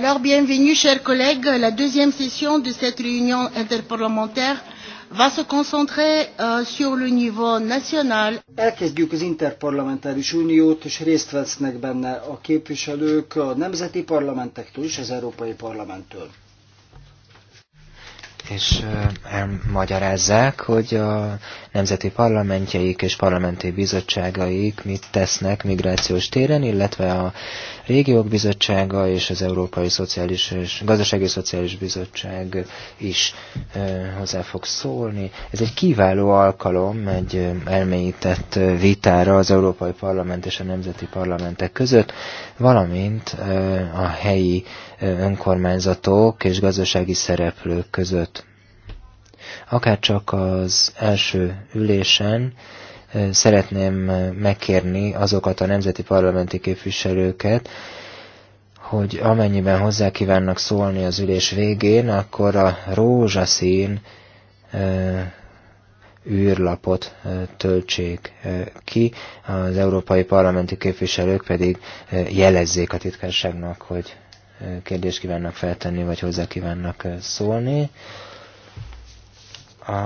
Alors, bienvenue, chers collègues. La deuxième session de cette réunion interparlementaire va se concentrer euh, sur le niveau national. Elkezdjük az interparlamentáris uniót, és részt vesznek benne a képviselők a nemzeti parlamentektől és az Európai Parlamenttől és elmagyarázzák, hogy a nemzeti parlamentjeik és parlamenti bizottságaik mit tesznek migrációs téren, illetve a régiók bizottsága és az Európai Szociális és Gazdasági Szociális Bizottság is hozzá fog szólni. Ez egy kiváló alkalom egy elmélyített vitára az Európai Parlament és a nemzeti parlamentek között, valamint a helyi önkormányzatok és gazdasági szereplők között. Akár csak az első ülésen szeretném megkérni azokat a nemzeti parlamenti képviselőket, hogy amennyiben hozzá kívánnak szólni az ülés végén, akkor a rózsaszín űrlapot töltsék ki, az európai parlamenti képviselők pedig jelezzék a titkárságnak, hogy kérdést kívánnak feltenni, vagy hozzá kívánnak szólni. A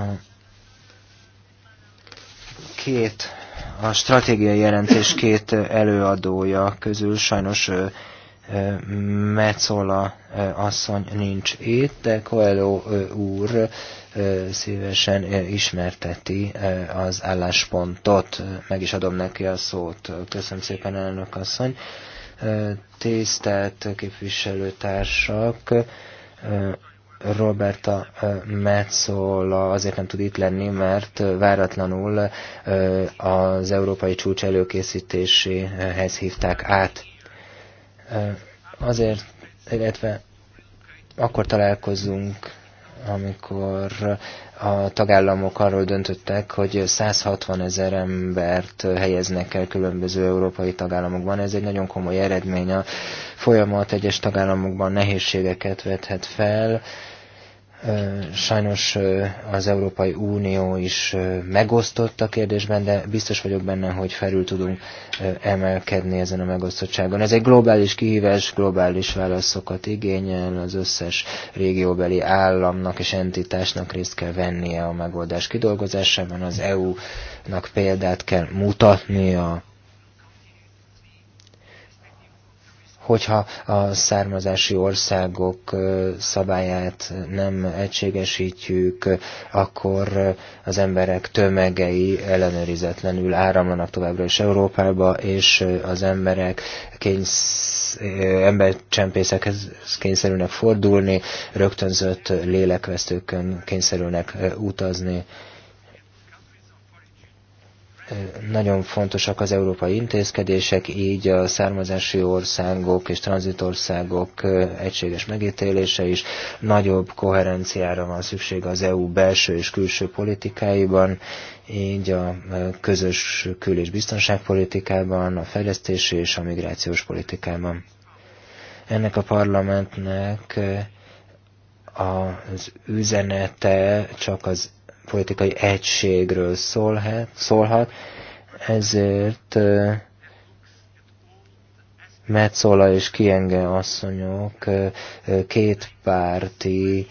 két, a stratégiai jelentés két előadója közül sajnos Metzola asszony nincs itt, de Coelho úr szívesen ismerteti az álláspontot. Meg is adom neki a szót. Köszönöm szépen, elnök asszony tisztelt képviselőtársak, Roberta Metzola azért nem tud itt lenni, mert váratlanul az európai csúcs előkészítéséhez hívták át. Azért, illetve akkor találkozunk amikor a tagállamok arról döntöttek, hogy 160 ezer embert helyeznek el különböző európai tagállamokban. Ez egy nagyon komoly eredmény. A folyamat egyes tagállamokban nehézségeket vethet fel, Sajnos az Európai Unió is megosztott a kérdésben, de biztos vagyok benne, hogy felül tudunk emelkedni ezen a megosztottságon. Ez egy globális kihívás, globális válaszokat igényel, az összes régióbeli államnak és entitásnak részt kell vennie a megoldás kidolgozásában, az EU-nak példát kell mutatnia hogyha a származási országok szabályát nem egységesítjük, akkor az emberek tömegei ellenőrizetlenül áramlanak továbbra is Európába, és az emberek kénysz, embercsempészekhez kényszerülnek fordulni, rögtönzött lélekvesztőkön kényszerülnek utazni. Nagyon fontosak az európai intézkedések, így a származási országok és tranzitországok egységes megítélése is. Nagyobb koherenciára van szükség az EU belső és külső politikáiban, így a közös kül- és biztonságpolitikában, a fejlesztési és a migrációs politikában. Ennek a parlamentnek az üzenete csak az politikai egységről szólhat, szólhat ezért Metzola és Kienge asszonyok két párti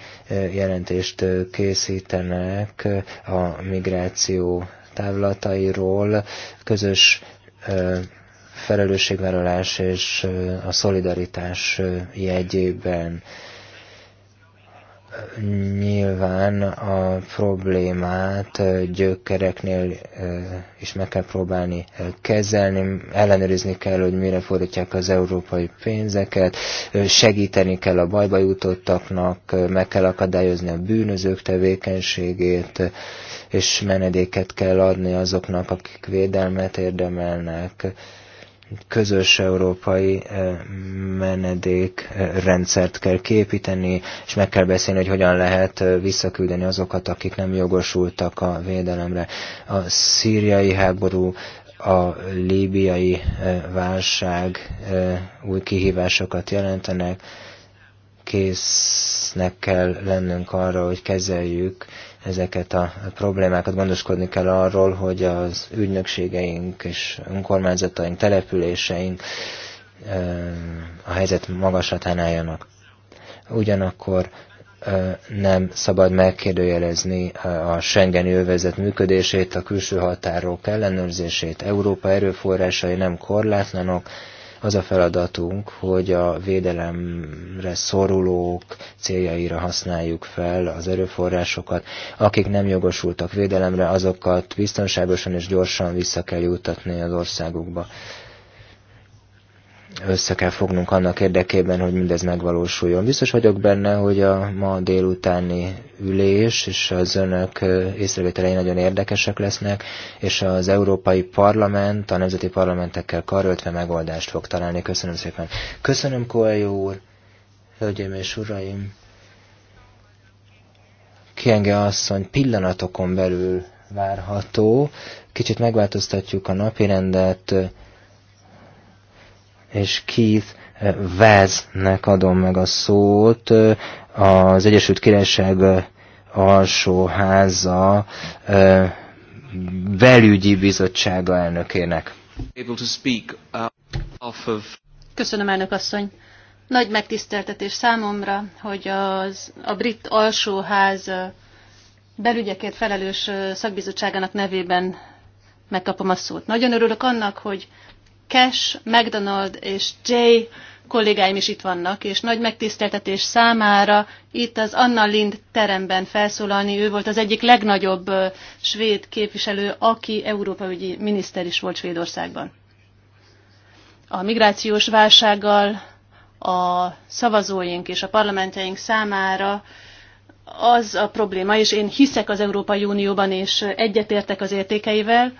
jelentést készítenek a migráció távlatairól, közös felelősségvállalás és a szolidaritás jegyében nyilván a problémát gyökereknél is meg kell próbálni kezelni, ellenőrizni kell, hogy mire fordítják az európai pénzeket, segíteni kell a bajba jutottaknak, meg kell akadályozni a bűnözők tevékenységét, és menedéket kell adni azoknak, akik védelmet érdemelnek közös európai eh, menedékrendszert eh, kell képíteni, és meg kell beszélni, hogy hogyan lehet eh, visszaküldeni azokat, akik nem jogosultak a védelemre. A szíriai háború, a líbiai válság új kihívásokat jelentenek, késznek kell lennünk arra, hogy kezeljük ezeket a problémákat, gondoskodni kell arról, hogy az ügynökségeink és önkormányzataink, településeink a helyzet magasatán álljanak. Ugyanakkor nem szabad megkérdőjelezni a Schengeni övezet működését, a külső határok ellenőrzését, Európa erőforrásai nem korlátlanok, az a feladatunk, hogy a védelemre szorulók céljaira használjuk fel az erőforrásokat. Akik nem jogosultak védelemre, azokat biztonságosan és gyorsan vissza kell juttatni az országukba össze kell fognunk annak érdekében, hogy mindez megvalósuljon. Biztos vagyok benne, hogy a ma délutáni ülés és az önök észrevételei nagyon érdekesek lesznek, és az Európai Parlament a nemzeti parlamentekkel karöltve megoldást fog találni. Köszönöm szépen. Köszönöm, Koeljó úr, hölgyeim és uraim. Kienge asszony pillanatokon belül várható. Kicsit megváltoztatjuk a napi rendet és Keith eh, Veznek adom meg a szót, eh, az Egyesült Királyság eh, alsóháza belügyi bizottsága elnökének. Uh, Köszönöm, elnök asszony. Nagy megtiszteltetés számomra, hogy az, a brit alsóház belügyekért felelős szakbizottságának nevében megkapom a szót. Nagyon örülök annak, hogy Cash, McDonald és Jay kollégáim is itt vannak, és nagy megtiszteltetés számára itt az Anna Lind teremben felszólalni. Ő volt az egyik legnagyobb svéd képviselő, aki Európa ügyi miniszter is volt Svédországban. A migrációs válsággal a szavazóink és a parlamentjeink számára az a probléma, és én hiszek az Európai Unióban, és egyetértek az értékeivel,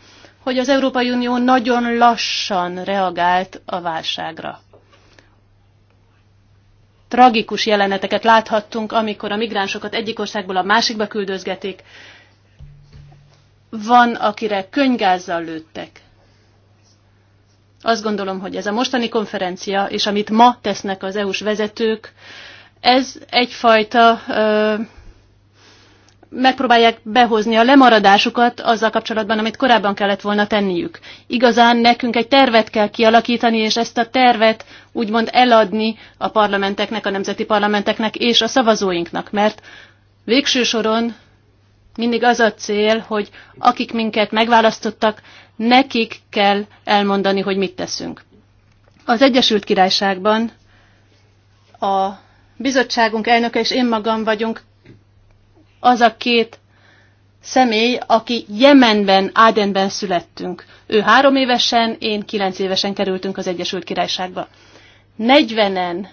hogy az Európai Unió nagyon lassan reagált a válságra. Tragikus jeleneteket láthattunk, amikor a migránsokat egyik országból a másikba küldözgetik. Van, akire könygázzal lőttek. Azt gondolom, hogy ez a mostani konferencia, és amit ma tesznek az EU-s vezetők, ez egyfajta ö, megpróbálják behozni a lemaradásukat azzal kapcsolatban, amit korábban kellett volna tenniük. Igazán nekünk egy tervet kell kialakítani, és ezt a tervet úgymond eladni a parlamenteknek, a nemzeti parlamenteknek és a szavazóinknak, mert végső soron mindig az a cél, hogy akik minket megválasztottak, nekik kell elmondani, hogy mit teszünk. Az Egyesült Királyságban a bizottságunk elnöke és én magam vagyunk az a két személy, aki Jemenben, Ádenben születtünk. Ő három évesen, én kilenc évesen kerültünk az Egyesült Királyságba. Negyvenen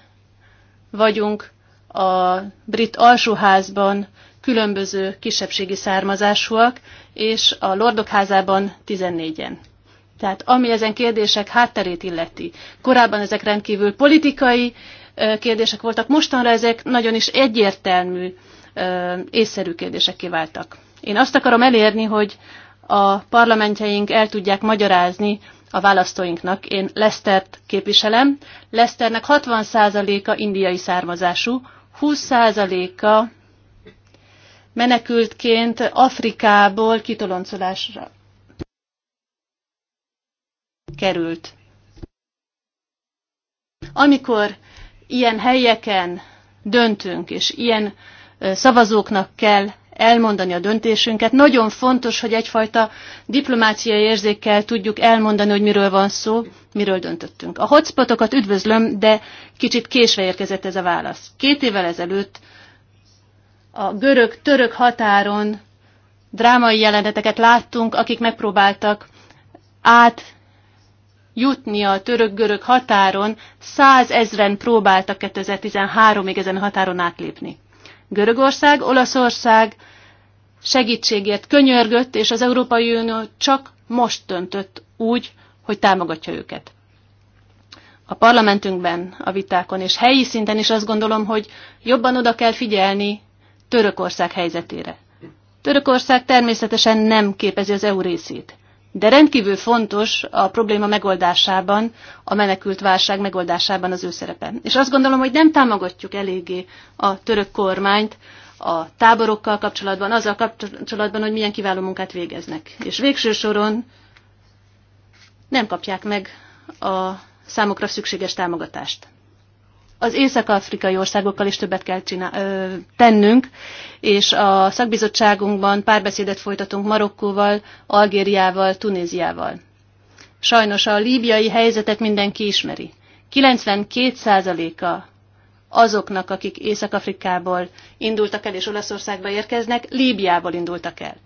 vagyunk a brit alsóházban különböző kisebbségi származásúak, és a lordok házában 14-en. Tehát ami ezen kérdések hátterét illeti. Korábban ezek rendkívül politikai kérdések voltak, mostanra ezek nagyon is egyértelmű észszerű kérdések kiváltak. Én azt akarom elérni, hogy a parlamentjeink el tudják magyarázni a választóinknak. Én Lesztert képviselem. Leszternek 60%-a indiai származású, 20%-a menekültként Afrikából kitoloncolásra került. Amikor ilyen helyeken döntünk, és ilyen szavazóknak kell elmondani a döntésünket. Nagyon fontos, hogy egyfajta diplomáciai érzékkel tudjuk elmondani, hogy miről van szó, miről döntöttünk. A hotspotokat üdvözlöm, de kicsit késve érkezett ez a válasz. Két évvel ezelőtt a görög-török határon drámai jeleneteket láttunk, akik megpróbáltak át jutni a török-görög határon, százezren próbáltak 2013-ig ezen a határon átlépni. Görögország, Olaszország segítségért könyörgött, és az Európai Unió csak most döntött úgy, hogy támogatja őket. A parlamentünkben, a vitákon és helyi szinten is azt gondolom, hogy jobban oda kell figyelni Törökország helyzetére. Törökország természetesen nem képezi az EU részét de rendkívül fontos a probléma megoldásában, a menekült válság megoldásában az ő szerepe. És azt gondolom, hogy nem támogatjuk eléggé a török kormányt a táborokkal kapcsolatban, azzal kapcsolatban, hogy milyen kiváló munkát végeznek. És végső soron nem kapják meg a számukra szükséges támogatást az észak-afrikai országokkal is többet kell csinál, ö, tennünk, és a szakbizottságunkban párbeszédet folytatunk Marokkóval, Algériával, Tunéziával. Sajnos a líbiai helyzetet mindenki ismeri. 92%-a azoknak, akik Észak-Afrikából indultak el és Olaszországba érkeznek, Líbiából indultak el.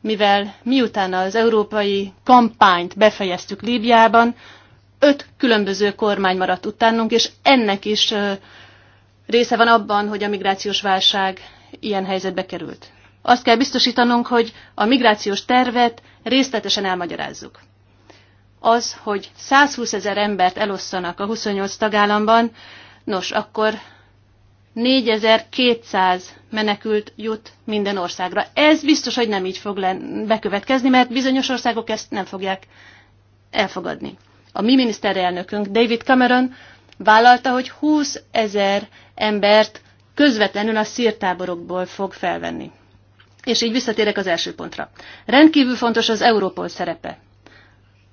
Mivel miután az európai kampányt befejeztük Líbiában, öt különböző kormány maradt utánunk, és ennek is része van abban, hogy a migrációs válság ilyen helyzetbe került. Azt kell biztosítanunk, hogy a migrációs tervet részletesen elmagyarázzuk. Az, hogy 120 ezer embert elosszanak a 28 tagállamban, nos, akkor 4200 menekült jut minden országra. Ez biztos, hogy nem így fog bekövetkezni, mert bizonyos országok ezt nem fogják elfogadni a mi miniszterelnökünk David Cameron vállalta, hogy 20 ezer embert közvetlenül a szírtáborokból fog felvenni. És így visszatérek az első pontra. Rendkívül fontos az Európol szerepe.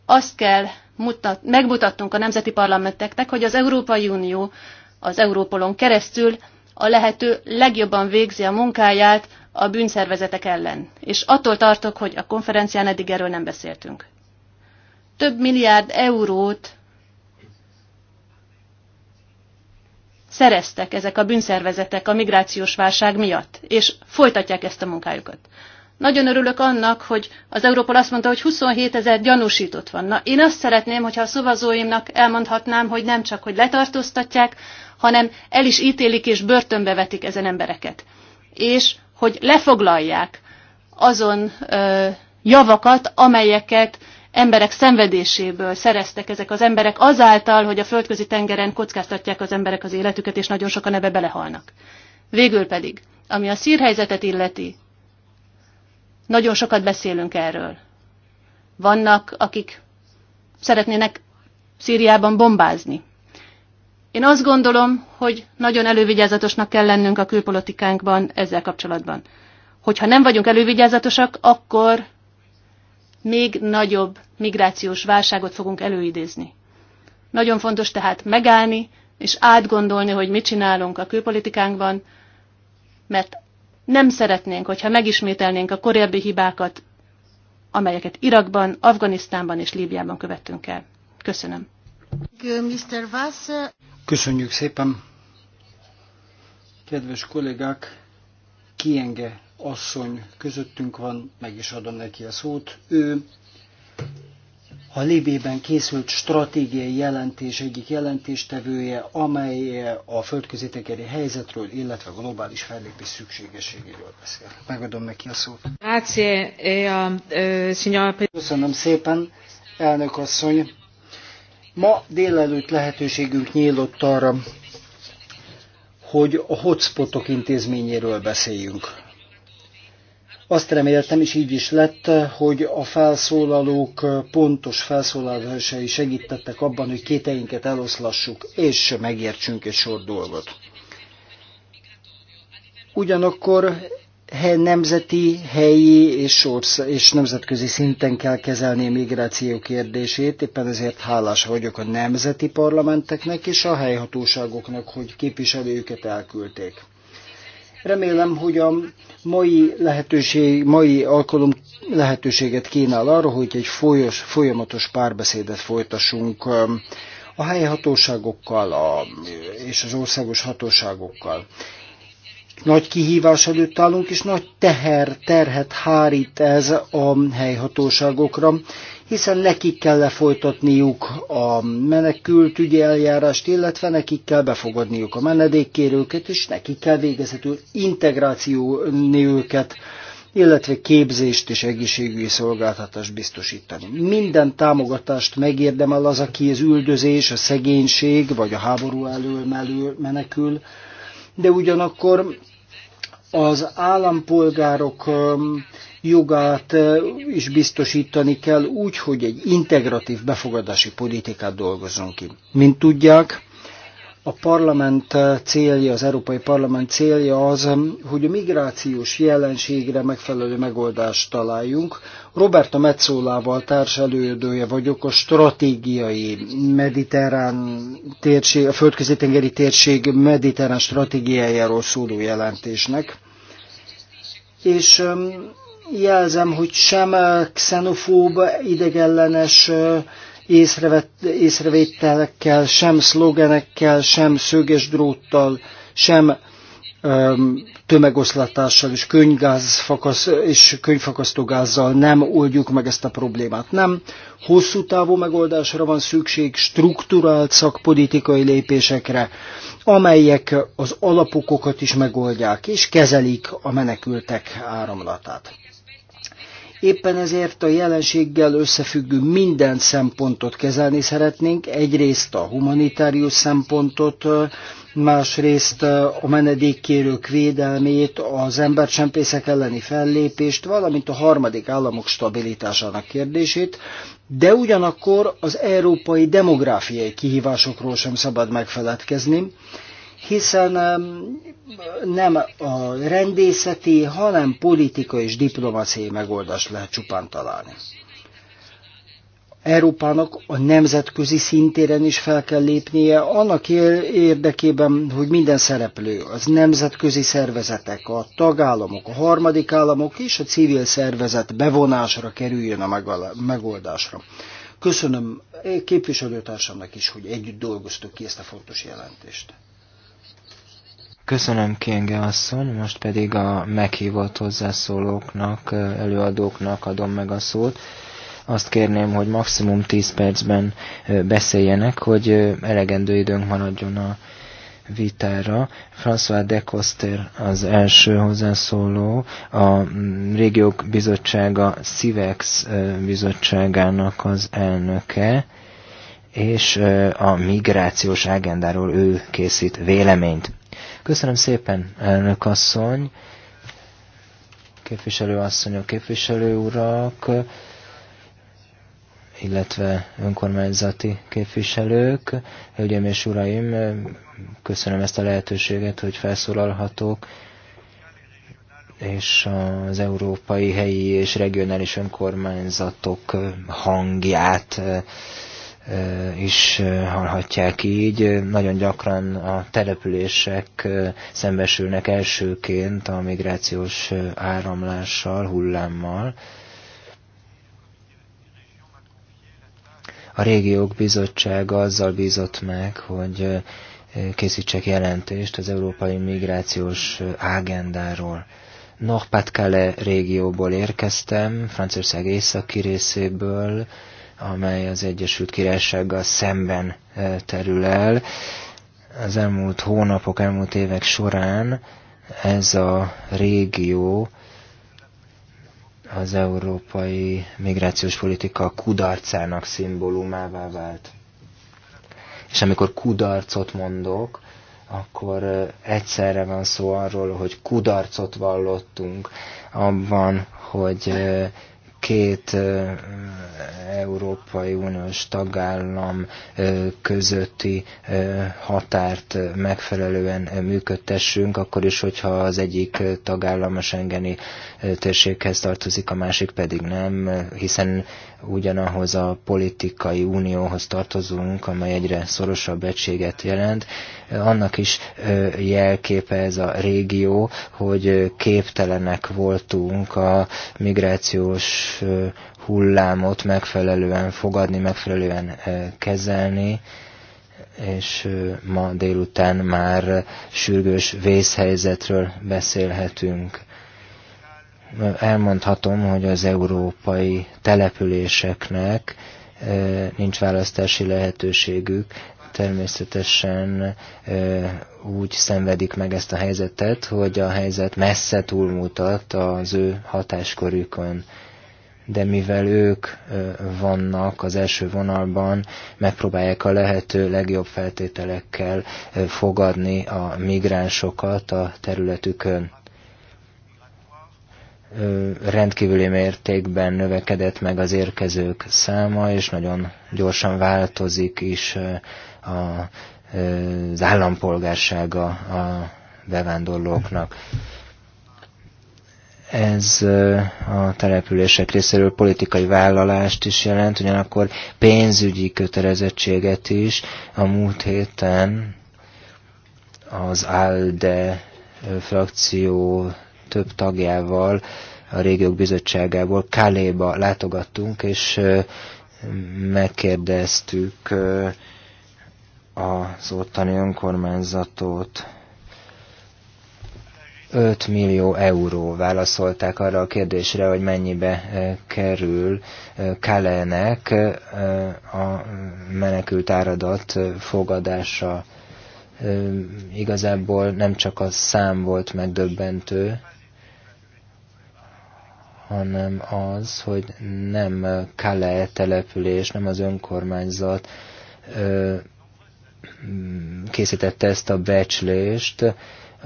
Azt kell mutat, megmutatnunk a nemzeti parlamenteknek, hogy az Európai Unió az Európolon keresztül a lehető legjobban végzi a munkáját a bűnszervezetek ellen. És attól tartok, hogy a konferencián eddig erről nem beszéltünk több milliárd eurót szereztek ezek a bűnszervezetek a migrációs válság miatt, és folytatják ezt a munkájukat. Nagyon örülök annak, hogy az Európol azt mondta, hogy 27 ezer gyanúsított van. Na, én azt szeretném, hogyha a szavazóimnak elmondhatnám, hogy nem csak, hogy letartóztatják, hanem el is ítélik és börtönbe vetik ezen embereket. És hogy lefoglalják azon ö, javakat, amelyeket emberek szenvedéséből szereztek ezek az emberek azáltal, hogy a földközi tengeren kockáztatják az emberek az életüket, és nagyon sokan ebbe belehalnak. Végül pedig, ami a szírhelyzetet illeti, nagyon sokat beszélünk erről. Vannak, akik szeretnének Szíriában bombázni. Én azt gondolom, hogy nagyon elővigyázatosnak kell lennünk a külpolitikánkban ezzel kapcsolatban. Hogyha nem vagyunk elővigyázatosak, akkor még nagyobb migrációs válságot fogunk előidézni. Nagyon fontos tehát megállni és átgondolni, hogy mit csinálunk a külpolitikánkban, mert nem szeretnénk, hogyha megismételnénk a korábbi hibákat, amelyeket Irakban, Afganisztánban és Líbiában követtünk el. Köszönöm. Köszönjük szépen! Kedves kollégák, kienge asszony közöttünk van, meg is adom neki a szót. Ő a Libében készült stratégiai jelentés egyik jelentéstevője, amely a földközi tengeri helyzetről, illetve a globális fellépés szükségességéről beszél. Megadom neki a szót. E, e, Köszönöm szépen, elnök asszony. Ma délelőtt lehetőségünk nyílott arra, hogy a hotspotok intézményéről beszéljünk. Azt reméltem, és így is lett, hogy a felszólalók pontos felszólalásai segítettek abban, hogy kéteinket eloszlassuk, és megértsünk egy sor dolgot. Ugyanakkor hely, nemzeti, helyi és, orsz- és nemzetközi szinten kell kezelni a migráció kérdését, éppen ezért hálás vagyok a nemzeti parlamenteknek és a helyhatóságoknak, hogy képviselőjüket elküldték. Remélem, hogy a mai, lehetőség, mai alkalom lehetőséget kínál arra, hogy egy folyos, folyamatos párbeszédet folytassunk um, a helyi hatóságokkal a, és az országos hatóságokkal. Nagy kihívás előtt állunk, és nagy teher, terhet hárít ez a helyhatóságokra, hiszen nekik kell lefolytatniuk a menekültügyi eljárást, illetve nekik kell befogadniuk a menedékkérőket, és nekik kell végezetül integrációni őket, illetve képzést és egészségügyi szolgáltatást biztosítani. Minden támogatást megérdemel az, aki az üldözés, a szegénység vagy a háború elől menekül, de ugyanakkor az állampolgárok jogát is biztosítani kell úgy, hogy egy integratív befogadási politikát dolgozzon ki. Mint tudják, a parlament célja, az Európai Parlament célja az, hogy a migrációs jelenségre megfelelő megoldást találjunk. Roberta Metzolával társelődője vagyok a stratégiai mediterrán térség, a földközi-tengeri térség mediterrán stratégiájáról szóló jelentésnek és jelzem, hogy sem xenofób, idegellenes észrevételekkel, sem szlogenekkel, sem szöges dróttal, sem tömegoszlatással és könyvgázfakasz, és könyvfakasztógázzal nem oldjuk meg ezt a problémát. Nem. Hosszú távú megoldásra van szükség, strukturált szakpolitikai lépésekre, amelyek az alapokokat is megoldják, és kezelik a menekültek áramlatát. Éppen ezért a jelenséggel összefüggő minden szempontot kezelni szeretnénk, egyrészt a humanitárius szempontot, másrészt a menedékkérők védelmét, az embercsempészek elleni fellépést, valamint a harmadik államok stabilitásának kérdését, de ugyanakkor az európai demográfiai kihívásokról sem szabad megfeledkezni, hiszen nem a rendészeti, hanem politikai és diplomáciai megoldást lehet csupán találni. Európának a nemzetközi szintéren is fel kell lépnie, annak érdekében, hogy minden szereplő, az nemzetközi szervezetek, a tagállamok, a harmadik államok és a civil szervezet bevonásra kerüljön a megoldásra. Köszönöm eh, képviselőtársamnak is, hogy együtt dolgoztuk ki ezt a fontos jelentést. Köszönöm Kienge asszony, most pedig a meghívott hozzászólóknak, eh, előadóknak adom meg a szót. Azt kérném, hogy maximum 10 percben beszéljenek, hogy elegendő időnk maradjon a vitára. François de Coster az első hozzászóló, a mm, Régiók Bizottsága CIVEX bizottságának az elnöke, és a migrációs agendáról ő készít véleményt. Köszönöm szépen, elnök asszony, képviselő asszonyok, képviselő urak, illetve önkormányzati képviselők. Hölgyeim és uraim, köszönöm ezt a lehetőséget, hogy felszólalhatok és az európai helyi és regionális önkormányzatok hangját is hallhatják így. Nagyon gyakran a települések szembesülnek elsőként a migrációs áramlással, hullámmal, A régiók bizottsága azzal bízott meg, hogy készítsek jelentést az európai migrációs ágendáról. nord régióból érkeztem, Franciaország északi részéből, amely az Egyesült Királysággal szemben terül el. Az elmúlt hónapok, elmúlt évek során ez a régió az európai migrációs politika kudarcának szimbólumává vált. És amikor kudarcot mondok, akkor egyszerre van szó arról, hogy kudarcot vallottunk abban, hogy két Európai Uniós tagállam közötti határt megfelelően működtessünk, akkor is, hogyha az egyik tagállam a Schengeni térséghez tartozik, a másik pedig nem, hiszen ugyanahoz a politikai unióhoz tartozunk, amely egyre szorosabb egységet jelent. Annak is jelképe ez a régió, hogy képtelenek voltunk a migrációs hullámot megfelelően fogadni, megfelelően kezelni, és ma délután már sürgős vészhelyzetről beszélhetünk. Elmondhatom, hogy az európai településeknek nincs választási lehetőségük, természetesen úgy szenvedik meg ezt a helyzetet, hogy a helyzet messze túlmutat az ő hatáskorükön de mivel ők vannak az első vonalban, megpróbálják a lehető legjobb feltételekkel fogadni a migránsokat a területükön rendkívüli mértékben növekedett meg az érkezők száma, és nagyon gyorsan változik is a, az állampolgársága a bevándorlóknak. Ez a települések részéről politikai vállalást is jelent, ugyanakkor pénzügyi kötelezettséget is. A múlt héten az ALDE frakció több tagjával a régiók bizottságából Kaléba látogattunk, és megkérdeztük az ottani önkormányzatot 5 millió euró válaszolták arra a kérdésre, hogy mennyibe kerül Kalenek a menekült áradat fogadása. Igazából nem csak a szám volt megdöbbentő, hanem az, hogy nem Kale település, nem az önkormányzat készítette ezt a becslést,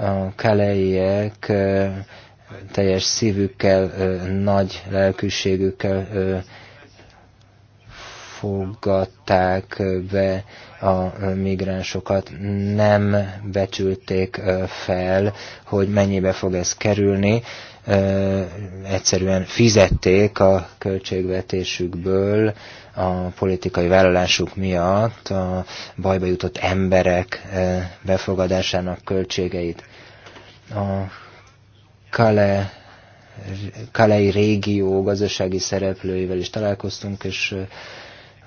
a keleiek teljes szívükkel, nagy lelkűségükkel fogadták be a migránsokat, nem becsülték fel, hogy mennyibe fog ez kerülni. Egyszerűen fizették a költségvetésükből a politikai vállalásuk miatt a bajba jutott emberek befogadásának költségeit a Kale, Kalei régió gazdasági szereplőivel is találkoztunk, és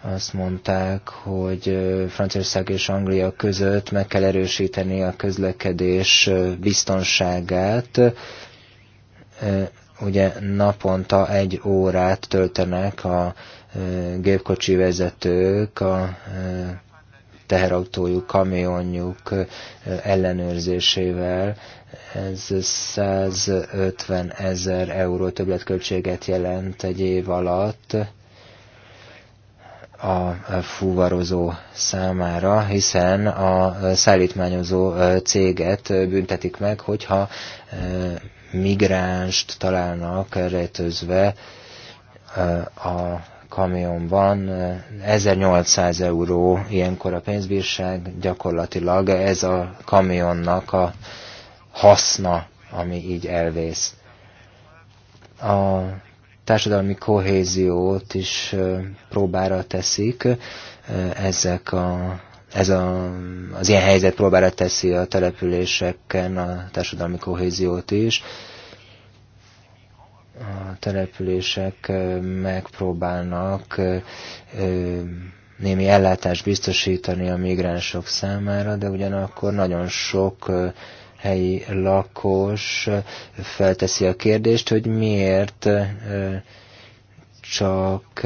azt mondták, hogy Franciaország és Anglia között meg kell erősíteni a közlekedés biztonságát. Ugye naponta egy órát töltenek a gépkocsi vezetők a teherautójuk, kamionjuk ellenőrzésével, ez 150 ezer euró többletköltséget jelent egy év alatt a fuvarozó számára, hiszen a szállítmányozó céget büntetik meg, hogyha migránst találnak rejtőzve a kamionban. 1800 euró ilyenkor a pénzbírság, gyakorlatilag ez a kamionnak a haszna, ami így elvész. A társadalmi kohéziót is próbára teszik, ezek a, ez a, az ilyen helyzet próbára teszi a településeken a társadalmi kohéziót is. A települések megpróbálnak némi ellátást biztosítani a migránsok számára, de ugyanakkor nagyon sok helyi lakos felteszi a kérdést, hogy miért csak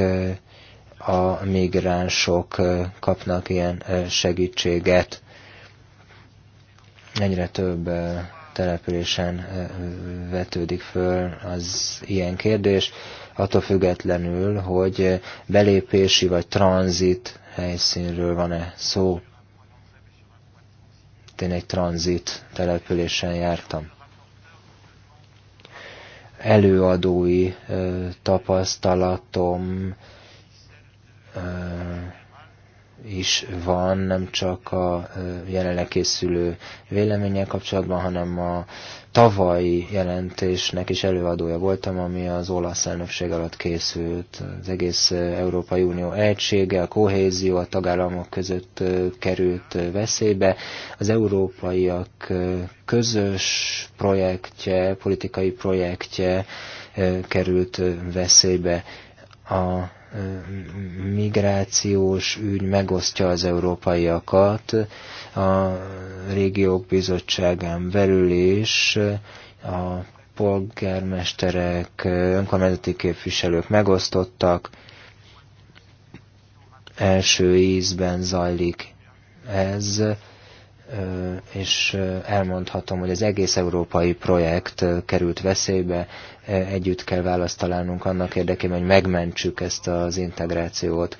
a migránsok kapnak ilyen segítséget. Ennyire több településen vetődik föl az ilyen kérdés, attól függetlenül, hogy belépési vagy tranzit helyszínről van-e szó mert én egy tranzit településen jártam. Előadói tapasztalatom is van, nem csak a jelenleg készülő véleménnyel kapcsolatban, hanem a tavalyi jelentésnek is előadója voltam, ami az olasz elnökség alatt készült. Az egész Európai Unió egysége, a kohézió a tagállamok között került veszélybe. Az európaiak közös projektje, politikai projektje került veszélybe. A migrációs ügy megosztja az európaiakat, a régiók bizottságán belül is a polgármesterek, önkormányzati képviselők megosztottak, első ízben zajlik ez és elmondhatom, hogy az egész európai projekt került veszélybe, együtt kell választ találnunk annak érdekében, hogy megmentsük ezt az integrációt.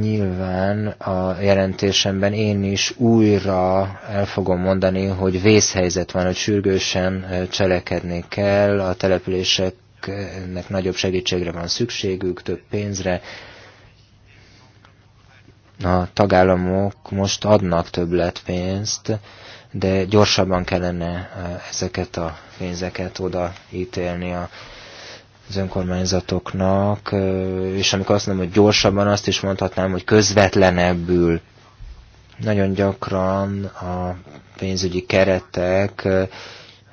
Nyilván a jelentésemben én is újra el fogom mondani, hogy vészhelyzet van, hogy sürgősen cselekedni kell, a településeknek nagyobb segítségre van szükségük, több pénzre, a tagállamok most adnak többletpénzt, de gyorsabban kellene ezeket a pénzeket oda ítélni a az önkormányzatoknak, és amikor azt mondom, hogy gyorsabban, azt is mondhatnám, hogy közvetlenebbül. Nagyon gyakran a pénzügyi keretek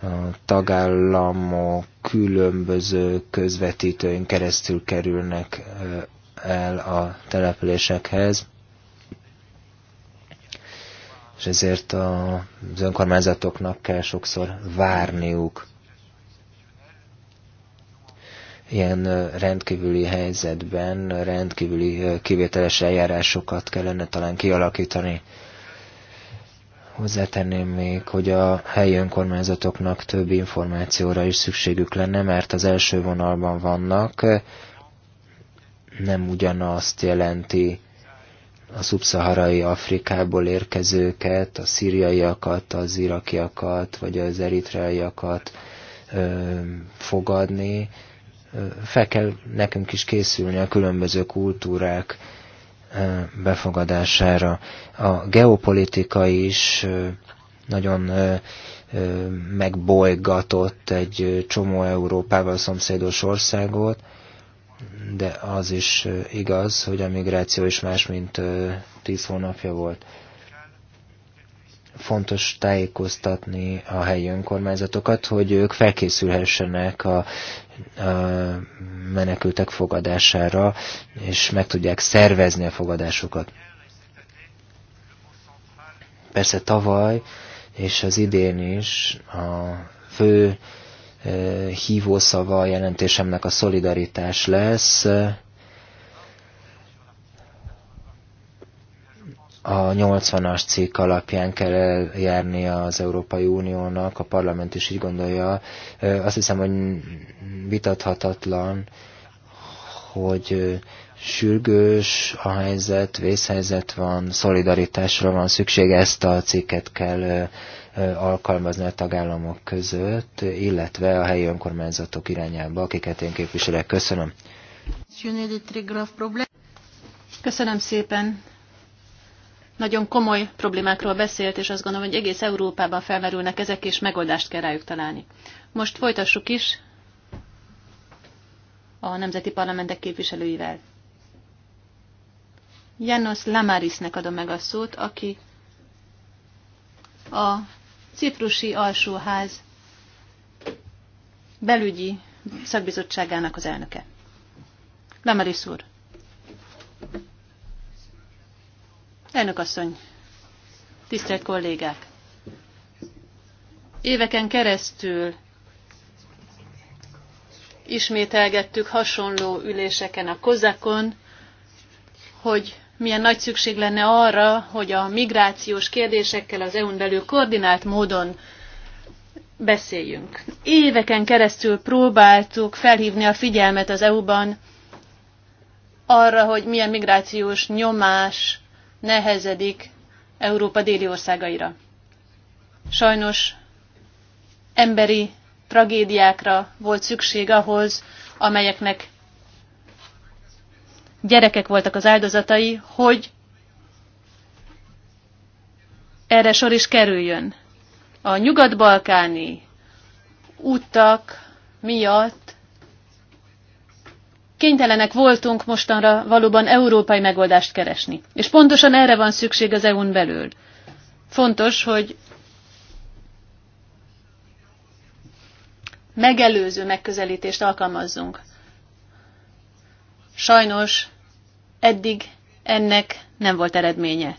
a tagállamok különböző közvetítőin keresztül kerülnek el a településekhez és ezért az önkormányzatoknak kell sokszor várniuk ilyen rendkívüli helyzetben rendkívüli kivételes eljárásokat kellene talán kialakítani. Hozzátenném még, hogy a helyi önkormányzatoknak több információra is szükségük lenne, mert az első vonalban vannak, nem ugyanazt jelenti a szubszaharai Afrikából érkezőket, a szíriaiakat, az irakiakat, vagy az eritreaiakat fogadni. Fel kell nekünk is készülni a különböző kultúrák befogadására. A geopolitika is nagyon megbolygatott egy csomó Európával szomszédos országot, de az is igaz, hogy a migráció is más, mint tíz hónapja volt. Fontos tájékoztatni a helyi önkormányzatokat, hogy ők felkészülhessenek a, a menekültek fogadására, és meg tudják szervezni a fogadásukat. Persze tavaly és az idén is a fő hívószava a jelentésemnek a szolidaritás lesz. a 80-as cikk alapján kell eljárni az Európai Uniónak, a parlament is így gondolja. Azt hiszem, hogy vitathatatlan, hogy sürgős a helyzet, vészhelyzet van, szolidaritásra van szükség, ezt a cikket kell Eh, alkalmazni a tagállamok között, illetve a helyi önkormányzatok irányába, akiket én képviselek. Köszönöm. Köszönöm szépen. Nagyon komoly problémákról beszélt, és azt gondolom, hogy egész Európában felmerülnek ezek, és megoldást kell rájuk találni. Most folytassuk is a nemzeti parlamentek képviselőivel. Janos Lamarisnek adom meg a szót, aki a ciprusi alsóház belügyi szakbizottságának az elnöke. Lemeris úr. Elnök asszony, tisztelt kollégák! Éveken keresztül ismételgettük hasonló üléseken a kozakon, hogy milyen nagy szükség lenne arra, hogy a migrációs kérdésekkel az EU-n belül koordinált módon beszéljünk. Éveken keresztül próbáltuk felhívni a figyelmet az EU-ban arra, hogy milyen migrációs nyomás nehezedik Európa déli országaira. Sajnos emberi tragédiákra volt szükség ahhoz, amelyeknek gyerekek voltak az áldozatai, hogy erre sor is kerüljön. A nyugat-balkáni utak miatt kénytelenek voltunk mostanra valóban európai megoldást keresni. És pontosan erre van szükség az EU-n belül. Fontos, hogy megelőző megközelítést alkalmazzunk. Sajnos eddig ennek nem volt eredménye.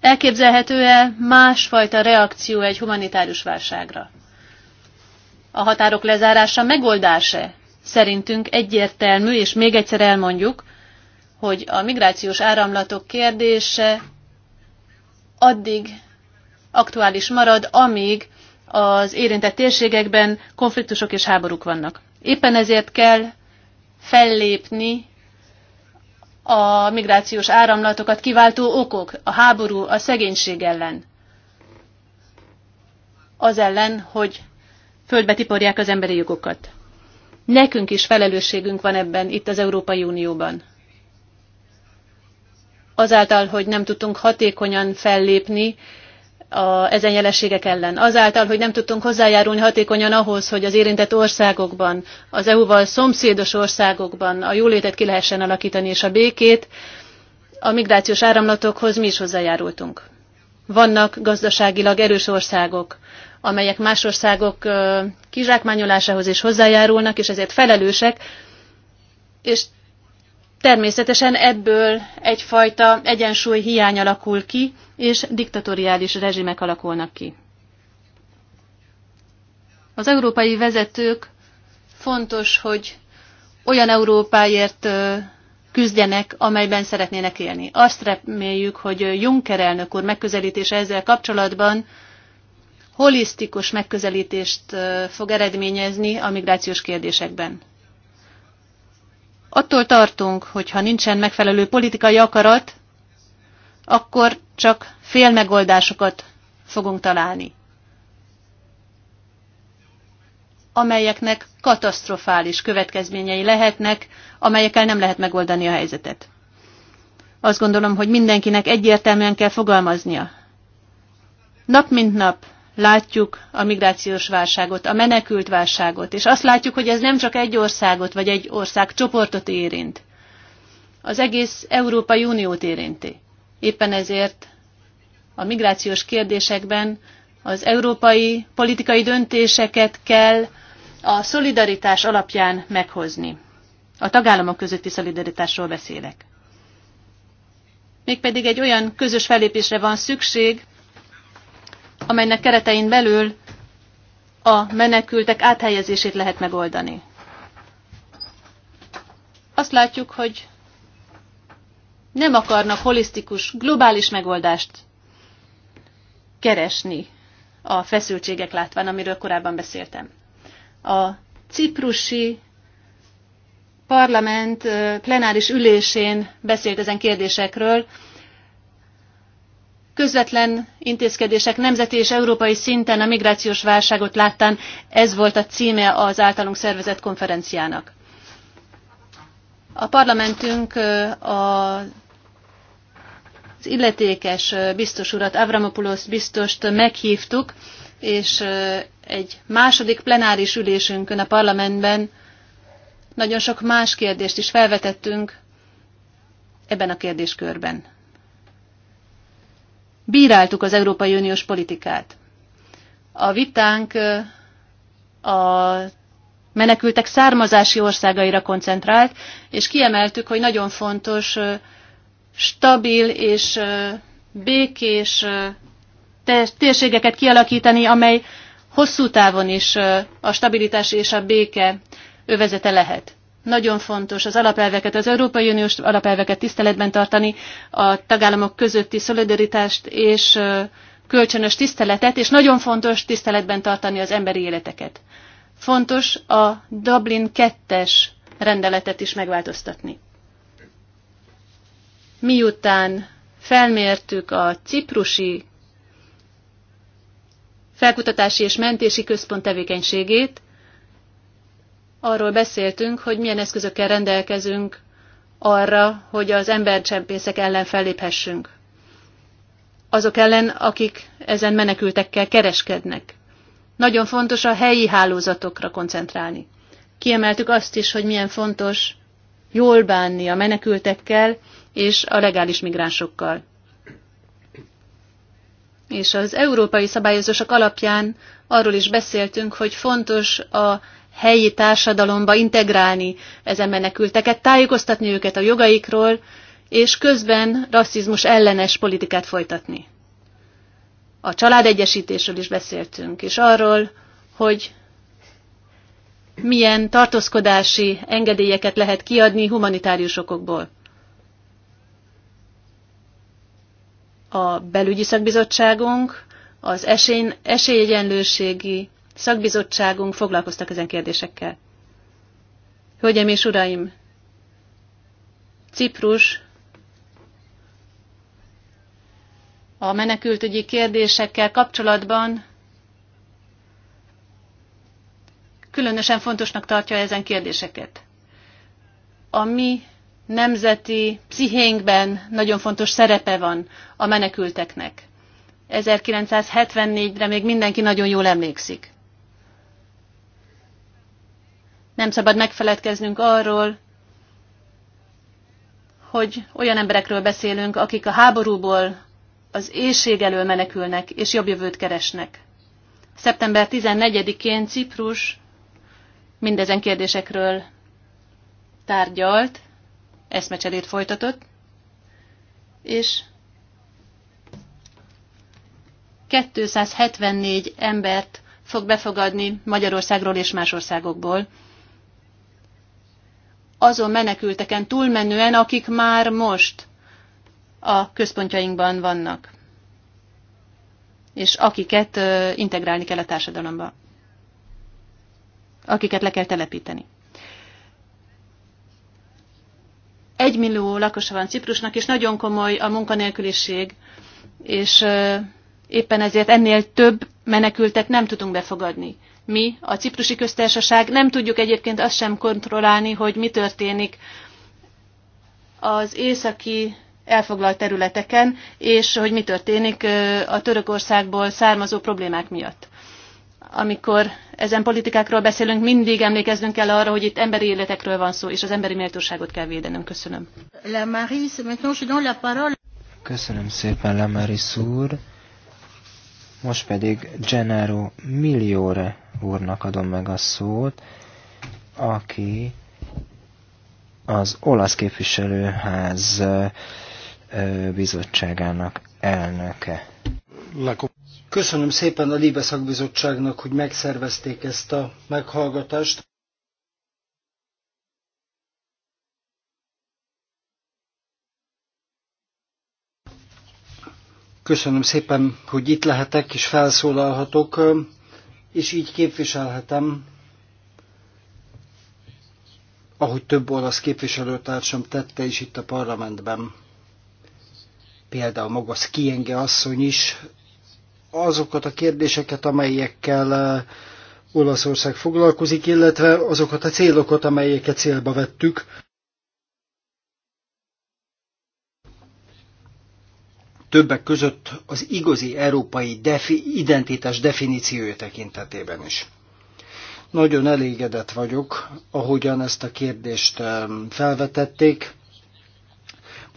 Elképzelhető-e másfajta reakció egy humanitárius válságra? A határok lezárása megoldása Szerintünk egyértelmű, és még egyszer elmondjuk, hogy a migrációs áramlatok kérdése addig aktuális marad, amíg az érintett térségekben konfliktusok és háborúk vannak. Éppen ezért kell fellépni a migrációs áramlatokat kiváltó okok, a háború, a szegénység ellen. Az ellen, hogy földbe tiporják az emberi jogokat. Nekünk is felelősségünk van ebben, itt az Európai Unióban. Azáltal, hogy nem tudtunk hatékonyan fellépni, a, ezen jelenségek ellen. Azáltal, hogy nem tudtunk hozzájárulni hatékonyan ahhoz, hogy az érintett országokban, az EU-val szomszédos országokban a jólétet ki lehessen alakítani és a békét, a migrációs áramlatokhoz mi is hozzájárultunk. Vannak gazdaságilag erős országok, amelyek más országok kizsákmányolásához is hozzájárulnak, és ezért felelősek, és természetesen ebből egyfajta egyensúly hiány alakul ki, és diktatoriális rezsimek alakulnak ki. Az európai vezetők fontos, hogy olyan Európáért küzdjenek, amelyben szeretnének élni. Azt reméljük, hogy Juncker elnök úr megközelítése ezzel kapcsolatban holisztikus megközelítést fog eredményezni a migrációs kérdésekben. Attól tartunk, hogy ha nincsen megfelelő politikai akarat, akkor csak fél megoldásokat fogunk találni, amelyeknek katasztrofális következményei lehetnek, amelyekkel nem lehet megoldani a helyzetet. Azt gondolom, hogy mindenkinek egyértelműen kell fogalmaznia. Nap mint nap látjuk a migrációs válságot, a menekült válságot, és azt látjuk, hogy ez nem csak egy országot vagy egy ország csoportot érint. Az egész Európai Uniót érinti. Éppen ezért a migrációs kérdésekben az európai politikai döntéseket kell a szolidaritás alapján meghozni. A tagállamok közötti szolidaritásról beszélek. Mégpedig egy olyan közös fellépésre van szükség, amelynek keretein belül a menekültek áthelyezését lehet megoldani. Azt látjuk, hogy nem akarnak holisztikus, globális megoldást keresni a feszültségek látván, amiről korábban beszéltem. A ciprusi parlament plenáris ülésén beszélt ezen kérdésekről. Közvetlen intézkedések nemzeti és európai szinten a migrációs válságot láttán ez volt a címe az általunk szervezett konferenciának. A parlamentünk a illetékes biztos urat, Avramopoulos biztost meghívtuk, és egy második plenáris ülésünkön a parlamentben nagyon sok más kérdést is felvetettünk ebben a kérdéskörben. Bíráltuk az Európai Uniós politikát. A vitánk a menekültek származási országaira koncentrált, és kiemeltük, hogy nagyon fontos stabil és békés térségeket kialakítani, amely hosszú távon is a stabilitás és a béke övezete lehet. Nagyon fontos az alapelveket, az Európai Uniós alapelveket tiszteletben tartani, a tagállamok közötti szolidaritást és kölcsönös tiszteletet, és nagyon fontos tiszteletben tartani az emberi életeket. Fontos a Dublin 2-es rendeletet is megváltoztatni miután felmértük a ciprusi felkutatási és mentési központ tevékenységét, arról beszéltünk, hogy milyen eszközökkel rendelkezünk arra, hogy az embercsempészek ellen felléphessünk. Azok ellen, akik ezen menekültekkel kereskednek. Nagyon fontos a helyi hálózatokra koncentrálni. Kiemeltük azt is, hogy milyen fontos jól bánni a menekültekkel, és a legális migránsokkal. És az európai szabályozások alapján arról is beszéltünk, hogy fontos a helyi társadalomba integrálni ezen menekülteket, tájékoztatni őket a jogaikról, és közben rasszizmus ellenes politikát folytatni. A családegyesítésről is beszéltünk, és arról, hogy milyen tartózkodási engedélyeket lehet kiadni humanitárius okokból. a belügyi szakbizottságunk, az esély, esélyegyenlőségi szakbizottságunk foglalkoztak ezen kérdésekkel. Hölgyeim és uraim, Ciprus a menekültügyi kérdésekkel kapcsolatban különösen fontosnak tartja ezen kérdéseket. A mi nemzeti pszichénkben nagyon fontos szerepe van a menekülteknek. 1974-re még mindenki nagyon jól emlékszik. Nem szabad megfeledkeznünk arról, hogy olyan emberekről beszélünk, akik a háborúból, az éjség elől menekülnek és jobb jövőt keresnek. Szeptember 14-én Ciprus mindezen kérdésekről tárgyalt, eszmecserét folytatott, és 274 embert fog befogadni Magyarországról és más országokból, azon menekülteken túlmenően, akik már most a központjainkban vannak, és akiket integrálni kell a társadalomba, akiket le kell telepíteni. Egy millió lakosa van Ciprusnak, és nagyon komoly a munkanélküliség, és éppen ezért ennél több menekültet nem tudunk befogadni. Mi, a ciprusi köztársaság nem tudjuk egyébként azt sem kontrollálni, hogy mi történik az északi elfoglalt területeken, és hogy mi történik a Törökországból származó problémák miatt. Amikor ezen politikákról beszélünk, mindig emlékeznünk kell arra, hogy itt emberi életekről van szó, és az emberi méltóságot kell védenünk. Köszönöm. La Maris, maintenant je donne la parole. Köszönöm szépen, Lamaris úr. Most pedig Gennaro Milliore úrnak adom meg a szót, aki az olasz képviselőház bizottságának elnöke. Köszönöm szépen a Libe szakbizottságnak, hogy megszervezték ezt a meghallgatást. Köszönöm szépen, hogy itt lehetek és felszólalhatok, és így képviselhetem, ahogy több olasz képviselőtársam tette is itt a parlamentben. Például maga Skienge asszony is azokat a kérdéseket, amelyekkel eh, Olaszország foglalkozik, illetve azokat a célokat, amelyeket célba vettük. Többek között az igazi európai defi identitás definíciója tekintetében is. Nagyon elégedett vagyok, ahogyan ezt a kérdést felvetették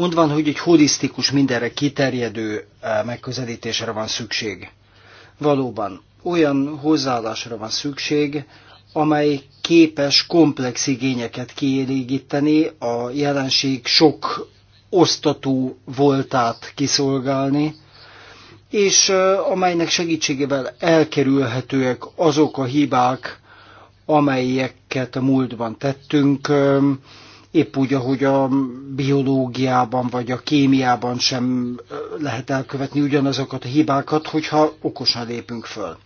Mondván, hogy egy holisztikus, mindenre kiterjedő eh, megközelítésre van szükség. Valóban olyan hozzáállásra van szükség, amely képes komplex igényeket kielégíteni, a jelenség sok osztatú voltát kiszolgálni, és eh, amelynek segítségével elkerülhetőek azok a hibák, amelyeket a múltban tettünk, eh, épp úgy, ahogy a biológiában vagy a kémiában sem lehet elkövetni ugyanazokat a hibákat, hogyha okosan lépünk föl.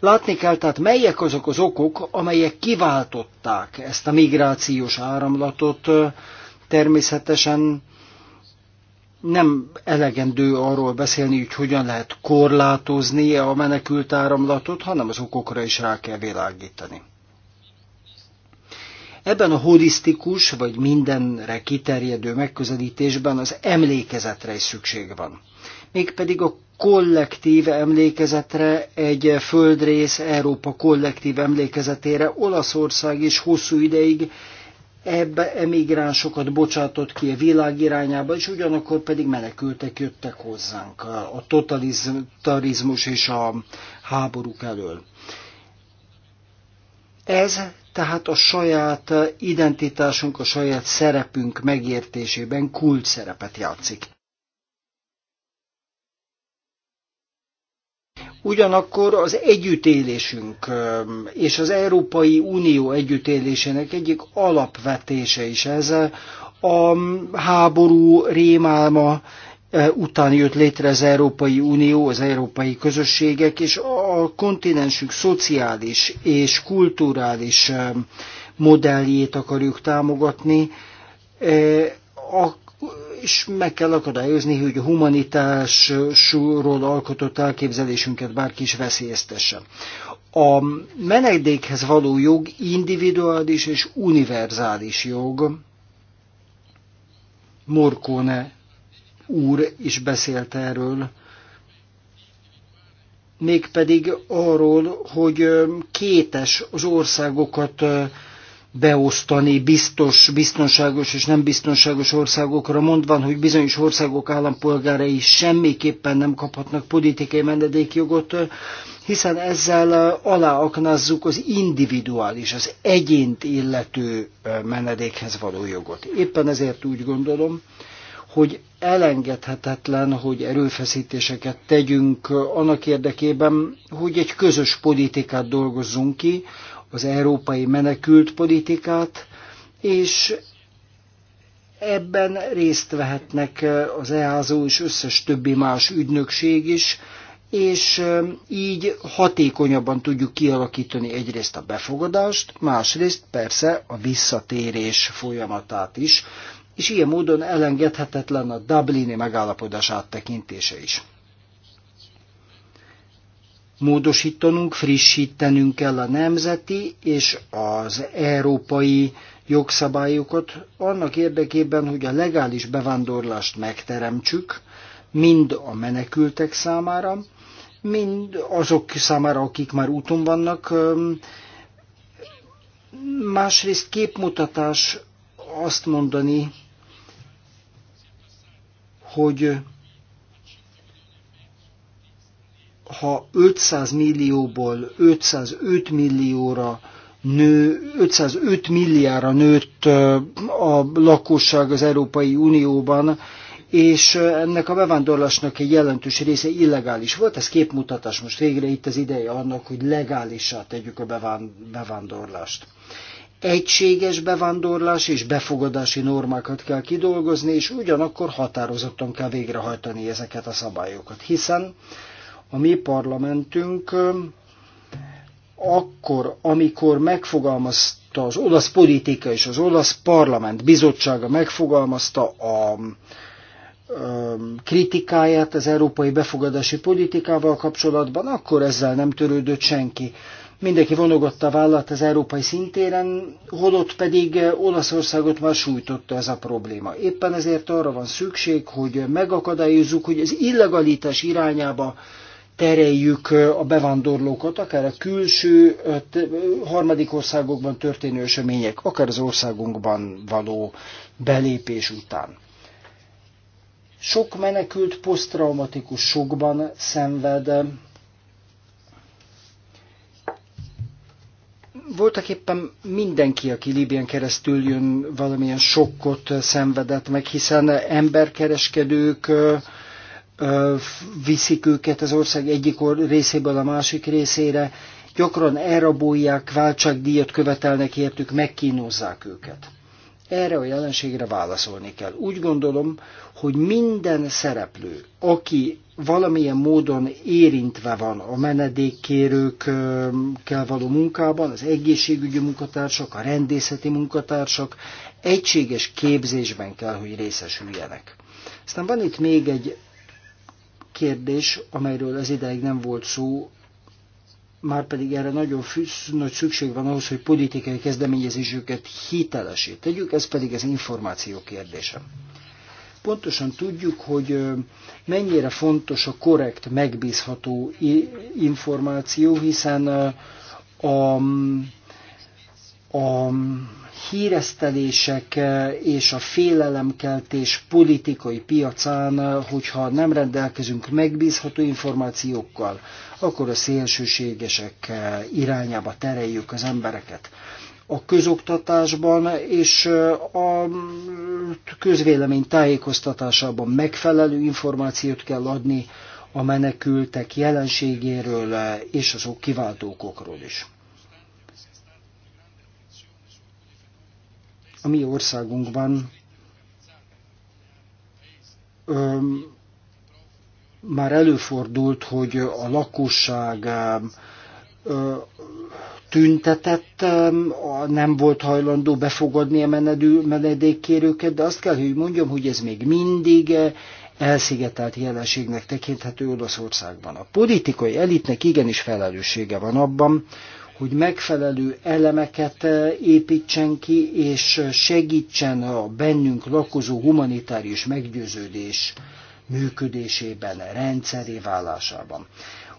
Látni kell tehát, melyek azok az okok, amelyek kiváltották ezt a migrációs áramlatot, természetesen nem elegendő arról beszélni, hogy hogyan lehet korlátozni a menekült áramlatot, hanem az okokra is rá kell világítani. Ebben a holisztikus, vagy mindenre kiterjedő megközelítésben az emlékezetre is szükség van. Mégpedig a kollektív emlékezetre, egy földrész Európa kollektív emlékezetére Olaszország is hosszú ideig ebbe emigránsokat bocsátott ki a világ irányába, és ugyanakkor pedig menekültek jöttek hozzánk a totalitarizmus és a háborúk elől. Ez tehát a saját identitásunk, a saját szerepünk megértésében kult szerepet játszik. Ugyanakkor az együttélésünk és az Európai Unió együttélésének egyik alapvetése is ez, a háború rémálma E, után jött létre az Európai Unió, az európai közösségek, és a kontinensük szociális és kulturális e, modelljét akarjuk támogatni, e, és meg kell akadályozni, hogy a humanitásról alkotott elképzelésünket bárki is veszélyeztesse. A menedékhez való jog individuális és univerzális jog, Morkóne úr is beszélt erről, mégpedig arról, hogy kétes az országokat beosztani biztos, biztonságos és nem biztonságos országokra, mondván, hogy bizonyos országok állampolgárai semmiképpen nem kaphatnak politikai menedékjogot, hiszen ezzel aláaknázzuk az individuális, az egyént illető menedékhez való jogot. Éppen ezért úgy gondolom, hogy elengedhetetlen, hogy erőfeszítéseket tegyünk annak érdekében, hogy egy közös politikát dolgozzunk ki, az európai menekült politikát, és ebben részt vehetnek az EASO és összes többi más ügynökség is, és eh, így hatékonyabban tudjuk kialakítani egyrészt a befogadást, másrészt persze a visszatérés folyamatát is, és ilyen módon elengedhetetlen a Dublini megállapodás áttekintése is. Módosítanunk, frissítenünk kell a nemzeti és az európai jogszabályokat annak érdekében, hogy a legális bevándorlást megteremtsük, mind a menekültek számára, mind azok számára, akik már úton vannak. Másrészt képmutatás azt mondani, hogy ha 500 millióból 505 millióra nő, 505 milliára nőtt a lakosság az Európai Unióban, és ennek a bevándorlásnak egy jelentős része illegális volt. Ez képmutatás, most végre itt az ideje annak, hogy legálissá tegyük a bevándorlást egységes bevándorlás és befogadási normákat kell kidolgozni, és ugyanakkor határozottan kell végrehajtani ezeket a szabályokat, hiszen a mi parlamentünk akkor, amikor megfogalmazta az olasz politika és az olasz parlament bizottsága megfogalmazta a kritikáját az európai befogadási politikával kapcsolatban, akkor ezzel nem törődött senki. Mindenki vonogatta a vállalt az európai szintéren, holott pedig Olaszországot már sújtotta ez a probléma. Éppen ezért arra van szükség, hogy megakadályozzuk, hogy az illegalitás irányába tereljük a bevándorlókat, akár a külső harmadik országokban történő események, akár az országunkban való belépés után. Sok menekült posztraumatikus sokban szenved, voltak éppen mindenki, aki Líbien keresztül jön, valamilyen sokkot szenvedett meg, hiszen emberkereskedők viszik őket az ország egyik részéből a másik részére, gyakran elrabolják, váltságdíjat követelnek értük, megkínozzák őket. Erre a jelenségre válaszolni kell. Úgy gondolom, hogy minden szereplő, aki valamilyen módon érintve van a menedékkérőkkel való munkában, az egészségügyi munkatársak, a rendészeti munkatársak egységes képzésben kell, hogy részesüljenek. Aztán van itt még egy kérdés, amelyről az ideig nem volt szó, márpedig erre nagyon nagy szükség van ahhoz, hogy politikai kezdeményezésüket hitelesé tegyük, ez pedig az információ kérdése. Pontosan tudjuk, hogy mennyire fontos a korrekt, megbízható információ, hiszen a, a, a híresztelések eh, és a félelemkeltés politikai piacán, eh, hogyha nem rendelkezünk megbízható információkkal, akkor a szélsőségesek eh, irányába tereljük az embereket. A közoktatásban és a mm, közvélemény tájékoztatásában megfelelő információt kell adni a menekültek jelenségéről és azok kiváltókokról is. a mi országunkban öm, már előfordult, hogy a lakosság öm, tüntetett, nem volt hajlandó befogadni a menedékkérőket, de azt kell, hogy mondjam, hogy ez még mindig elszigetelt jelenségnek tekinthető Olaszországban. A politikai elitnek igenis felelőssége van abban, hogy megfelelő elemeket eh, építsen ki, és segítsen a bennünk lakozó humanitárius meggyőződés működésében, rendszeré válásában.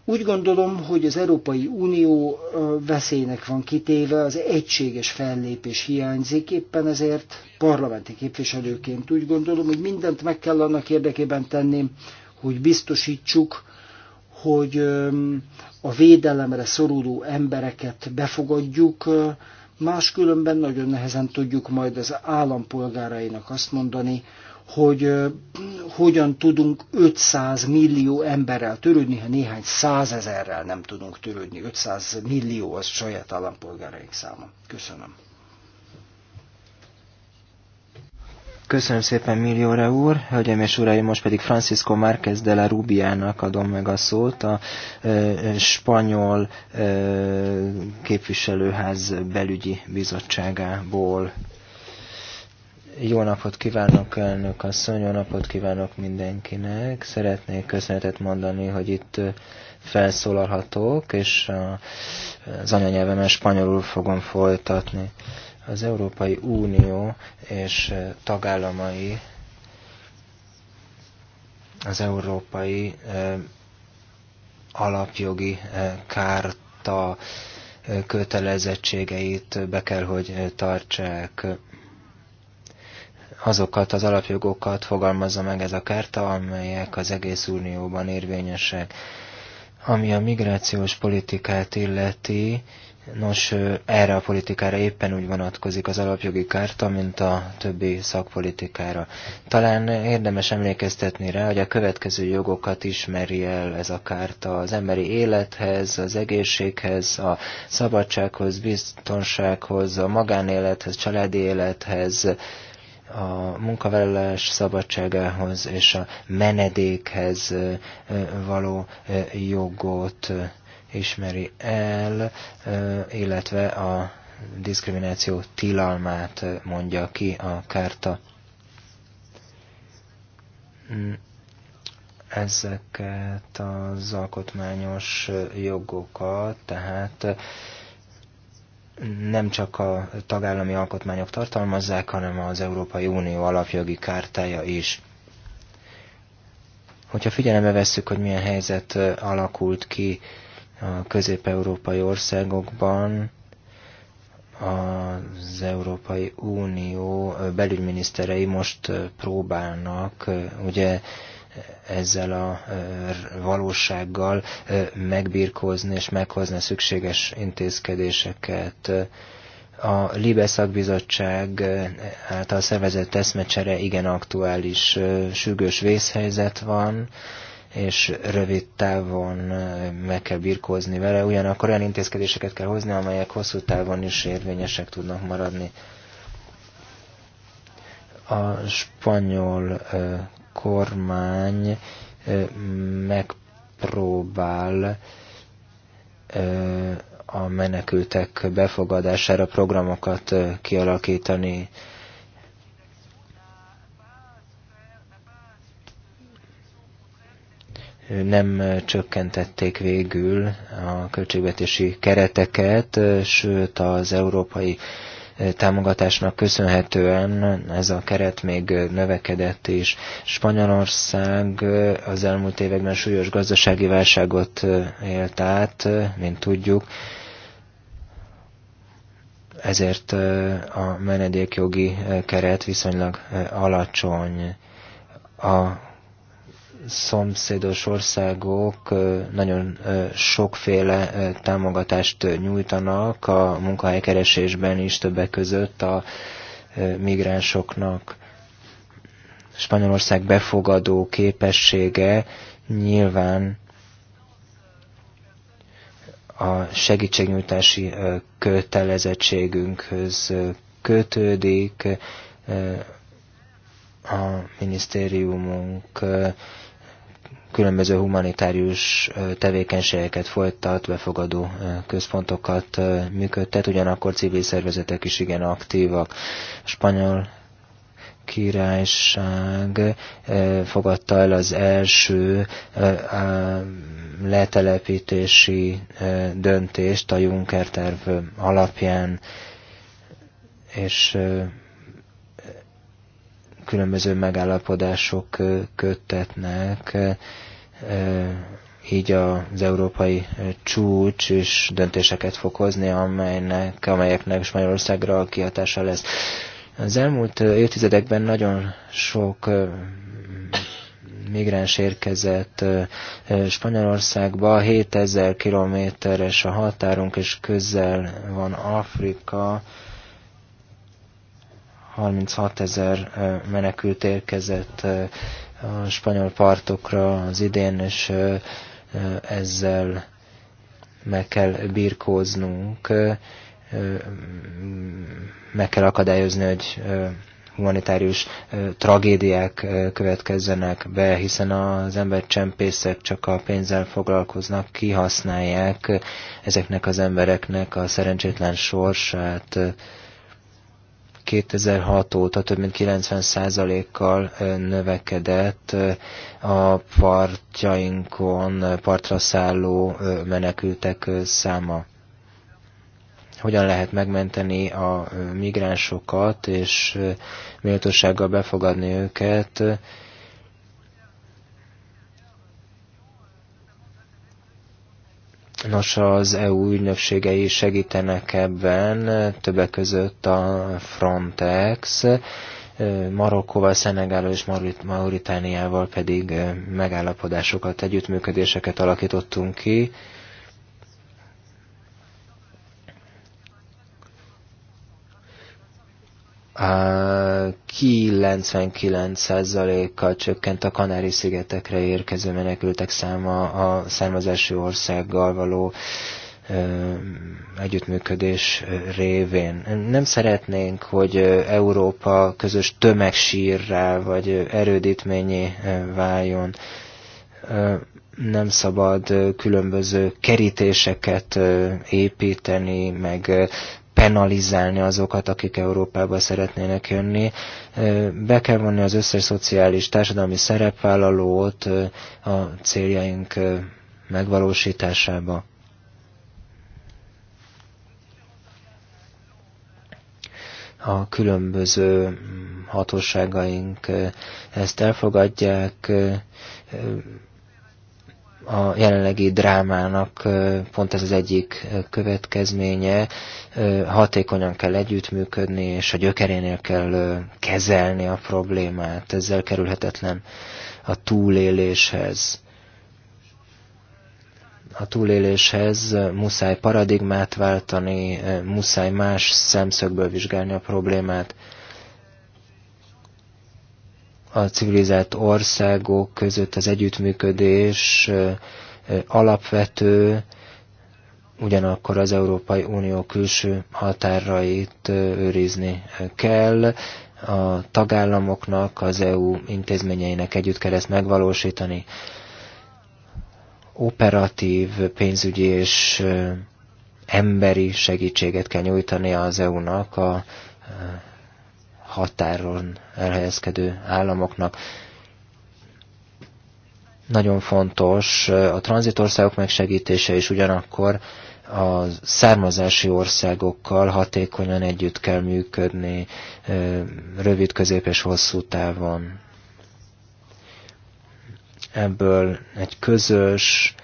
Úgy gondolom, hogy az Európai Unió eh, veszélynek van kitéve, az egységes fellépés hiányzik, éppen ezért parlamenti képviselőként úgy gondolom, hogy mindent meg kell annak érdekében tenni, hogy biztosítsuk, hogy a védelemre szoruló embereket befogadjuk, máskülönben nagyon nehezen tudjuk majd az állampolgárainak azt mondani, hogy hogyan tudunk 500 millió emberrel törődni, ha néhány százezerrel nem tudunk törődni. 500 millió az saját állampolgáraink száma. Köszönöm. Köszönöm szépen Millióra úr, hölgyeim és uraim, most pedig Francisco Márquez de la Rubiának adom meg a szót, a e, spanyol e, képviselőház belügyi bizottságából. Jó napot kívánok, elnök asszony, jó napot kívánok mindenkinek. Szeretnék köszönetet mondani, hogy itt felszólalhatok, és az anyanyelvemen spanyolul fogom folytatni. Az Európai Unió és eh, tagállamai az Európai eh, Alapjogi eh, Kárta kötelezettségeit be kell, hogy tartsák azokat az alapjogokat fogalmazza meg ez a kárta, amelyek az egész unióban érvényesek. Ami a migrációs politikát illeti, Nos, erre a politikára éppen úgy vonatkozik az alapjogi kárta, mint a többi szakpolitikára. Talán érdemes emlékeztetni rá, hogy a következő jogokat ismeri el ez a kárta az emberi élethez, az egészséghez, a szabadsághoz, biztonsághoz, a magánélethez, családi élethez, a munkavállalás szabadságához és a menedékhez való jogot ismeri el, illetve a diszkrimináció tilalmát mondja ki a kárta. Hmm. Ezeket az alkotmányos jogokat, tehát nem csak a tagállami alkotmányok tartalmazzák, hanem az Európai Unió alapjogi kártája is. Hogyha figyelembe vesszük, hogy milyen helyzet alakult ki a közép-európai országokban az Európai Unió belügyminiszterei most próbálnak ugye ezzel a valósággal megbirkózni és meghozni a szükséges intézkedéseket. A Libe szakbizottság által szervezett eszmecsere igen aktuális, sürgős vészhelyzet van, és rövid távon meg kell birkózni vele, ugyanakkor olyan intézkedéseket kell hozni, amelyek hosszú távon is érvényesek tudnak maradni. A spanyol kormány megpróbál a menekültek befogadására programokat kialakítani. nem csökkentették végül a költségvetési kereteket, sőt az európai e, támogatásnak köszönhetően ez a keret még növekedett is. Spanyolország e, az elmúlt években súlyos gazdasági válságot e, élt át, mint tudjuk, ezért a menedékjogi keret viszonylag alacsony. A szomszédos országok nagyon sokféle támogatást nyújtanak a munkahelykeresésben is többek között a migránsoknak. Spanyolország befogadó képessége nyilván a segítségnyújtási kötelezettségünkhöz kötődik, a minisztériumunk különböző humanitárius tevékenységeket folytat, befogadó központokat működtet, ugyanakkor civil szervezetek is igen aktívak. A spanyol királyság fogadta el az első letelepítési döntést a Juncker terv alapján, és különböző megállapodások köttetnek, így az európai csúcs is döntéseket fog hozni, amelynek, amelyeknek is Magyarországra kihatása lesz. Az elmúlt évtizedekben nagyon sok migráns érkezett Spanyolországba, 7000 kilométeres a határunk, és közel van Afrika, 36 ezer menekült érkezett a spanyol partokra az idén, és ezzel meg kell birkóznunk, meg kell akadályozni, hogy humanitárius tragédiák következzenek be, hiszen az embercsempészek csak a pénzzel foglalkoznak, kihasználják ezeknek az embereknek a szerencsétlen sorsát, 2006 óta több mint 90%-kal növekedett a partjainkon partra szálló menekültek száma. Hogyan lehet megmenteni a migránsokat és méltósággal befogadni őket? Nos, az EU ügynökségei segítenek ebben, többek között a Frontex, Marokkóval, Szenegállal és Mauritániával pedig megállapodásokat, együttműködéseket alakítottunk ki. 99%-kal csökkent a Kanári-szigetekre érkező menekültek száma a származási országgal való együttműködés révén. Nem szeretnénk, hogy Európa közös tömegsírrá vagy erődítményé váljon. Nem szabad különböző kerítéseket építeni, meg penalizálni azokat, akik Európába szeretnének jönni. Be kell vonni az összes szociális, társadalmi szerepvállalót a céljaink megvalósításába. a különböző hatóságaink ezt elfogadják, a jelenlegi drámának pont ez az egyik következménye. Hatékonyan kell együttműködni, és a gyökerénél kell kezelni a problémát. Ezzel kerülhetetlen a túléléshez. A túléléshez muszáj paradigmát váltani, muszáj más szemszögből vizsgálni a problémát a civilizált országok között az együttműködés alapvető, ugyanakkor az Európai Unió külső határait őrizni kell, a tagállamoknak, az EU intézményeinek együtt kell ezt megvalósítani. Operatív, pénzügyi és emberi segítséget kell nyújtani az EU-nak a határon elhelyezkedő államoknak. Nagyon fontos a tranzitországok megsegítése és ugyanakkor a származási országokkal hatékonyan együtt kell működni rövid, közép és hosszú távon. Ebből egy közös,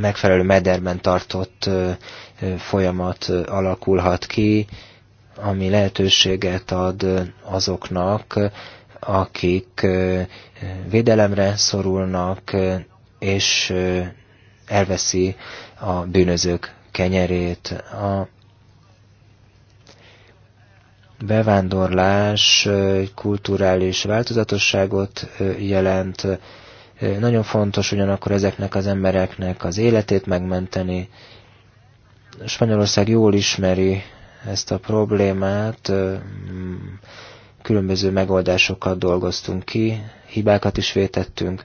megfelelő mederben tartott folyamat alakulhat ki, ami lehetőséget ad azoknak, akik védelemre szorulnak, és elveszi a bűnözők kenyerét. A bevándorlás kulturális változatosságot jelent. Nagyon fontos ugyanakkor ezeknek az embereknek az életét megmenteni. Spanyolország jól ismeri ezt a problémát, különböző megoldásokat dolgoztunk ki, hibákat is vétettünk.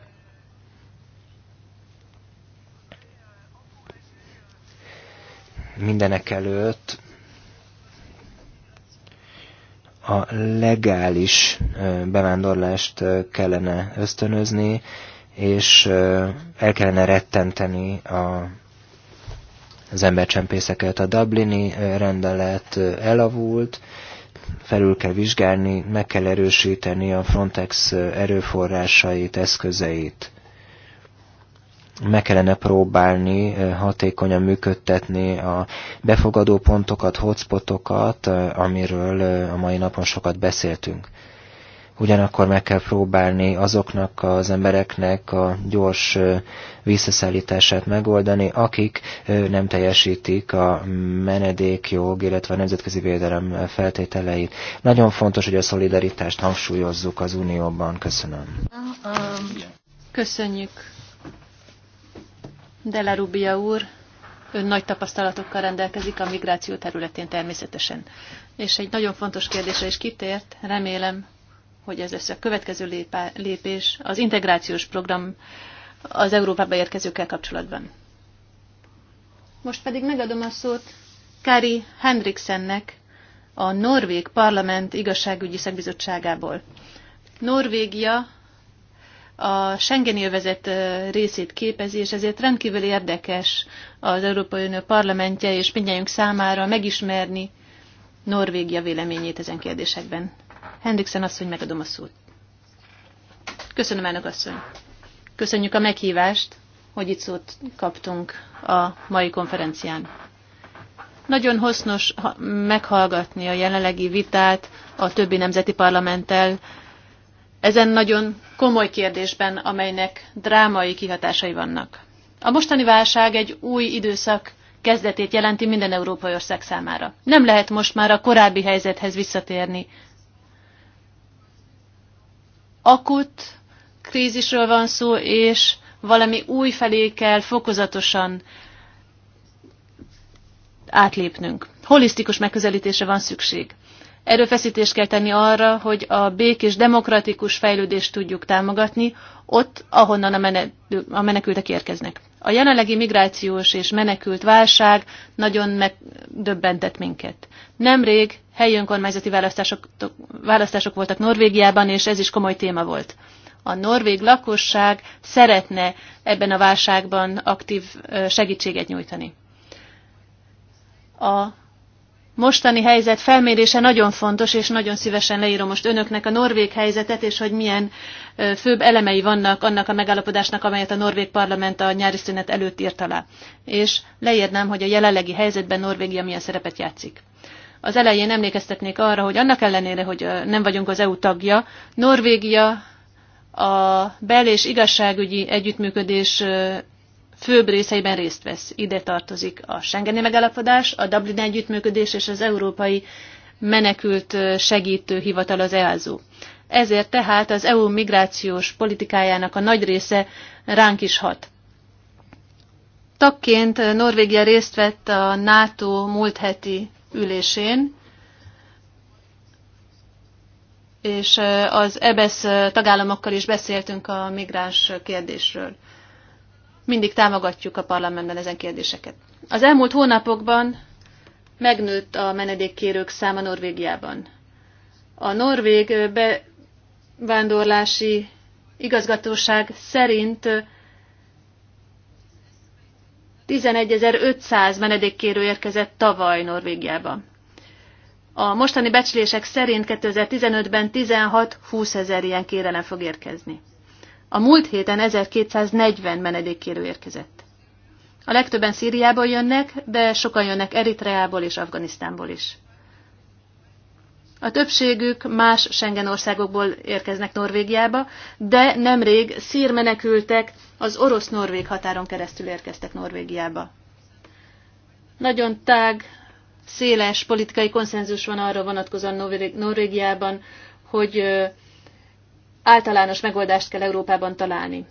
Mindenek előtt a legális bevándorlást kellene ösztönözni, és el kellene rettenteni a az embercsempészeket. A Dublini rendelet elavult, felül kell vizsgálni, meg kell erősíteni a Frontex erőforrásait, eszközeit. Meg kellene próbálni hatékonyan működtetni a befogadó pontokat, hotspotokat, amiről a mai napon sokat beszéltünk ugyanakkor meg kell próbálni azoknak az embereknek a gyors visszaszállítását megoldani, akik nem teljesítik a menedékjog, illetve a nemzetközi védelem feltételeit. Nagyon fontos, hogy a szolidaritást hangsúlyozzuk az Unióban. Köszönöm. Köszönjük. Dela Rubia úr, ön nagy tapasztalatokkal rendelkezik a migráció területén természetesen. És egy nagyon fontos kérdésre is kitért, remélem hogy ez lesz a következő lépés az integrációs program az Európába érkezőkkel kapcsolatban. Most pedig megadom a szót Kári Hendriksennek a Norvég Parlament Igazságügyi Szakbizottságából. Norvégia a Schengeni övezet részét képezi, és ezért rendkívül érdekes az Európai Unió parlamentje és mindjárt számára megismerni Norvégia véleményét ezen kérdésekben. Hendrickson asszony, megadom a szót. Köszönöm, elnök asszony. Köszönjük a meghívást, hogy itt szót kaptunk a mai konferencián. Nagyon hasznos meghallgatni a jelenlegi vitát a többi nemzeti parlamenttel, ezen nagyon komoly kérdésben, amelynek drámai kihatásai vannak. A mostani válság egy új időszak kezdetét jelenti minden európai ország számára. Nem lehet most már a korábbi helyzethez visszatérni, akut krízisről van szó, és valami új felé kell fokozatosan átlépnünk. Holisztikus megközelítése van szükség. Erőfeszítést kell tenni arra, hogy a békés, demokratikus fejlődést tudjuk támogatni, ott, ahonnan a menekültek érkeznek. A jelenlegi migrációs és menekült válság nagyon megdöbbentett minket. Nemrég helyi önkormányzati választások, választások voltak Norvégiában, és ez is komoly téma volt. A norvég lakosság szeretne ebben a válságban aktív segítséget nyújtani. A mostani helyzet felmérése nagyon fontos, és nagyon szívesen leírom most önöknek a norvég helyzetet, és hogy milyen főbb elemei vannak annak a megállapodásnak, amelyet a norvég parlament a nyári szünet előtt írt alá. És leírnám, hogy a jelenlegi helyzetben Norvégia milyen szerepet játszik. Az elején emlékeztetnék arra, hogy annak ellenére, hogy nem vagyunk az EU tagja, Norvégia a bel- és igazságügyi együttműködés főbb részeiben részt vesz. Ide tartozik a Schengeni megállapodás, a Dublin együttműködés és az Európai Menekült Segítő Hivatal az EASO. Ezért tehát az EU migrációs politikájának a nagy része ránk is hat. Tagként Norvégia részt vett a NATO múlt heti ülésén, és az EBESZ tagállamokkal is beszéltünk a migráns kérdésről. Mindig támogatjuk a parlamentben ezen kérdéseket. Az elmúlt hónapokban megnőtt a menedékkérők száma Norvégiában. A norvég bevándorlási igazgatóság szerint 11.500 menedékkérő érkezett tavaly Norvégiába. A mostani becslések szerint 2015-ben 16-20 ezer ilyen kérelem fog érkezni. A múlt héten 1240 menedékkérő érkezett. A legtöbben Szíriából jönnek, de sokan jönnek Eritreából és Afganisztánból is. A többségük más Schengen országokból érkeznek Norvégiába, de nemrég szír menekültek az orosz-norvég határon keresztül érkeztek Norvégiába. Nagyon tág, széles politikai konszenzus van arra vonatkozóan Norvégiában, hogy általános megoldást kell Európában találni.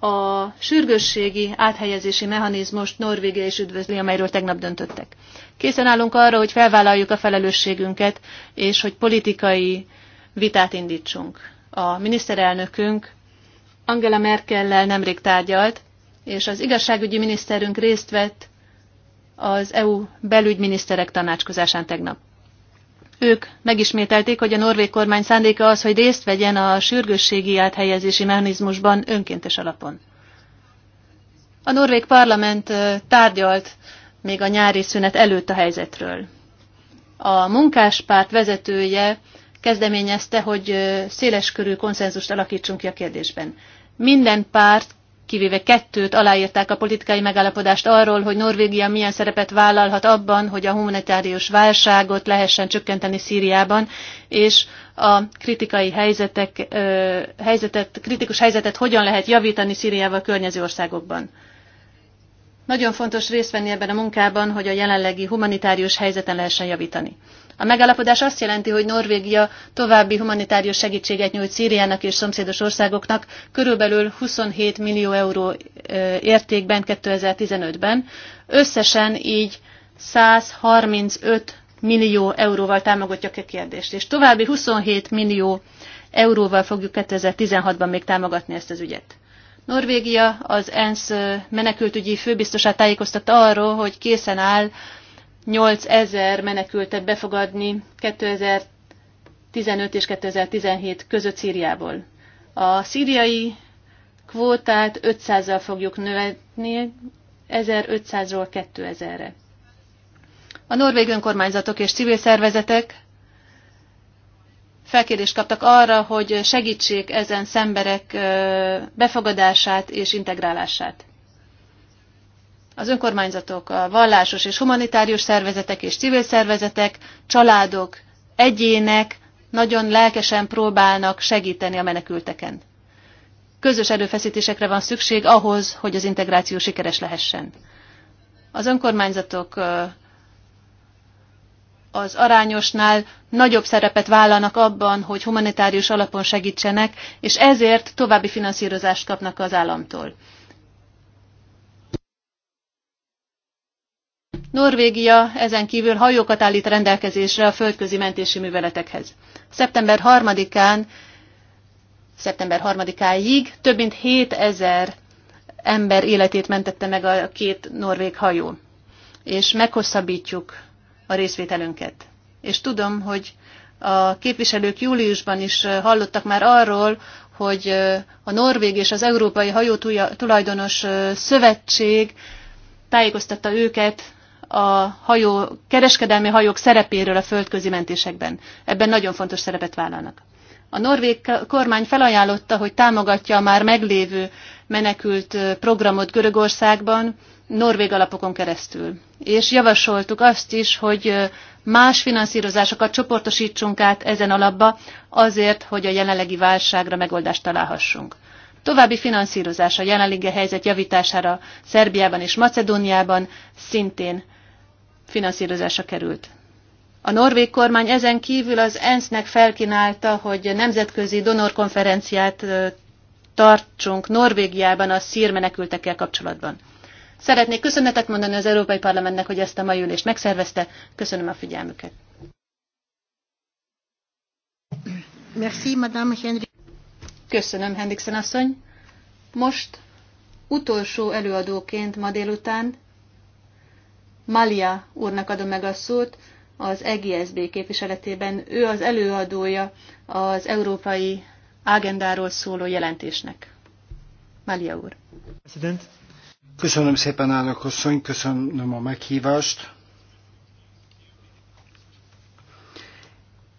A sürgősségi áthelyezési mechanizmust Norvégia is üdvözli, amelyről tegnap döntöttek. Készen állunk arra, hogy felvállaljuk a felelősségünket, és hogy politikai vitát indítsunk. A miniszterelnökünk Angela Merkellel nemrég tárgyalt, és az igazságügyi miniszterünk részt vett az EU belügyminiszterek tanácskozásán tegnap. Ők megismételték, hogy a norvég kormány szándéka az, hogy részt vegyen a sürgősségi áthelyezési mechanizmusban önkéntes alapon. A norvég parlament tárgyalt még a nyári szünet előtt a helyzetről. A munkáspárt vezetője kezdeményezte, hogy széleskörű konszenzust alakítsunk ki a kérdésben. Minden párt, kivéve kettőt aláírták a politikai megállapodást arról, hogy Norvégia milyen szerepet vállalhat abban, hogy a humanitárius válságot lehessen csökkenteni Szíriában, és a kritikai helyzetek, helyzetet, kritikus helyzetet hogyan lehet javítani Szíriával környező országokban. Nagyon fontos részt venni ebben a munkában, hogy a jelenlegi humanitárius helyzeten lehessen javítani. A megállapodás azt jelenti, hogy Norvégia további humanitárius segítséget nyújt Szíriának és szomszédos országoknak körülbelül 27 millió euró értékben 2015-ben. Összesen így 135 millió euróval támogatja a kérdést, és további 27 millió euróval fogjuk 2016-ban még támogatni ezt az ügyet. Norvégia az ENSZ menekültügyi főbiztosát tájékoztatta arról, hogy készen áll 8000 menekültet befogadni 2015 és 2017 között Szíriából. A szíriai kvótát 500-zal fogjuk növelni, 1500-ról 2000-re. A norvég önkormányzatok és civil szervezetek felkérést kaptak arra, hogy segítsék ezen szemberek befogadását és integrálását. Az önkormányzatok, a vallásos és humanitárius szervezetek és civil szervezetek, családok, egyének nagyon lelkesen próbálnak segíteni a menekülteken. Közös erőfeszítésekre van szükség ahhoz, hogy az integráció sikeres lehessen. Az önkormányzatok az arányosnál nagyobb szerepet vállalnak abban, hogy humanitárius alapon segítsenek, és ezért további finanszírozást kapnak az államtól. Norvégia ezen kívül hajókat állít rendelkezésre a földközi mentési műveletekhez. Szeptember 3-án, szeptember 3-áig több mint 7000 ember életét mentette meg a két norvég hajó. És meghosszabbítjuk a részvételünket. És tudom, hogy a képviselők júliusban is hallottak már arról, hogy a Norvég és az Európai Hajó Tulajdonos Szövetség tájékoztatta őket a hajó, kereskedelmi hajók szerepéről a földközi mentésekben. Ebben nagyon fontos szerepet vállalnak. A norvég kormány felajánlotta, hogy támogatja a már meglévő menekült programot Görögországban, norvég alapokon keresztül. És javasoltuk azt is, hogy más finanszírozásokat csoportosítsunk át ezen alapba azért, hogy a jelenlegi válságra megoldást találhassunk. További finanszírozás a jelenlegi helyzet javítására Szerbiában és Macedóniában szintén finanszírozása került. A norvég kormány ezen kívül az ENSZ-nek felkínálta, hogy nemzetközi donorkonferenciát tartsunk Norvégiában a szír menekültekkel kapcsolatban. Szeretnék köszönetet mondani az Európai Parlamentnek, hogy ezt a mai ülést megszervezte. Köszönöm a figyelmüket. Merci, Madame Henry. Köszönöm, Hendriksen asszony. Most utolsó előadóként ma délután Malia úrnak adom meg a szót az EGSB képviseletében. Ő az előadója az európai agendáról szóló jelentésnek. Malia úr. President. Köszönöm szépen, állnak asszony, köszönöm a meghívást.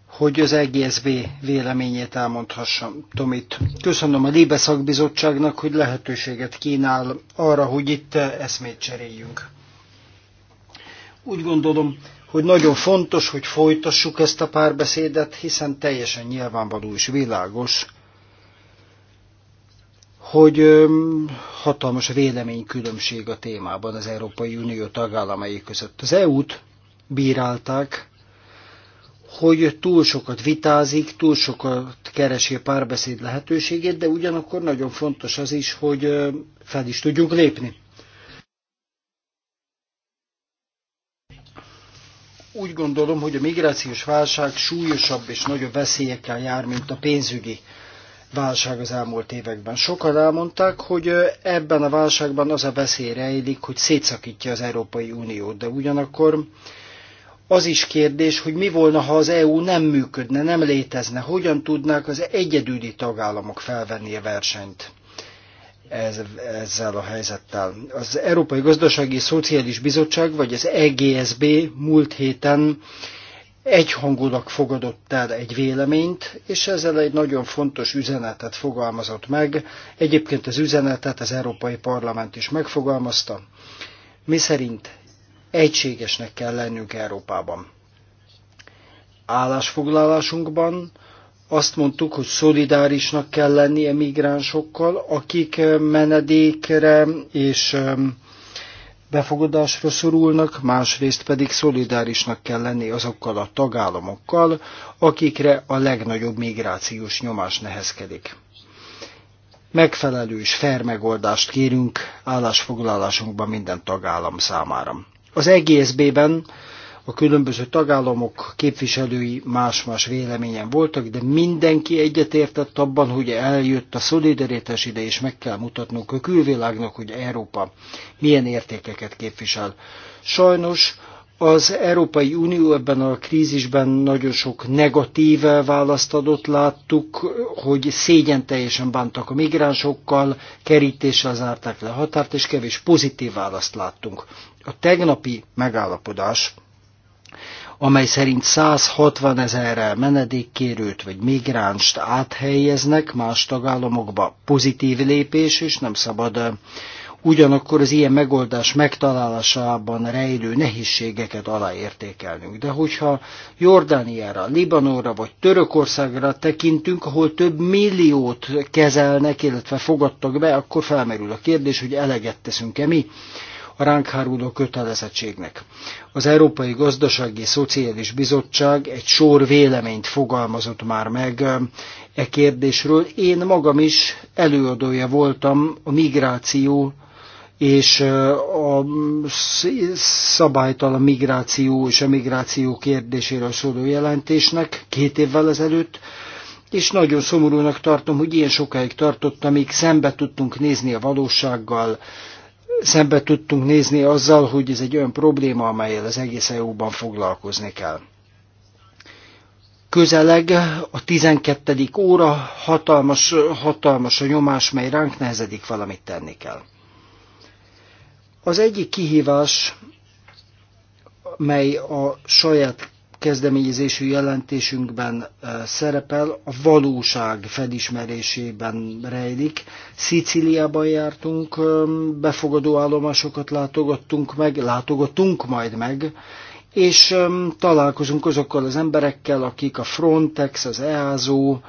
hogy az EGSB véleményét elmondhassam. Tomit, köszönöm a Libe szakbizottságnak, hogy lehetőséget kínál arra, hogy itt eszmét cseréljünk. Úgy gondolom, hogy nagyon fontos, hogy folytassuk ezt a párbeszédet, hiszen teljesen nyilvánvaló és világos, hogy hatalmas véleménykülönbség a témában az Európai Unió tagállamai között. Az EU-t bírálták, hogy túl sokat vitázik, túl sokat keresi a párbeszéd lehetőségét, de ugyanakkor nagyon fontos az is, hogy fel is tudjunk lépni. Úgy gondolom, hogy a migrációs válság súlyosabb és nagyobb veszélyekkel jár, mint a pénzügyi válság az elmúlt években. Sokan elmondták, hogy ebben a válságban az a veszély rejlik, hogy szétszakítja az Európai Uniót, de ugyanakkor az is kérdés, hogy mi volna, ha az EU nem működne, nem létezne, hogyan tudnák az egyedüli tagállamok felvenni a versenyt ezzel a helyzettel. Az Európai Gazdasági Szociális Bizottság, vagy az EGSB múlt héten egyhangulag fogadott el egy véleményt, és ezzel egy nagyon fontos üzenetet fogalmazott meg. Egyébként az üzenetet az Európai Parlament is megfogalmazta, mi szerint egységesnek kell lennünk Európában. Állásfoglalásunkban azt mondtuk, hogy szolidárisnak kell lenni emigránsokkal, akik menedékre és um, befogadásra szorulnak, másrészt pedig szolidárisnak kell lenni azokkal a tagállamokkal, akikre a legnagyobb migrációs nyomás nehezkedik. Megfelelő és fair megoldást kérünk állásfoglalásunkban minden tagállam számára. Az EGSB-ben a különböző tagállamok képviselői más-más véleményen voltak, de mindenki egyetértett abban, hogy eljött a szolidaritás ide, és meg kell mutatnunk a külvilágnak, hogy Európa milyen értékeket képvisel. Sajnos az Európai Unió ebben a krízisben nagyon sok negatív választ adott, láttuk, hogy szégyen teljesen bántak a migránsokkal, kerítéssel zárták le a határt, és kevés pozitív választ láttunk. A tegnapi megállapodás amely szerint 160 ezer menedékkérőt vagy migránst áthelyeznek más tagállamokba. Pozitív lépés, és nem szabad ugyanakkor az ilyen megoldás megtalálásában rejlő nehézségeket aláértékelnünk. De hogyha Jordániára, Libanonra vagy Törökországra tekintünk, ahol több milliót kezelnek, illetve fogadtak be, akkor felmerül a kérdés, hogy eleget teszünk-e mi a ránk háruló kötelezettségnek. Az Európai Gazdasági Szociális Bizottság egy sor véleményt fogalmazott már meg e kérdésről. Én magam is előadója voltam a migráció és a szabálytalan migráció és a migráció kérdéséről szóló jelentésnek két évvel ezelőtt, és nagyon szomorúnak tartom, hogy ilyen sokáig tartott, amíg szembe tudtunk nézni a valósággal, szembe tudtunk nézni azzal, hogy ez egy olyan probléma, amelyel az egész EU-ban foglalkozni kell. Közeleg a 12. óra hatalmas, hatalmas a nyomás, mely ránk nehezedik, valamit tenni kell. Az egyik kihívás, mely a saját kezdeményezésű jelentésünkben eh, szerepel, a valóság felismerésében rejlik. Szicíliában jártunk, eh, befogadó állomásokat látogattunk meg, látogatunk majd meg, és eh, találkozunk azokkal az emberekkel, akik a Frontex, az EASO,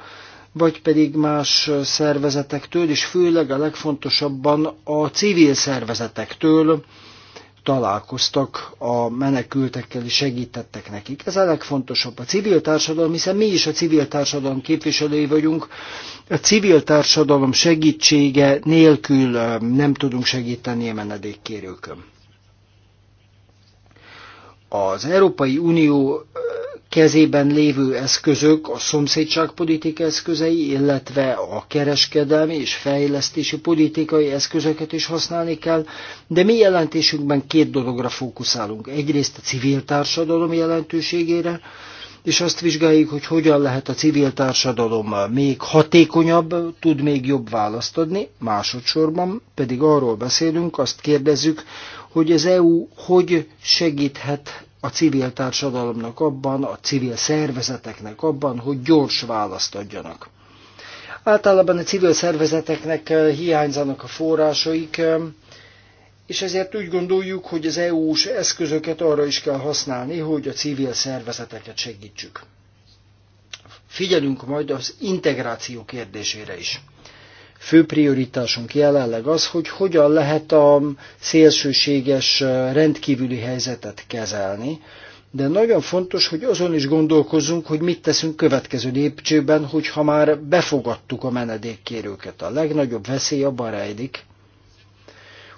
vagy pedig más szervezetektől, és főleg a legfontosabban a civil szervezetektől, találkoztak a menekültekkel és segítettek nekik. Ez a legfontosabb. A civil társadalom, hiszen mi is a civil társadalom képviselői vagyunk, a civil társadalom segítsége nélkül nem tudunk segíteni a menedékkérőkön. Az Európai Unió kezében lévő eszközök, a szomszédságpolitika eszközei, illetve a kereskedelmi és fejlesztési politikai eszközöket is használni kell, de mi jelentésünkben két dologra fókuszálunk. Egyrészt a civil társadalom jelentőségére, és azt vizsgáljuk, hogy hogyan lehet a civil társadalom még hatékonyabb, tud még jobb választ adni. Másodszorban pedig arról beszélünk, azt kérdezzük, hogy az EU hogy segíthet a civil társadalomnak abban, a civil szervezeteknek abban, hogy gyors választ adjanak. Általában a civil szervezeteknek eh, hiányzanak a forrásaik, eh, és ezért úgy gondoljuk, hogy az EU-s eszközöket arra is kell használni, hogy a civil szervezeteket segítsük. Figyelünk majd az integráció kérdésére is. Fő prioritásunk jelenleg az, hogy hogyan lehet a szélsőséges rendkívüli helyzetet kezelni, de nagyon fontos, hogy azon is gondolkozzunk, hogy mit teszünk következő lépcsőben, hogyha már befogadtuk a menedékkérőket. A legnagyobb veszély abban rejlik,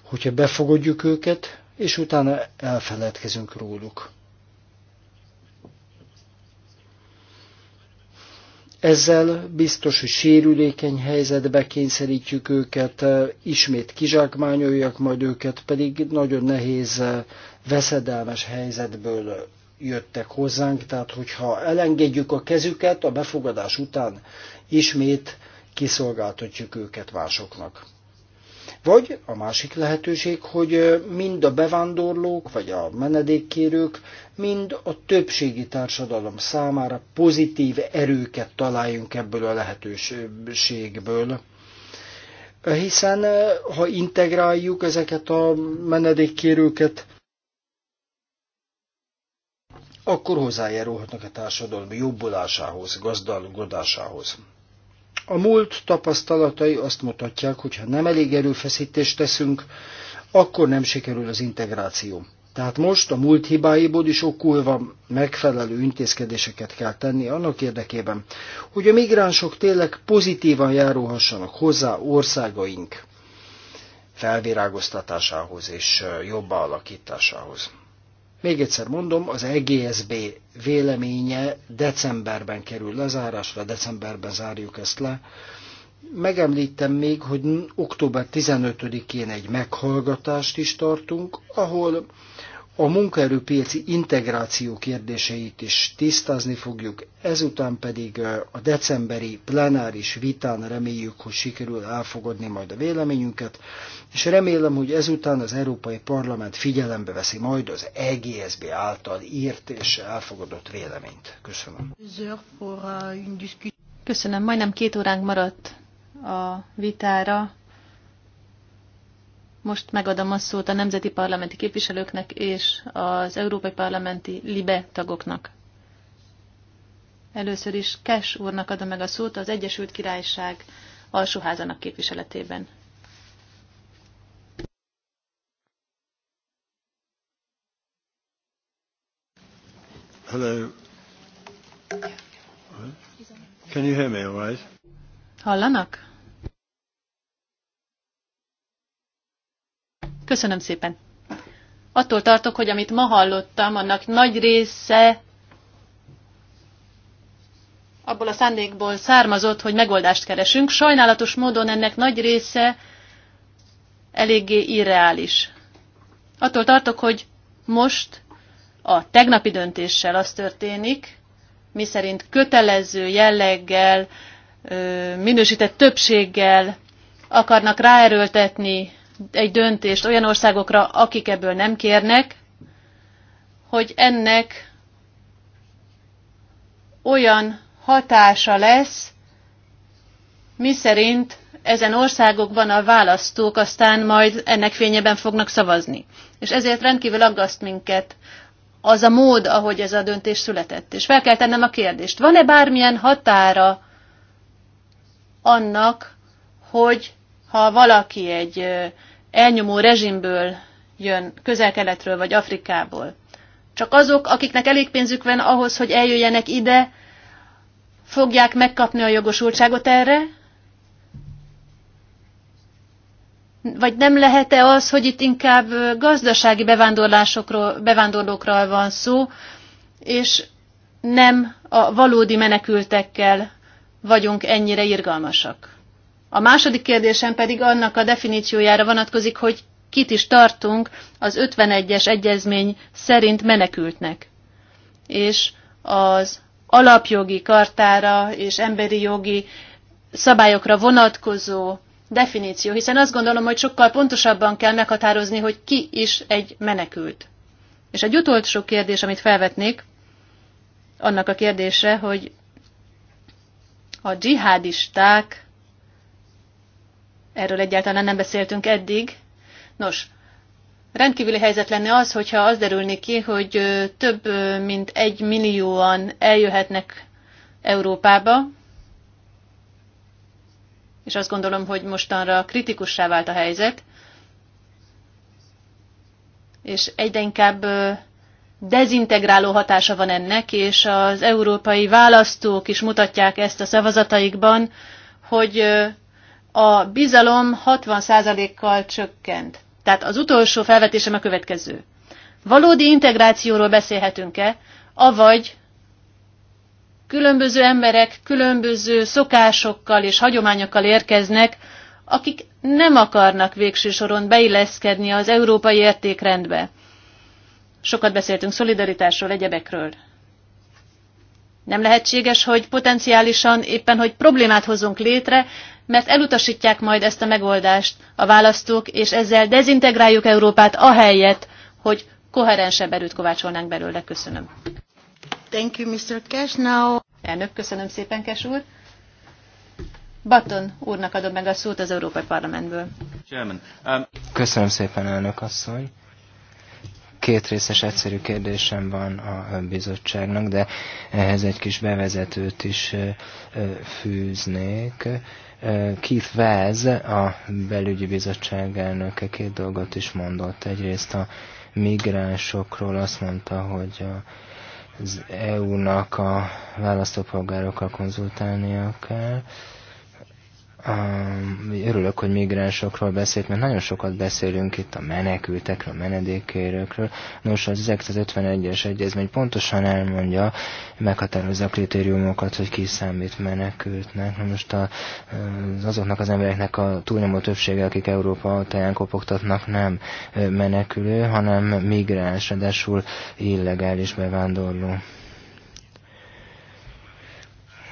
hogyha befogadjuk őket, és utána elfeledkezünk róluk. Ezzel biztos, hogy sérülékeny helyzetbe kényszerítjük őket, eh, ismét kizsákmányoljak majd őket, pedig nagyon nehéz, eh, veszedelmes helyzetből jöttek hozzánk, tehát hogyha elengedjük a kezüket, a befogadás után ismét kiszolgáltatjuk őket másoknak. Vagy a másik lehetőség, hogy mind a bevándorlók, vagy a menedékkérők, mind a többségi társadalom számára pozitív erőket találjunk ebből a lehetőségből. Hiszen ha integráljuk ezeket a menedékkérőket, akkor hozzájárulhatnak a társadalom jobbulásához, gazdagodásához. A múlt tapasztalatai azt mutatják, hogy ha nem elég erőfeszítést teszünk, akkor nem sikerül az integráció. Tehát most a múlt hibáiból is okulva megfelelő intézkedéseket kell tenni annak érdekében, hogy a migránsok tényleg pozitívan járulhassanak hozzá országaink felvirágoztatásához és jobb alakításához. Még egyszer mondom, az EGSB véleménye decemberben kerül lezárásra, decemberben zárjuk ezt le. Megemlítem még, hogy október 15-én egy meghallgatást is tartunk, ahol a munkaerőpiaci integráció kérdéseit is tisztázni fogjuk, ezután pedig a decemberi plenáris vitán reméljük, hogy sikerül elfogadni majd a véleményünket, és remélem, hogy ezután az Európai Parlament figyelembe veszi majd az EGSB által írt és elfogadott véleményt. Köszönöm. Köszönöm, majdnem két óránk maradt a vitára. Most megadom a szót a nemzeti parlamenti képviselőknek és az európai parlamenti LIBE tagoknak. Először is Kes úrnak adom meg a szót az Egyesült Királyság alsóházának képviseletében. Hello. Can you hear me all right? Hallanak? Köszönöm szépen. Attól tartok, hogy amit ma hallottam, annak nagy része abból a szándékból származott, hogy megoldást keresünk. Sajnálatos módon ennek nagy része eléggé irreális. Attól tartok, hogy most a tegnapi döntéssel az történik, miszerint kötelező jelleggel, minősített többséggel akarnak ráerőltetni egy döntést olyan országokra, akik ebből nem kérnek, hogy ennek olyan hatása lesz, miszerint ezen országokban a választók aztán majd ennek fényében fognak szavazni. És ezért rendkívül aggaszt minket az a mód, ahogy ez a döntés született. És fel kell tennem a kérdést, van-e bármilyen határa annak, hogy ha valaki egy elnyomó rezsimből jön, közel-keletről vagy Afrikából. Csak azok, akiknek elég pénzük van ahhoz, hogy eljöjjenek ide, fogják megkapni a jogosultságot erre? Vagy nem lehet-e az, hogy itt inkább gazdasági bevándorlásokról, bevándorlókról van szó, és nem a valódi menekültekkel vagyunk ennyire irgalmasak? A második kérdésem pedig annak a definíciójára vonatkozik, hogy kit is tartunk az 51-es egyezmény szerint menekültnek. És az alapjogi kartára és emberi jogi szabályokra vonatkozó definíció, hiszen azt gondolom, hogy sokkal pontosabban kell meghatározni, hogy ki is egy menekült. És egy utolsó kérdés, amit felvetnék, annak a kérdése, hogy a dzsihádisták Erről egyáltalán nem beszéltünk eddig. Nos, rendkívüli helyzet lenne az, hogyha az derülni ki, hogy több mint egy millióan eljöhetnek Európába, és azt gondolom, hogy mostanra kritikussá vált a helyzet, és egyre inkább dezintegráló hatása van ennek, és az európai választók is mutatják ezt a szavazataikban, hogy a bizalom 60%-kal csökkent. Tehát az utolsó felvetésem a következő. Valódi integrációról beszélhetünk-e, avagy különböző emberek különböző szokásokkal és hagyományokkal érkeznek, akik nem akarnak végső soron beilleszkedni az európai értékrendbe. Sokat beszéltünk szolidaritásról, egyebekről. Nem lehetséges, hogy potenciálisan éppen, hogy problémát hozunk létre, mert elutasítják majd ezt a megoldást a választók, és ezzel dezintegráljuk Európát ahelyett, hogy koherensebb erőt kovácsolnánk belőle. Köszönöm. Thank you, Mr. Cash. Now... Elnök, köszönöm szépen, Cash úr. Button úrnak adom meg a szót az Európai Parlamentből. Um- köszönöm szépen, elnök asszony. Két részes egyszerű kérdésem van a bizottságnak, de ehhez egy kis bevezetőt is fűznék. Eh, Keith Wells, a belügyi bizottság elnöke két dolgot is mondott. Egyrészt a migránsokról azt mondta, hogy a, az EU-nak a választópolgárokkal konzultálnia kell, örülök, hogy migránsokról beszélt, mert nagyon sokat beszélünk itt a menekültekről, a menedékkérőkről. Nos, az 51 es egyezmény pontosan elmondja, meghatározza a kritériumokat, hogy ki számít menekültnek. Na most a, azoknak az embereknek a túlnyomó többsége, akik Európa táján kopogtatnak, nem menekülő, hanem migráns, ráadásul illegális bevándorló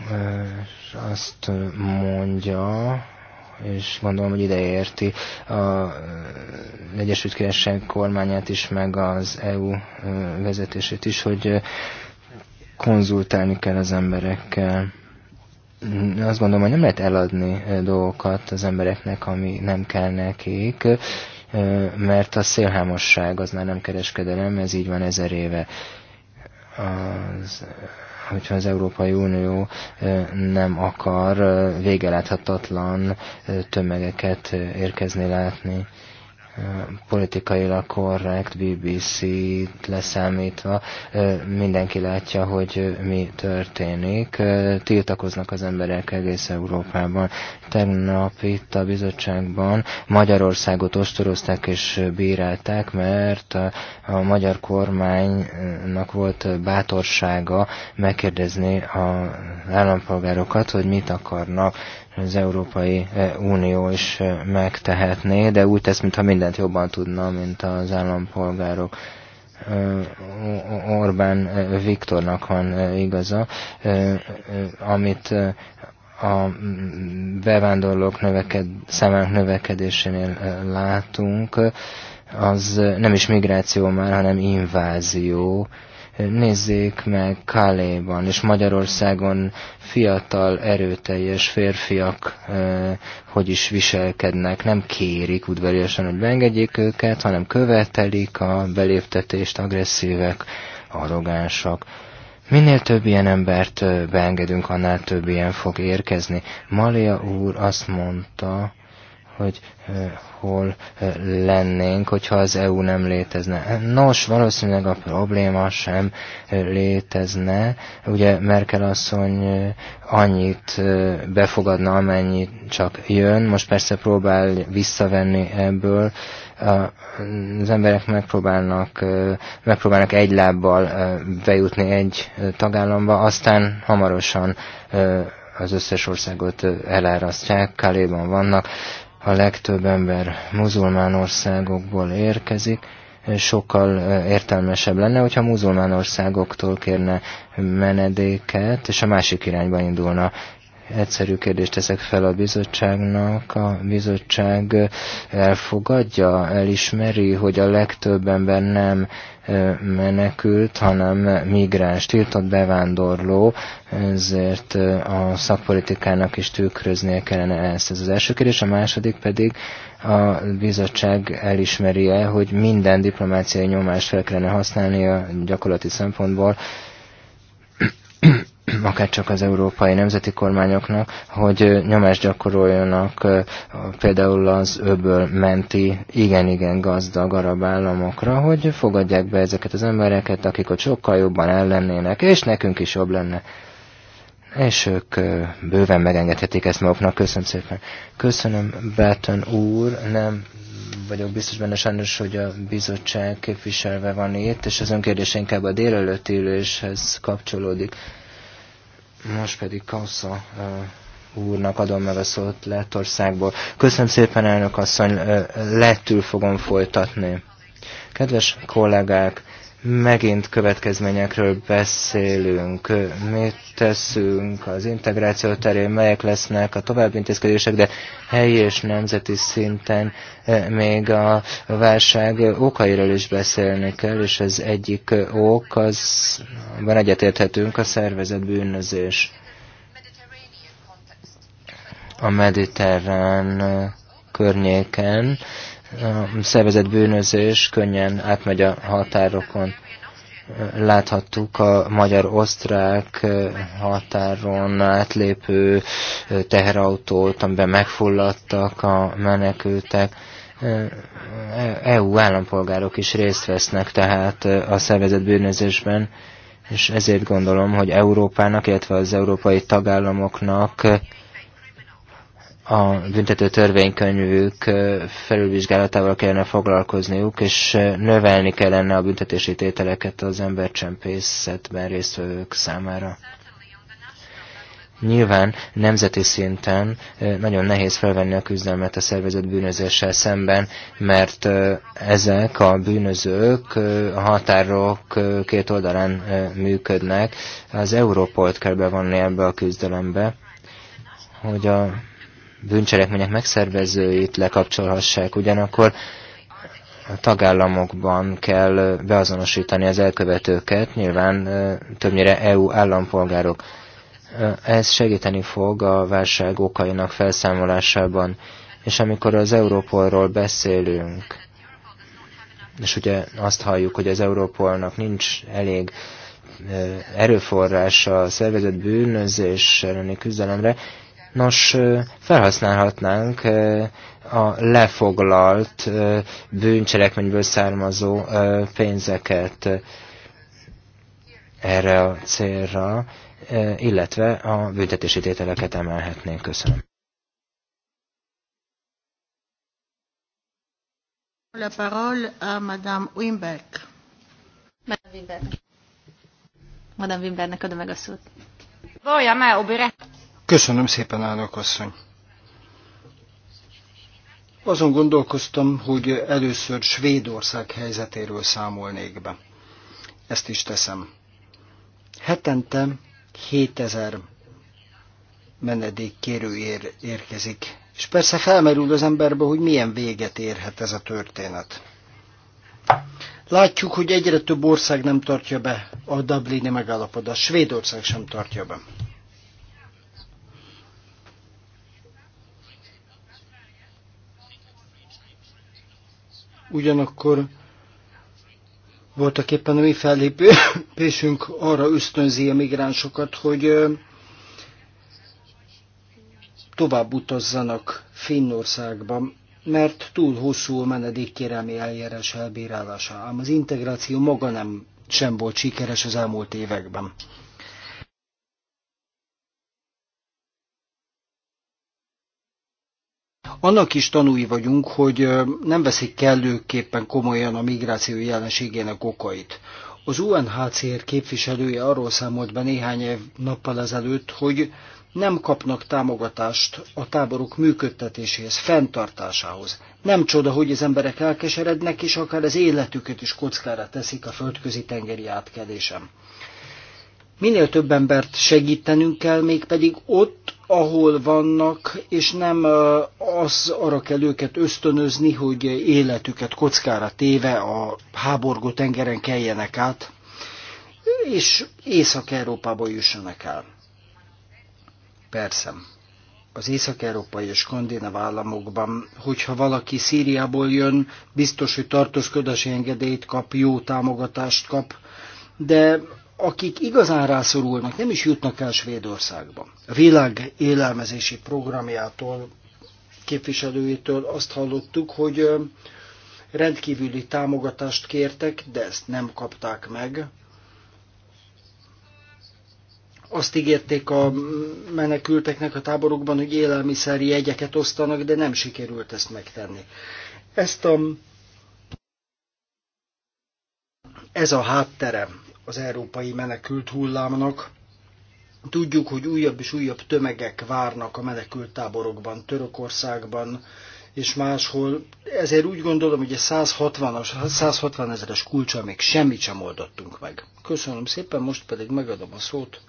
és azt mondja, és gondolom, hogy ide érti a eh, Egyesült Királyság kormányát is, meg az EU eh, vezetését is, hogy eh, konzultálni kell az emberekkel. Hm, azt gondolom, hogy nem lehet eladni dolgokat az embereknek, ami nem kell nekik, mert a szélhámosság az már nem kereskedelem, ez így van ezer éve az hogyha az Európai Unió nem akar végeláthatatlan tömegeket érkezni látni politikailag korrekt BBC-t leszámítva mindenki látja, hogy mi történik. Tiltakoznak az emberek egész Európában. Tegnap itt a bizottságban Magyarországot ostorozták és bírálták, mert a, magyar kormánynak volt bátorsága megkérdezni az állampolgárokat, hogy mit akarnak az Európai e, Unió is e, megtehetné, de úgy tesz, mintha mindent jobban tudna, mint az állampolgárok. E, Orbán Viktornak van igaza, amit a bevándorlók növeked, számának növekedésénél látunk, az nem is migráció már, hanem invázió, Nézzék meg Káléban és Magyarországon fiatal, erőteljes férfiak hogy is viselkednek, nem kérik udvariasan, hogy beengedjék őket, hanem követelik a beléptetést, agresszívek, arrogánsak. Minél több ilyen embert beengedünk, annál több ilyen fog érkezni. Malia úr azt mondta, hogy eh, hol eh, lennénk, hogyha az EU nem létezne. Nos, valószínűleg a probléma sem eh, létezne. Ugye Merkel asszony annyit befogadna, amennyit csak jön. Most persze próbál visszavenni ebből. Az emberek megpróbálnak, megpróbálnak egy lábbal bejutni egy tagállamba, aztán hamarosan az összes országot elárasztják, Kaléban vannak, a legtöbb ember muzulmán országokból érkezik, sokkal értelmesebb lenne, hogyha muzulmán országoktól kérne menedéket, és a másik irányba indulna. Egyszerű kérdést teszek fel a bizottságnak. A bizottság elfogadja, elismeri, hogy a legtöbb ember nem menekült, hanem migráns, tiltott bevándorló, ezért a szakpolitikának is tükröznie kellene ezt. Ez az első kérdés, a második pedig a bizottság elismeri-e, hogy minden diplomáciai nyomást fel kellene használni a gyakorlati szempontból, akár csak az európai nemzeti kormányoknak, hogy nyomást gyakoroljanak például az öböl menti igen-igen gazdag arab államokra, hogy fogadják be ezeket az embereket, akik ott sokkal jobban ellennének, és nekünk is jobb lenne. És ők bőven megengedhetik ezt maguknak. Köszönöm szépen. Köszönöm, Báton úr. Nem vagyok biztos benne sajnos, hogy a bizottság képviselve van itt, és az önkérdés inkább a délelőtt üléshez kapcsolódik. Most pedig Kausza eh, úrnak adom meg a szót Lettországból. Köszönöm szépen, elnök asszony, eh, lettül fogom folytatni. Kedves kollégák, megint következményekről beszélünk, mit teszünk az integráció terén, melyek lesznek a további intézkedések, de helyi és nemzeti szinten e, még a válság okairól is beszélni kell, és az egyik ok, az, van egyetérthetünk, a szervezet bűnözés. A mediterrán környéken a szervezett bűnözés könnyen átmegy a határokon. Láthattuk a magyar-osztrák határon átlépő teherautót, amiben megfulladtak a menekültek. EU e állampolgárok is részt vesznek tehát a szervezett bűnözésben, és ezért gondolom, hogy Európának, illetve az európai tagállamoknak a büntető törvénykönyvük felülvizsgálatával kellene foglalkozniuk, és növelni kellene a büntetési tételeket az embercsempészetben résztvevők számára. Nyilván nemzeti szinten nagyon nehéz felvenni a küzdelmet a szervezett bűnözéssel szemben, mert ezek a bűnözők a határok két oldalán működnek. Az Európolt kell bevonni ebbe a küzdelembe, hogy a bűncselekmények megszervezőit lekapcsolhassák, ugyanakkor a tagállamokban kell beazonosítani az elkövetőket, nyilván többnyire EU állampolgárok. Ez segíteni fog a válság okainak felszámolásában. És amikor az Európolról beszélünk, és ugye azt halljuk, hogy az Európolnak nincs elég erőforrása a szervezett bűnözés elleni küzdelemre, Nos, felhasználhatnánk a lefoglalt bűncselekményből származó pénzeket erre a célra, illetve a büntetési tételeket emelhetnénk. Köszönöm. La parole à Madame Wimberg. Madame Wimberg. Madame Wimbergnek adom meg a szót. Valja au obire. Köszönöm szépen, elnök asszony. Azon gondolkoztam, hogy először Svédország helyzetéről számolnék be. Ezt is teszem. Hetente 7000 menedékkérő ér, érkezik. És persze felmerül az emberbe, hogy milyen véget érhet ez a történet. Látjuk, hogy egyre több ország nem tartja be a Dublini megállapodást. Svédország sem tartja be. ugyanakkor voltak éppen a mi fellépésünk arra ösztönzi a migránsokat, hogy tovább utazzanak Finnországban, mert túl hosszú a menedékkérelmi eljárás elbírálása, ám az integráció maga nem sem volt sikeres az elmúlt években. Annak is tanúi vagyunk, hogy nem veszik kellőképpen komolyan a migráció jelenségének okait. Az UNHCR képviselője arról számolt be néhány év nappal ezelőtt, hogy nem kapnak támogatást a táborok működtetéséhez, fenntartásához. Nem csoda, hogy az emberek elkeserednek, és akár az életüket is kockára teszik a földközi tengeri átkelésem. Minél több embert segítenünk kell, mégpedig ott, ahol vannak, és nem az arra kell őket ösztönözni, hogy életüket kockára téve a háborgó tengeren keljenek át, és Észak-Európába jussanak el. Persze, az észak-európai és skandináv államokban, hogyha valaki Szíriából jön, biztos, hogy tartózkodási engedélyt kap, jó támogatást kap, de akik igazán rászorulnak, nem is jutnak el Svédországba. A világ élelmezési programjától, képviselőjétől azt hallottuk, hogy rendkívüli támogatást kértek, de ezt nem kapták meg. Azt ígérték a menekülteknek a táborokban, hogy élelmiszeri jegyeket osztanak, de nem sikerült ezt megtenni. Ezt a, ez a háttere az európai menekült hullámnak. Tudjuk, hogy újabb és újabb tömegek várnak a menekült táborokban, Törökországban és máshol. Ezért úgy gondolom, hogy a 160, 160 ezeres kulcsa még semmit sem oldottunk meg. Köszönöm szépen, most pedig megadom a szót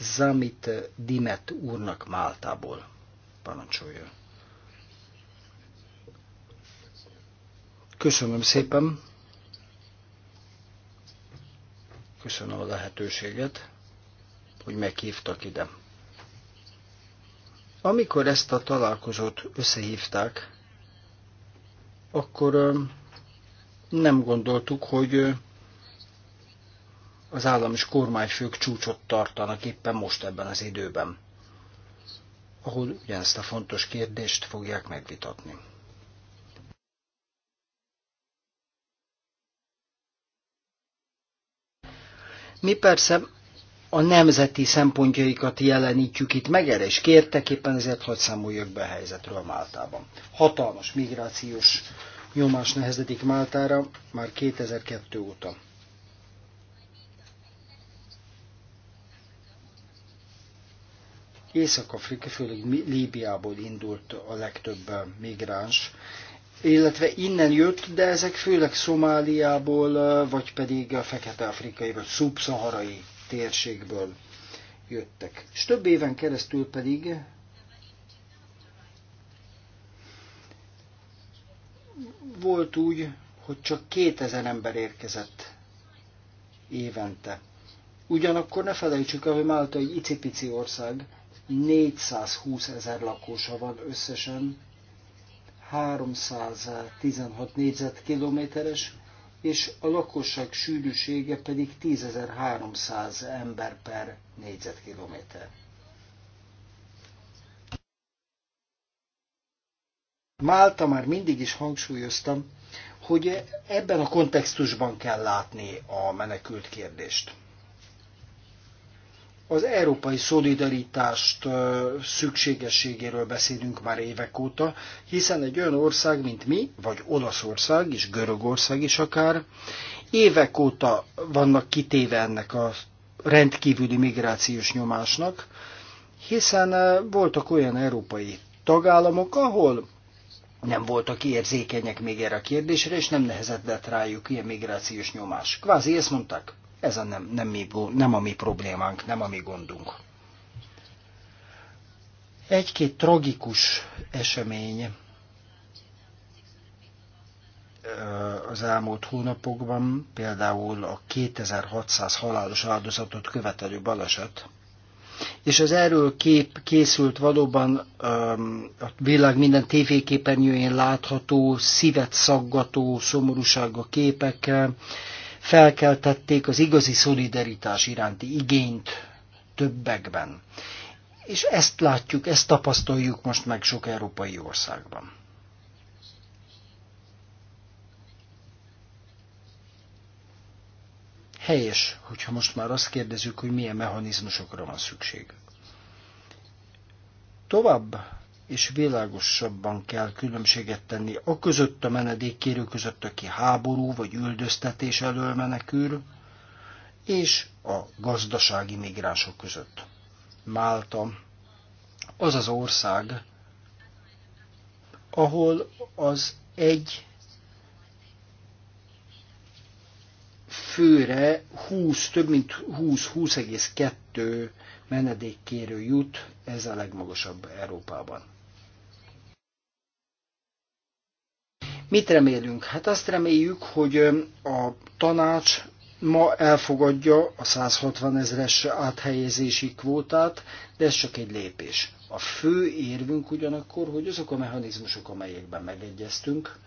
Zamit Dimet úrnak Máltából. Parancsoljon. Köszönöm szépen. Köszönöm a lehetőséget, hogy meghívtak ide. Amikor ezt a találkozót összehívták, akkor nem gondoltuk, hogy az állam és kormányfők csúcsot tartanak éppen most ebben az időben, ahol ugyanezt a fontos kérdést fogják megvitatni. Mi persze a nemzeti szempontjaikat jelenítjük itt meg, erre is kértek, éppen ezért hogy számoljuk be a helyzetről Máltában. Hatalmas migrációs nyomás nehezedik Máltára már 2002 óta. Észak-Afrika, főleg Líbiából indult a legtöbb migráns, illetve innen jött, de ezek főleg Szomáliából, vagy pedig a fekete-afrikai, vagy szubszaharai térségből jöttek. És több éven keresztül pedig volt úgy, hogy csak 2000 ember érkezett évente. Ugyanakkor ne felejtsük el, hogy Málta egy icipici ország, 420 ezer lakósa van összesen, 316 négyzetkilométeres, és a lakosság sűrűsége pedig 10.300 ember per négyzetkilométer. Málta már mindig is hangsúlyoztam, hogy ebben a kontextusban kell látni a menekült kérdést az európai szolidaritást szükségességéről beszélünk már évek óta, hiszen egy olyan ország, mint mi, vagy Olaszország és Görögország is akár, évek óta vannak kitéve ennek a rendkívüli migrációs nyomásnak, hiszen voltak olyan európai tagállamok, ahol nem voltak érzékenyek még erre a kérdésre, és nem nehezedett rájuk ilyen migrációs nyomás. Kvázi ezt mondták, ez a nem, nem, mi, nem a mi problémánk, nem a mi gondunk. Egy-két tragikus esemény az elmúlt hónapokban, például a 2600 halálos áldozatot követelő baleset, és az erről kép készült valóban a világ minden tévéképernyőjén látható, szívet szaggató, szomorúsága képekkel, felkeltették az igazi szolidaritás iránti igényt többekben. És ezt látjuk, ezt tapasztaljuk most meg sok európai országban. Helyes, hogyha most már azt kérdezzük, hogy milyen mechanizmusokra van szükség. Tovább és világosabban kell különbséget tenni a között a menedékkérő között, aki háború vagy üldöztetés elől menekül, és a gazdasági migránsok között. Málta az az ország, ahol az egy főre 20, több mint 20-20,2 menedékkérő jut, ez a legmagasabb Európában. Mit remélünk? Hát azt reméljük, hogy a tanács ma elfogadja a 160 ezeres áthelyezési kvótát, de ez csak egy lépés. A fő érvünk ugyanakkor, hogy azok a mechanizmusok, amelyekben megegyeztünk,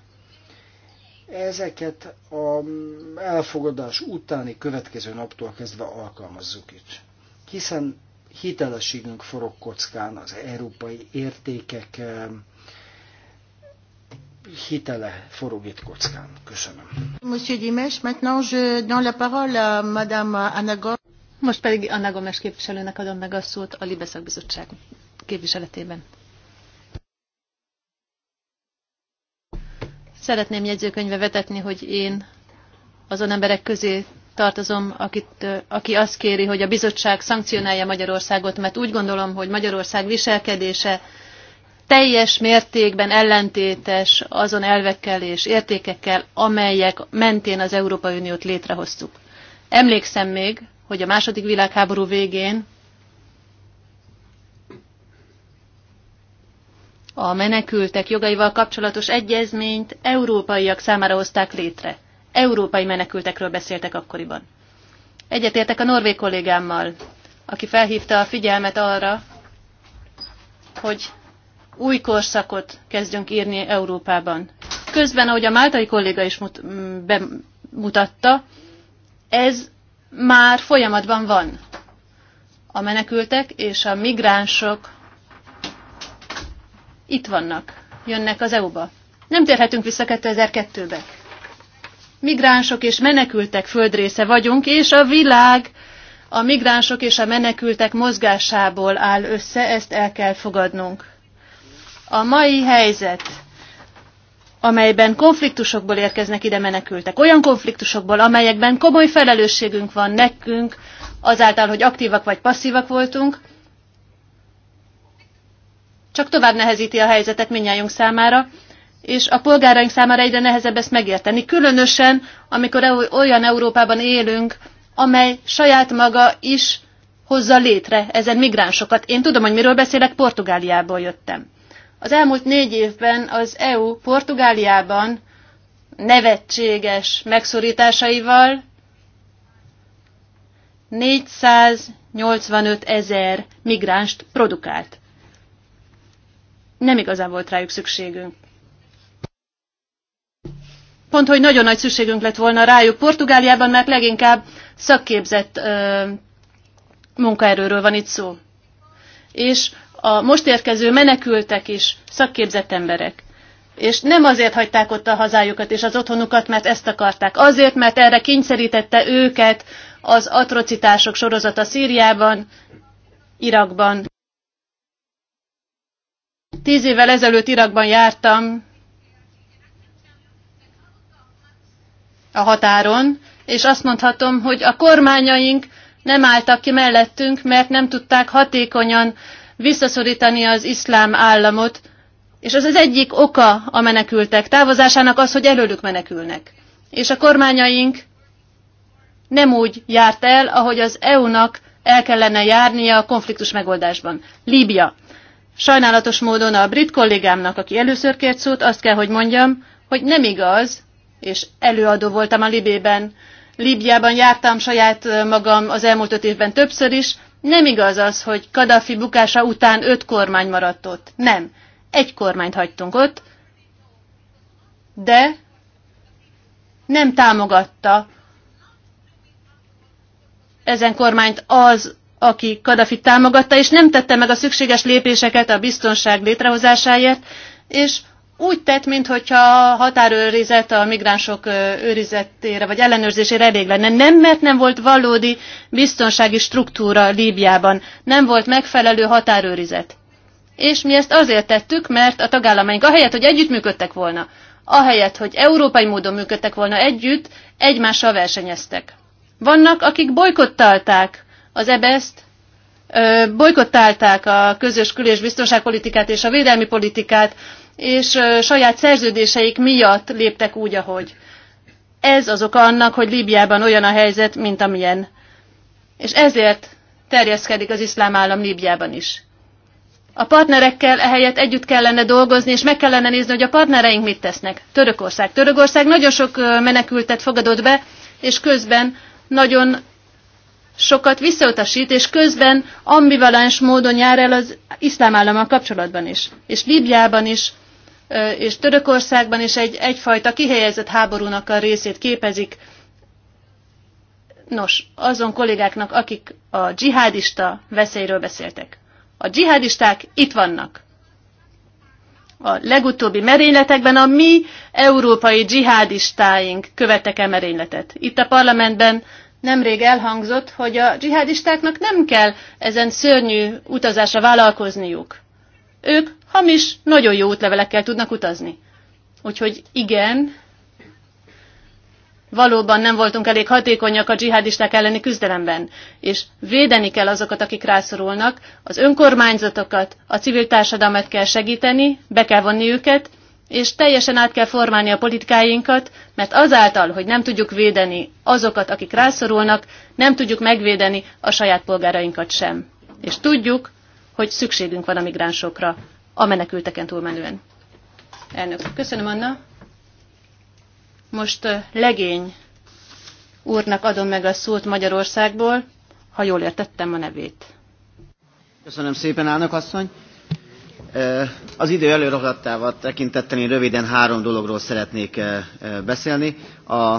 ezeket a elfogadás utáni következő naptól kezdve alkalmazzuk itt. Hiszen hitelességünk forog kockán, az európai értékek hitele forog itt kockán. Köszönöm. Monsieur Dimes, maintenant je donne la parole à Madame Anna Most pedig Anna Gomes képviselőnek adom meg a szót a Libeszak Bizottság képviseletében. Szeretném jegyzőkönyve vetetni, hogy én azon emberek közé tartozom, akit, aki azt kéri, hogy a bizottság szankcionálja Magyarországot, mert úgy gondolom, hogy Magyarország viselkedése teljes mértékben ellentétes azon elvekkel és értékekkel, amelyek mentén az Európai Uniót létrehoztuk. Emlékszem még, hogy a második világháború végén a menekültek jogaival kapcsolatos egyezményt európaiak számára hozták létre. Európai menekültekről beszéltek akkoriban. Egyetértek a norvég kollégámmal, aki felhívta a figyelmet arra, hogy új korszakot kezdjünk írni Európában. Közben, ahogy a máltai kolléga is mut, bemutatta, ez már folyamatban van. A menekültek és a migránsok itt vannak, jönnek az EU-ba. Nem térhetünk vissza 2002-be. Migránsok és menekültek földrésze vagyunk, és a világ a migránsok és a menekültek mozgásából áll össze, ezt el kell fogadnunk. A mai helyzet, amelyben konfliktusokból érkeznek ide menekültek, olyan konfliktusokból, amelyekben komoly felelősségünk van nekünk, azáltal, hogy aktívak vagy passzívak voltunk, csak tovább nehezíti a helyzetet minnyájunk számára, és a polgáraink számára egyre nehezebb ezt megérteni, különösen, amikor e- olyan Európában élünk, amely saját maga is hozza létre ezen migránsokat. Én tudom, hogy miről beszélek, Portugáliából jöttem. Az elmúlt négy évben az EU Portugáliában nevetséges megszorításaival 485 ezer migránst produkált. Nem igazán volt rájuk szükségünk. Pont, hogy nagyon nagy szükségünk lett volna rájuk. Portugáliában mert leginkább szakképzett ö, munkaerőről van itt szó. És a most érkező menekültek is szakképzett emberek. És nem azért hagyták ott a hazájukat és az otthonukat, mert ezt akarták. Azért, mert erre kényszerítette őket az atrocitások sorozata Szíriában, Irakban. Tíz évvel ezelőtt Irakban jártam a határon, és azt mondhatom, hogy a kormányaink nem álltak ki mellettünk, mert nem tudták hatékonyan visszaszorítani az iszlám államot, és ez az egyik oka a menekültek távozásának az, hogy előlük menekülnek. És a kormányaink nem úgy járt el, ahogy az EU-nak el kellene járnia a konfliktus megoldásban. Líbia. Sajnálatos módon a brit kollégámnak, aki először kért szót, azt kell, hogy mondjam, hogy nem igaz, és előadó voltam a Libében, Líbiában jártam saját magam az elmúlt öt évben többször is, nem igaz az, hogy Kadafi bukása után öt kormány maradt ott. Nem. Egy kormányt hagytunk ott, de nem támogatta ezen kormányt az, aki Kadafi támogatta, és nem tette meg a szükséges lépéseket a biztonság létrehozásáért, és úgy tett, mintha a határőrizet a migránsok őrizetére vagy ellenőrzésére elég lenne. Nem, mert nem volt valódi biztonsági struktúra Líbiában, nem volt megfelelő határőrizet. És mi ezt azért tettük, mert a tagállamaink ahelyett, hogy együttműködtek volna, ahelyett, hogy európai módon működtek volna együtt, egymással versenyeztek. Vannak, akik bolykottálták az EBS-t, bolykottálták a közös kül- és biztonságpolitikát és a védelmi politikát, és saját szerződéseik miatt léptek úgy, ahogy. Ez az oka annak, hogy Líbiában olyan a helyzet, mint amilyen. És ezért terjeszkedik az iszlám állam Líbiában is. A partnerekkel ehelyett együtt kellene dolgozni, és meg kellene nézni, hogy a partnereink mit tesznek. Törökország. Törökország nagyon sok menekültet fogadott be, és közben nagyon sokat visszautasít, és közben ambivalens módon jár el az iszlám állammal kapcsolatban is. És Líbiában is és Törökországban is egy, egyfajta kihelyezett háborúnak a részét képezik. Nos, azon kollégáknak, akik a dzsihádista veszélyről beszéltek. A dzsihádisták itt vannak. A legutóbbi merényletekben a mi európai dzsihádistáink követtek el merényletet. Itt a parlamentben nemrég elhangzott, hogy a dzsihádistáknak nem kell ezen szörnyű utazásra vállalkozniuk. Ők hamis, nagyon jó útlevelekkel tudnak utazni. Úgyhogy igen, valóban nem voltunk elég hatékonyak a dzsihadisták elleni küzdelemben, és védeni kell azokat, akik rászorulnak, az önkormányzatokat, a civil társadalmat kell segíteni, be kell vonni őket, és teljesen át kell formálni a politikáinkat, mert azáltal, hogy nem tudjuk védeni azokat, akik rászorulnak, nem tudjuk megvédeni a saját polgárainkat sem. És tudjuk, hogy szükségünk van a migránsokra a menekülteken túlmenően. Elnök, köszönöm Anna. Most legény úrnak adom meg a szót Magyarországból, ha jól értettem a nevét. Köszönöm szépen, elnök asszony. Az idő előrohadtával tekintettel én röviden három dologról szeretnék beszélni. A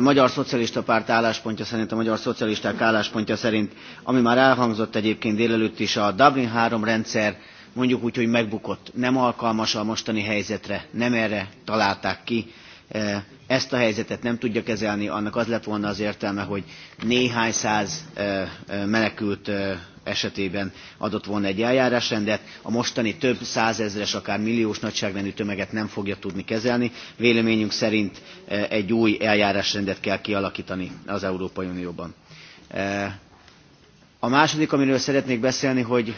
Magyar Szocialista Párt álláspontja szerint, a Magyar Szocialisták álláspontja szerint, ami már elhangzott egyébként délelőtt is, a Dublin 3 rendszer mondjuk úgy, hogy megbukott, nem alkalmas a mostani helyzetre, nem erre találták ki, e, ezt a helyzetet nem tudja kezelni, annak az lett volna az értelme, hogy néhány száz e, e, menekült esetében adott volna egy eljárásrendet, a mostani több százezres, akár milliós nagyságrendű tömeget nem fogja tudni kezelni. Véleményünk szerint egy új eljárásrendet kell kialakítani az Európai Unióban. A második, amiről szeretnék beszélni, hogy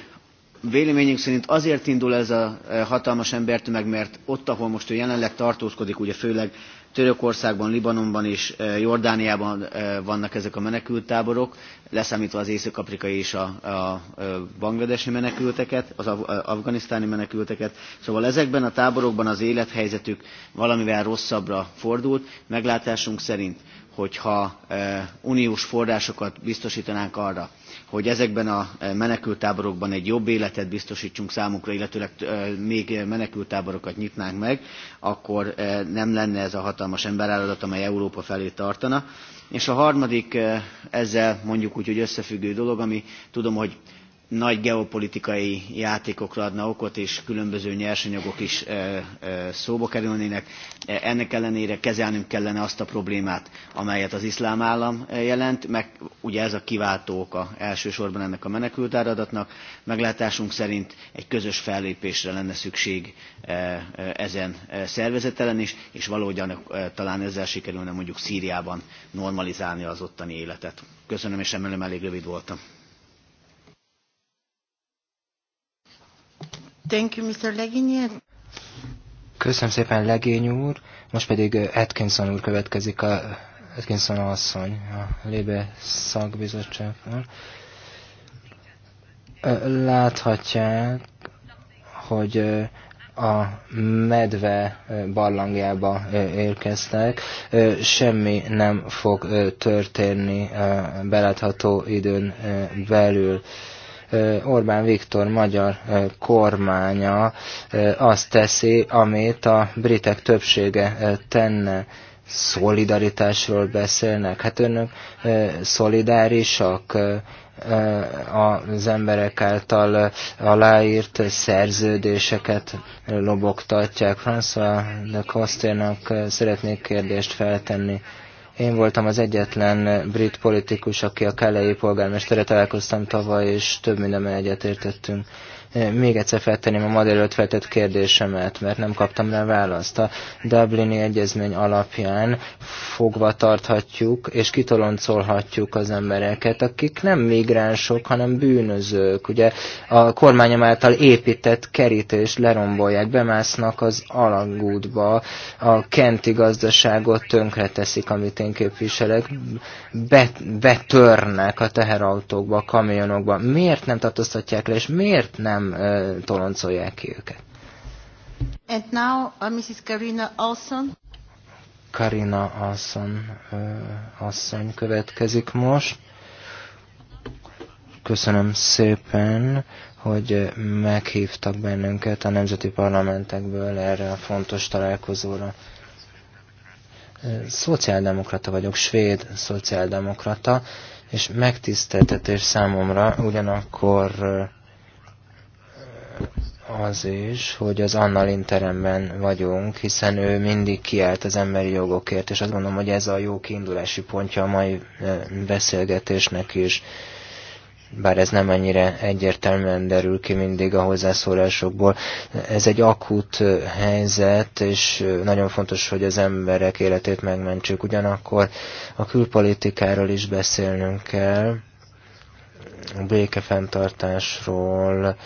véleményünk szerint azért indul ez a e, hatalmas embertömeg, mert ott, ahol most ő jelenleg tartózkodik, ugye főleg Törökországban, Libanonban és e, Jordániában e, vannak ezek a menekülttáborok, leszámítva az észak-afrikai és a, a bangladesi menekülteket, az afganisztáni menekülteket. Szóval ezekben a táborokban az élethelyzetük valamivel rosszabbra fordult, meglátásunk szerint hogyha uniós forrásokat biztosítanánk arra, hogy ezekben a e, menekültáborokban egy jobb életet biztosítsunk számukra, illetőleg e, még menekültáborokat nyitnánk meg, akkor e, nem lenne ez a hatalmas emberáradat, amely Európa felé tartana. És a harmadik ezzel mondjuk úgy, hogy összefüggő dolog, ami tudom, hogy nagy geopolitikai játékokra adna okot, és különböző nyersanyagok is szóba kerülnének. E, ennek ellenére kezelnünk kellene azt a problémát, amelyet az iszlám állam jelent, meg ugye ez a kiváltó oka elsősorban ennek a menekültáradatnak. Meglátásunk szerint egy közös fellépésre lenne szükség ezen szervezetelen is, és valahogyan talán ezzel sikerülne mondjuk Szíriában normalizálni az ottani életet. Köszönöm, és remélem elég rövid voltam. Köszönöm szépen, Legény úr. Most pedig eh, Atkinson úr következik, a Atkinson asszony a Lébe szakbizottságnál. Eh, láthatják, hogy eh, a medve barlangjába érkeztek. Semmi nem fog történni belátható időn belül. Orbán Viktor magyar kormánya azt teszi, amit a britek többsége tenne szolidaritásról beszélnek. Hát önök szolidárisak az emberek által aláírt szerződéseket lobogtatják. François de Costé-nak szeretnék kérdést feltenni. Én voltam az egyetlen brit politikus, aki a kellei polgármestere találkoztam tavaly, és több mindenben egyetértettünk. Eh, még egyszer feltenném a ma előtt feltett kérdésemet, mert nem kaptam rá választ. A Dublini Egyezmény alapján fogva tarthatjuk és kitoloncolhatjuk az embereket, akik nem migránsok, hanem bűnözők. Ugye a kormányom által épített kerítést lerombolják, bemásznak az alagútba, a kenti gazdaságot tönkreteszik, amit én képviselek, bet, betörnek a teherautókba, a kamionokba. Miért nem tartóztatják le, és miért nem nem toloncolják ki őket. And now uh, Mrs. Karina Olson. Karina uh, asszony következik most. Köszönöm szépen, hogy meghívtak bennünket a nemzeti parlamentekből erre a fontos találkozóra. Szociáldemokrata vagyok, svéd szociáldemokrata, és megtiszteltetés számomra ugyanakkor az is, hogy az annal interemben vagyunk, hiszen ő mindig kiállt az emberi jogokért, és azt gondolom, hogy ez a jó kiindulási pontja a mai beszélgetésnek is, bár ez nem ennyire egyértelműen derül ki mindig a hozzászólásokból. Ez egy akut helyzet, és nagyon fontos, hogy az emberek életét megmentsük. Ugyanakkor a külpolitikáról is beszélnünk kell, békefenntartásról,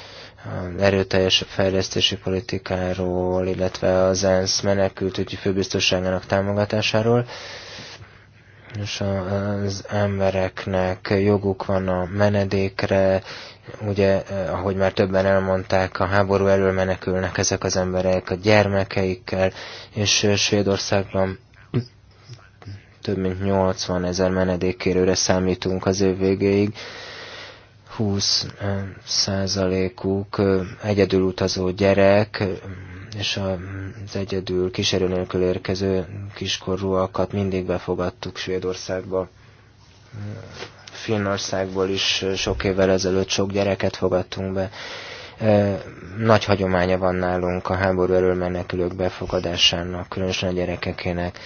erőteljesebb fejlesztési politikáról, illetve az ENSZ menekültügyi főbiztosságának támogatásáról. És az embereknek joguk van a menedékre, ugye, ahogy már többen elmondták, a háború elől menekülnek ezek az emberek a gyermekeikkel, és Svédországban több mint 80 ezer menedékkérőre számítunk az év végéig. 20 százalékuk egyedül utazó gyerek, és az egyedül kísérő nélkül érkező kiskorúakat mindig befogadtuk Svédországba. Finnországból is sok évvel ezelőtt sok gyereket fogadtunk be. Nagy hagyománya van nálunk a háború elől menekülők befogadásának, különösen a gyerekekének.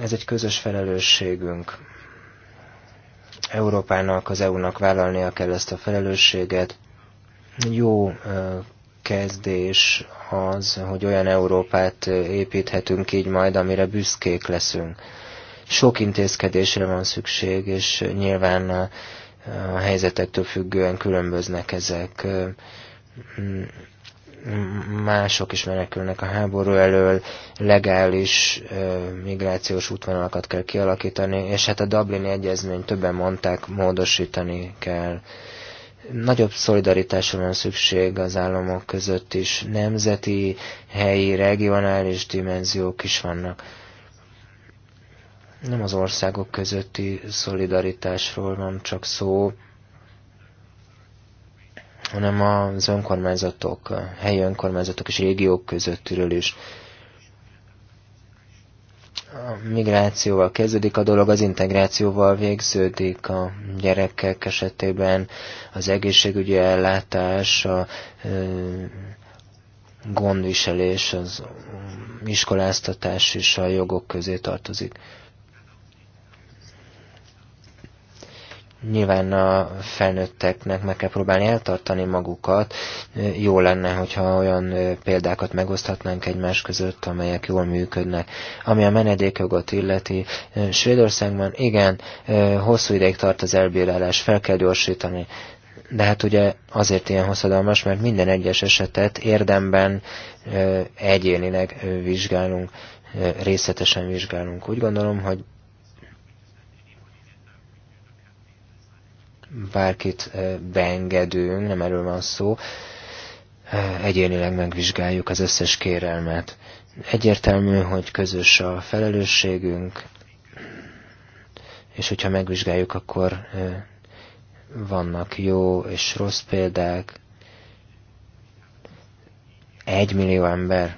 Ez egy közös felelősségünk Európának, az EU-nak vállalnia kell ezt a felelősséget. Jó kezdés az, hogy olyan Európát építhetünk így majd, amire büszkék leszünk. Sok intézkedésre van szükség, és nyilván a helyzetektől függően különböznek ezek mások is menekülnek a háború elől, legális migrációs útvonalakat kell kialakítani, és hát a Dublini egyezmény többen mondták, módosítani kell. Nagyobb szolidaritásra van szükség az államok között is, nemzeti, helyi, regionális dimenziók is vannak. Nem az országok közötti szolidaritásról van csak szó, hanem az önkormányzatok, a helyi önkormányzatok és régiók közöttről is. A migrációval kezdődik a dolog, az integrációval végződik a gyerekek esetében, az egészségügyi ellátás, a gondviselés, az iskoláztatás is a jogok közé tartozik. Nyilván a felnőtteknek meg kell próbálni eltartani magukat. Jó lenne, hogyha olyan példákat megoszthatnánk egymás között, amelyek jól működnek. Ami a menedékjogot illeti, Svédországban igen, hosszú ideig tart az elbírálás, fel kell gyorsítani. De hát ugye azért ilyen hosszadalmas, mert minden egyes esetet érdemben egyénileg vizsgálunk, részletesen vizsgálunk. Úgy gondolom, hogy bárkit beengedünk, nem erről van szó, egyénileg megvizsgáljuk az összes kérelmet. Egyértelmű, hogy közös a felelősségünk, és hogyha megvizsgáljuk, akkor vannak jó és rossz példák. Egy millió ember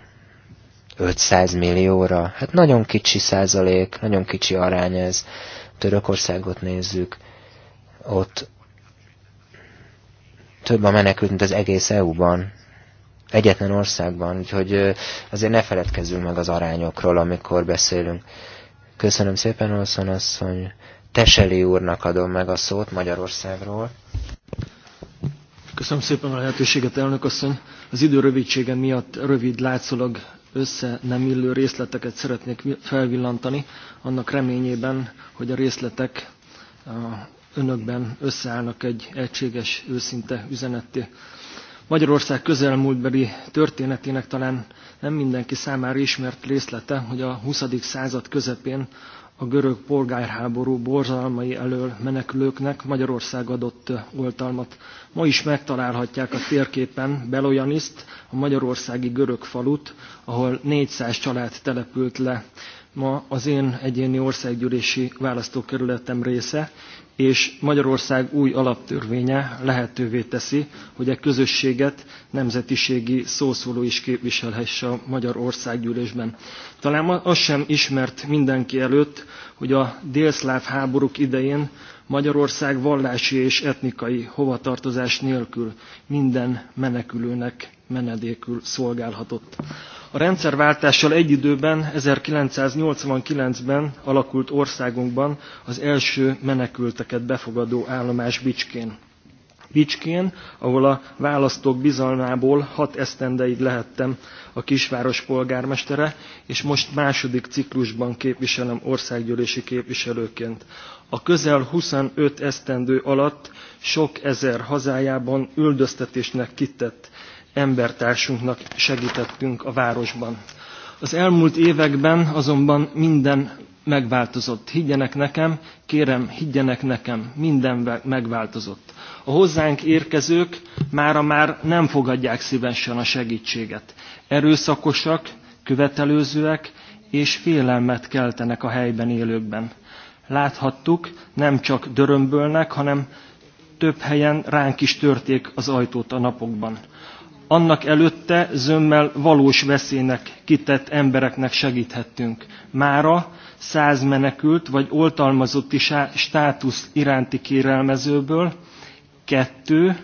500 millióra, hát nagyon kicsi százalék, nagyon kicsi arány ez. Törökországot nézzük, ott több a menekült, mint az egész EU-ban, egyetlen országban, úgyhogy azért ne feledkezzünk meg az arányokról, amikor beszélünk. Köszönöm szépen, Olszon asszony. Teseli úrnak adom meg a szót Magyarországról. Köszönöm szépen a lehetőséget, elnök asszony. Az idő rövidsége miatt rövid, látszólag össze nem illő részleteket szeretnék felvillantani, annak reményében, hogy a részletek önökben összeállnak egy egységes, őszinte üzenetté. Magyarország közelmúltbeli történetének talán nem mindenki számára ismert részlete, hogy a 20. század közepén a görög polgárháború borzalmai elől menekülőknek Magyarország adott oltalmat. Ma is megtalálhatják a térképen Belojaniszt, a magyarországi görög falut, ahol 400 család települt le. Ma az én egyéni országgyűlési választókerületem része, és Magyarország új alaptörvénye lehetővé teszi, hogy a e közösséget nemzetiségi szószóló is képviselhesse a Magyar Országgyűlésben. Talán az sem ismert mindenki előtt, hogy a délszláv háborúk idején Magyarország vallási és etnikai hovatartozás nélkül minden menekülőnek menedékül szolgálhatott. A rendszerváltással egy időben 1989-ben alakult országunkban az első menekülteket befogadó állomás Bicskén. Bicskén, ahol a választók bizalmából hat esztendeig lehettem a kisváros polgármestere, és most második ciklusban képviselem országgyűlési képviselőként. A közel 25 esztendő alatt sok ezer hazájában üldöztetésnek kitett embertársunknak segítettünk a városban. Az elmúlt években azonban minden megváltozott. Higgyenek nekem, kérem, higgyenek nekem, minden megváltozott. A hozzánk érkezők mára már nem fogadják szívesen a segítséget. Erőszakosak, követelőzőek és félelmet keltenek a helyben élőkben. Láthattuk, nem csak dörömbölnek, hanem több helyen ránk is törték az ajtót a napokban annak előtte zömmel valós veszélynek kitett embereknek segíthettünk. Mára száz menekült vagy oltalmazotti státusz iránti kérelmezőből kettő,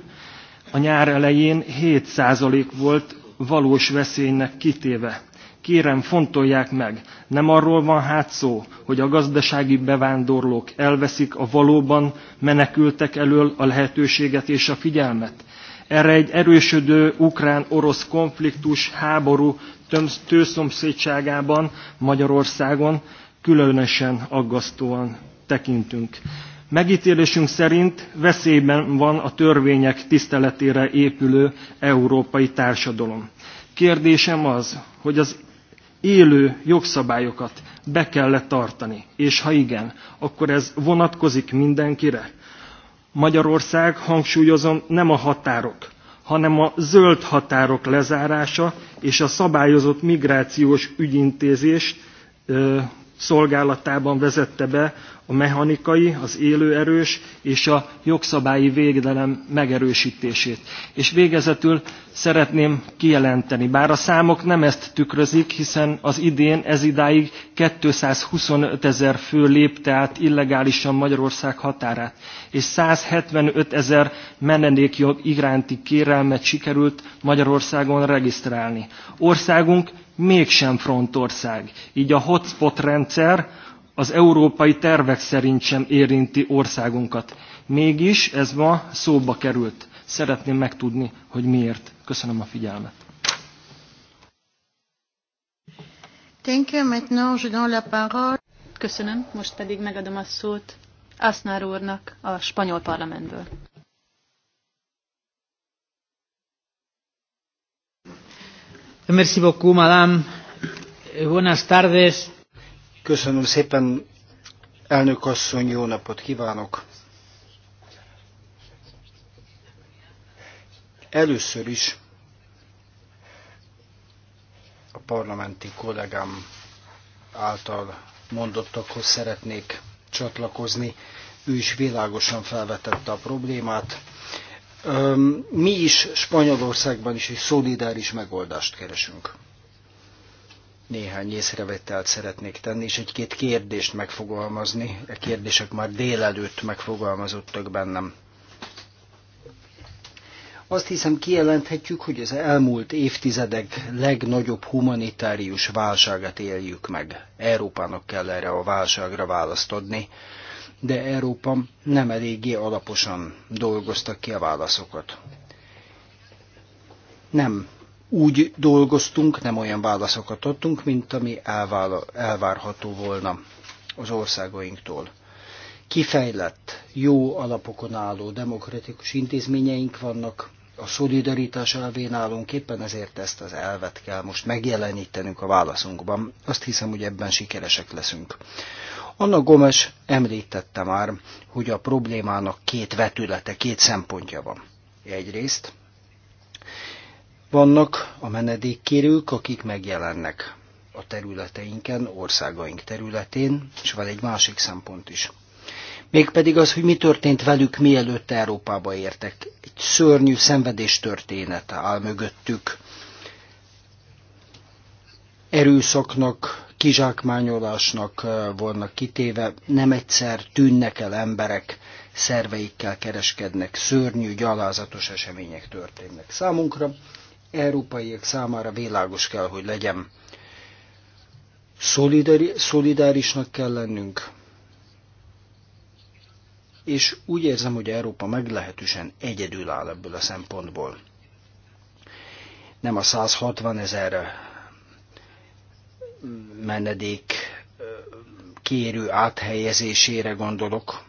a nyár elején 7% volt valós veszélynek kitéve. Kérem, fontolják meg, nem arról van hát szó, hogy a gazdasági bevándorlók elveszik a valóban menekültek elől a lehetőséget és a figyelmet? Erre egy erősödő ukrán-orosz konfliktus, háború tőszomszédságában Magyarországon különösen aggasztóan tekintünk. Megítélésünk szerint veszélyben van a törvények tiszteletére épülő európai társadalom. Kérdésem az, hogy az élő jogszabályokat be kell -e tartani, és ha igen, akkor ez vonatkozik mindenkire, Magyarország, hangsúlyozom, nem a határok, hanem a zöld határok lezárása és a szabályozott migrációs ügyintézés szolgálatában vezette be a mechanikai, az élőerős és a jogszabályi védelem megerősítését. És végezetül szeretném kijelenteni, bár a számok nem ezt tükrözik, hiszen az idén ez idáig 225 ezer fő lépte át illegálisan Magyarország határát, és 175 ezer menedékjog iránti kérelmet sikerült Magyarországon regisztrálni. Országunk mégsem frontország, így a hotspot rendszer, az európai tervek szerint sem érinti országunkat. Mégis ez ma szóba került. Szeretném megtudni, hogy miért. Köszönöm a figyelmet. Köszönöm, most pedig megadom a szót Asznár úrnak a spanyol parlamentből. Merci beaucoup, madame. Buenas tardes. Köszönöm szépen, elnök asszony, jó napot kívánok! Először is a parlamenti kollégám által mondottakhoz szeretnék csatlakozni. Ő is világosan felvetette a problémát. Mi is Spanyolországban is egy szolidáris megoldást keresünk néhány észrevételt szeretnék tenni, és egy-két kérdést megfogalmazni. A e kérdések már délelőtt megfogalmazottak bennem. Azt hiszem kijelenthetjük, hogy az elmúlt évtizedek legnagyobb humanitárius válságát éljük meg. Európának kell erre a válságra választ adni, de Európa nem eléggé alaposan dolgozta ki a válaszokat. Nem úgy dolgoztunk, nem olyan válaszokat adtunk, mint ami elvárható volna az országainktól. Kifejlett, jó alapokon álló demokratikus intézményeink vannak, a szolidaritás elvén állunk, éppen ezért ezt az elvet kell most megjelenítenünk a válaszunkban. Azt hiszem, hogy ebben sikeresek leszünk. Anna Gomes említette már, hogy a problémának két vetülete, két szempontja van. Egyrészt vannak a menedékkérők, akik megjelennek a területeinken, országaink területén, és van egy másik szempont is. Mégpedig az, hogy mi történt velük, mielőtt Európába értek. Egy szörnyű szenvedés történet áll mögöttük. Erőszaknak, kizsákmányolásnak eh, vannak kitéve, nem egyszer tűnnek el emberek, szerveikkel kereskednek, szörnyű, gyalázatos események történnek számunkra európaiak számára világos kell, hogy legyen. Szolidari, szolidárisnak kell lennünk, és úgy érzem, hogy Európa meglehetősen egyedül áll ebből a szempontból. Nem a 160 ezer menedék kérő áthelyezésére gondolok,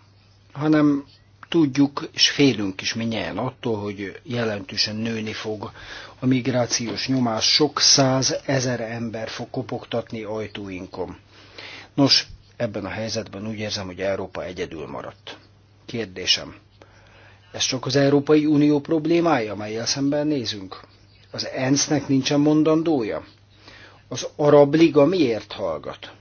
hanem tudjuk és félünk is minnyáján attól, hogy jelentősen nőni fog a migrációs nyomás, sok száz ezer ember fog kopogtatni ajtóinkon. Nos, ebben a helyzetben úgy érzem, hogy Európa egyedül maradt. Kérdésem, ez csak az Európai Unió problémája, amelyel szemben nézünk? Az ENSZ-nek nincsen mondandója? Az Arab Liga miért hallgat?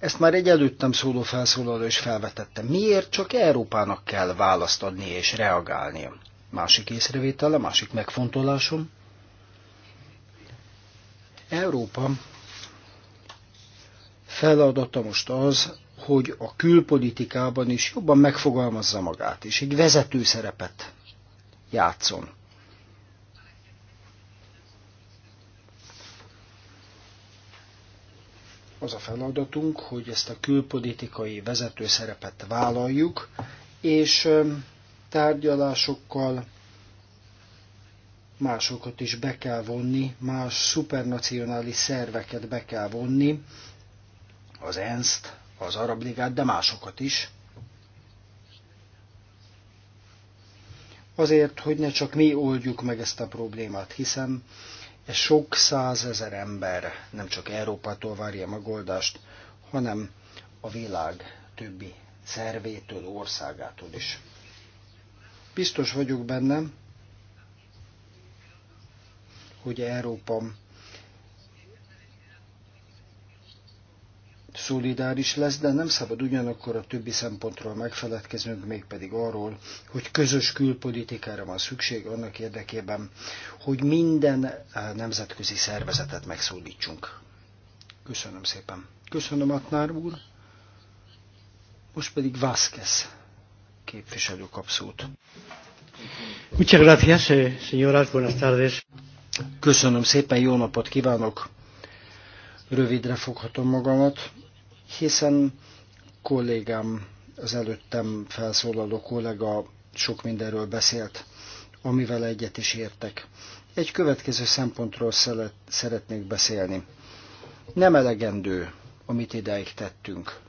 Ezt már egy előttem szóló felszólaló is felvetette. Miért csak Európának kell választ adni és reagálni? Másik észrevétele, másik megfontolásom. Európa feladata most az, hogy a külpolitikában is jobban megfogalmazza magát, és egy vezető szerepet játszon. az a feladatunk, hogy ezt a külpolitikai vezetőszerepet szerepet vállaljuk, és tárgyalásokkal másokat is be kell vonni, más szupernacionális szerveket be kell vonni, az ENSZ-t, az Arab Ligát, de másokat is. Azért, hogy ne csak mi oldjuk meg ezt a problémát, hiszen ez sok százezer ember nem csak Európától várja megoldást, hanem a világ többi szervétől, országától is. Biztos vagyok benne, hogy Európa szolidáris lesz, de nem szabad ugyanakkor a többi szempontról megfeledkeznünk, mégpedig arról, hogy közös külpolitikára van szükség annak érdekében, hogy minden eh, nemzetközi szervezetet megszólítsunk. Köszönöm szépen. Köszönöm, Atnár úr. Most pedig Vázquez képviselő kap szót. Muchas gracias, eh, señoras. Buenas tardes. Köszönöm szépen, jó napot kívánok! Rövidre foghatom magamat hiszen kollégám, az előttem felszólaló kollega sok mindenről beszélt, amivel egyet is értek. Egy következő szempontról szeretnék beszélni. Nem elegendő, amit ideig tettünk.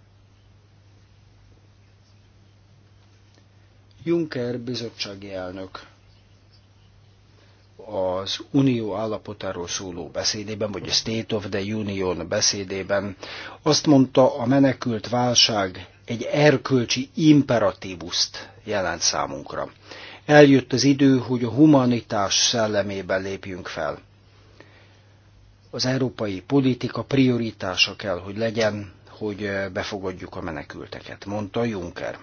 Juncker bizottsági elnök az unió állapotáról szóló beszédében, vagy a State of the Union beszédében azt mondta, a menekült válság egy erkölcsi imperatívuszt jelent számunkra. Eljött az idő, hogy a humanitás szellemében lépjünk fel. Az európai politika prioritása kell, hogy legyen, hogy befogadjuk a menekülteket, mondta Juncker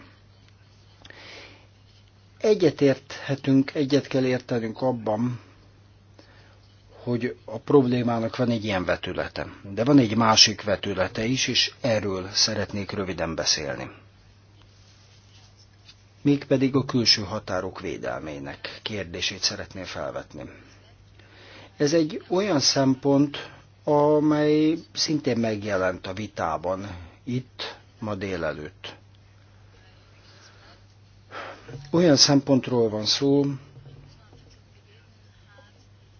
egyetérthetünk, egyet kell értenünk abban, hogy a problémának van egy ilyen vetülete. De van egy másik vetülete is, és erről szeretnék röviden beszélni. Mégpedig a külső határok védelmének kérdését szeretném felvetni. Ez egy olyan szempont, amely szintén megjelent a vitában itt ma délelőtt. Olyan szempontról van szó,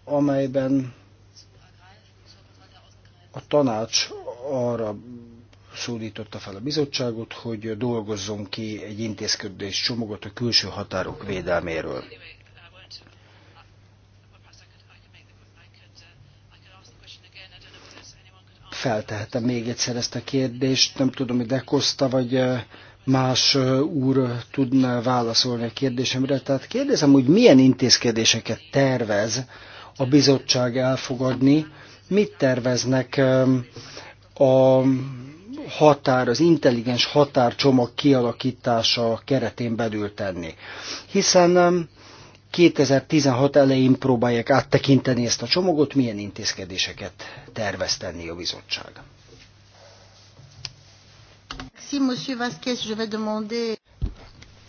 amelyben a tanács arra szólította fel a bizottságot, hogy dolgozzon ki egy intézkedés csomagot a külső határok védelméről. Feltehetem még egyszer ezt a kérdést, nem tudom, hogy dekozta, vagy eh, más eh, úr tudna válaszolni a kérdésemre. Tehát kérdezem, hogy milyen intézkedéseket tervez, a bizottság elfogadni. Mit terveznek um, a határ, az intelligens határcsomag kialakítása keretén belül tenni? Hiszen 2016 um, elején próbálják áttekinteni ezt a csomagot, milyen intézkedéseket tervez tenni a bizottság.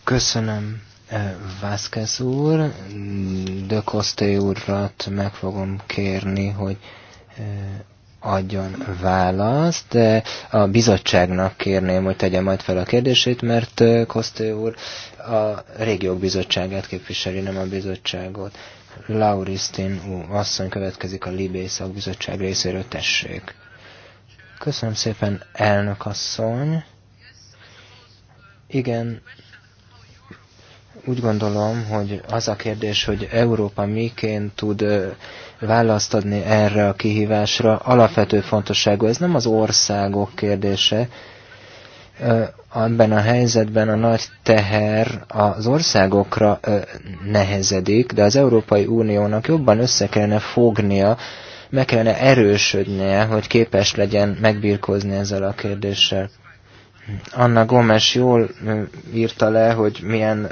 Köszönöm Eh, Vázquez úr, de Kosté úrat meg fogom kérni, hogy eh, adjon választ, de a bizottságnak kérném, hogy tegye majd fel a kérdését, mert Kosté eh, úr a régiók bizottságát képviseli, nem a bizottságot. Lauristin úr, asszony következik a Libé szakbizottság részéről, tessék. Köszönöm szépen, elnök asszony. Igen, úgy gondolom, hogy az a kérdés, hogy Európa miként tud választ adni erre a kihívásra, alapvető fontosságú. Ez nem az országok kérdése. Abban a helyzetben a nagy teher az országokra nehezedik, de az Európai Uniónak jobban össze kellene fognia, meg kellene erősödnie, hogy képes legyen megbírkozni ezzel a kérdéssel. Anna Gomes jól írta le, hogy milyen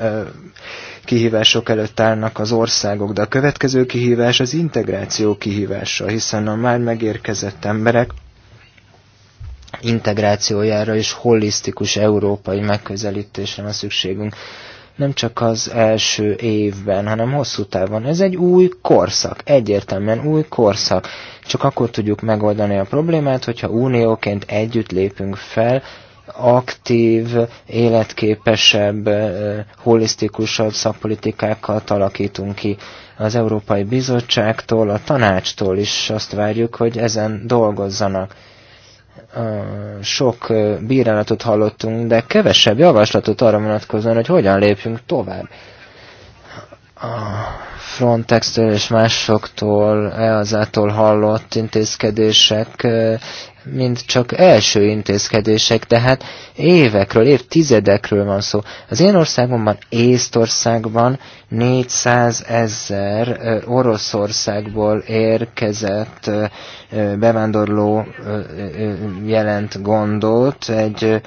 kihívások előtt állnak az országok, de a következő kihívás az integráció kihívása, hiszen a már megérkezett emberek integrációjára és holisztikus európai megközelítésre van szükségünk. Nem csak az első évben, hanem hosszú távon. Ez egy új korszak, egyértelműen új korszak. Csak akkor tudjuk megoldani a problémát, hogyha unióként együtt lépünk fel, aktív, életképesebb, eh, holisztikusabb szakpolitikákat alakítunk ki az Európai Bizottságtól, a tanácstól is azt várjuk, hogy ezen dolgozzanak. Sok eh, bírálatot hallottunk, de kevesebb javaslatot arra vonatkozóan, hogy hogyan lépjünk tovább. A frontex és másoktól, EASA-tól hallott intézkedések eh, mind csak első intézkedések, de hát évekről, évtizedekről van szó. Az én országomban, Észtországban 400 ezer Oroszországból érkezett bevándorló jelent gondot, egy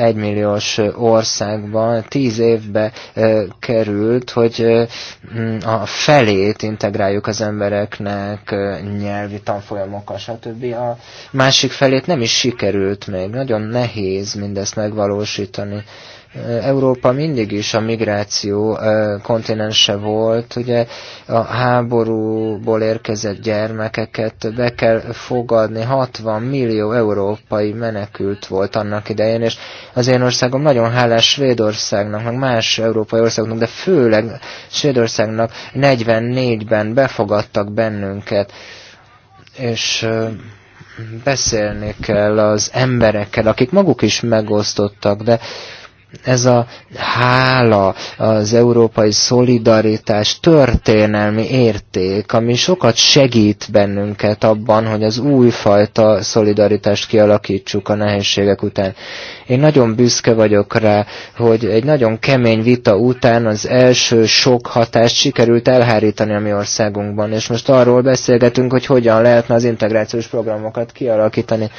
egymilliós országban tíz évbe került, hogy a felét integráljuk az embereknek nyelvi tanfolyamokkal, stb. A másik felét nem is sikerült még. Nagyon nehéz mindezt megvalósítani. Európa mindig is a migráció kontinense volt, ugye a háborúból érkezett gyermekeket be kell fogadni, 60 millió európai menekült volt annak idején, és az én országom nagyon hálás Svédországnak, meg más európai országoknak, de főleg Svédországnak 44-ben befogadtak bennünket, és beszélni kell az emberekkel, akik maguk is megosztottak, de ez a hála, az európai szolidaritás történelmi érték, ami sokat segít bennünket abban, hogy az újfajta szolidaritást kialakítsuk a nehézségek után. Én nagyon büszke vagyok rá, hogy egy nagyon kemény vita után az első sok hatást sikerült elhárítani a mi országunkban, és most arról beszélgetünk, hogy hogyan lehetne az integrációs programokat kialakítani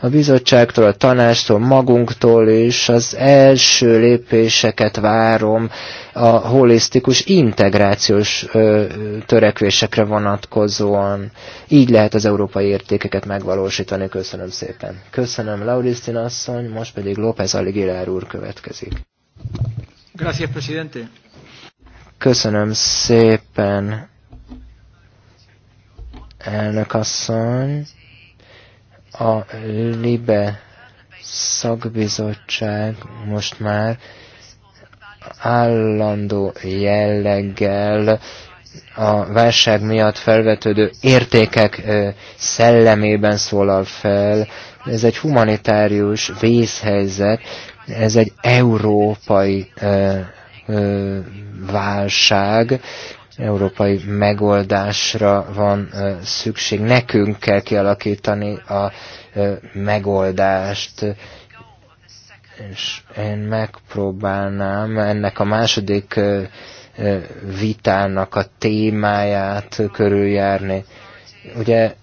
a bizottságtól, a tanástól, magunktól is az első lépéseket várom a holisztikus integrációs ö, törekvésekre vonatkozóan. Így lehet az európai értékeket megvalósítani. Köszönöm szépen. Köszönöm Laurisztin asszony, most pedig López Aligilár úr következik. Gracias, presidente. Köszönöm szépen, elnök asszony. A LIBE szakbizottság most már állandó jelleggel a válság miatt felvetődő értékek szellemében szólal fel. Ez egy humanitárius vészhelyzet, ez egy európai válság, európai megoldásra van szükség. Nekünk kell kialakítani a megoldást, és én megpróbálnám ennek a második vitának a témáját körüljárni. Ugye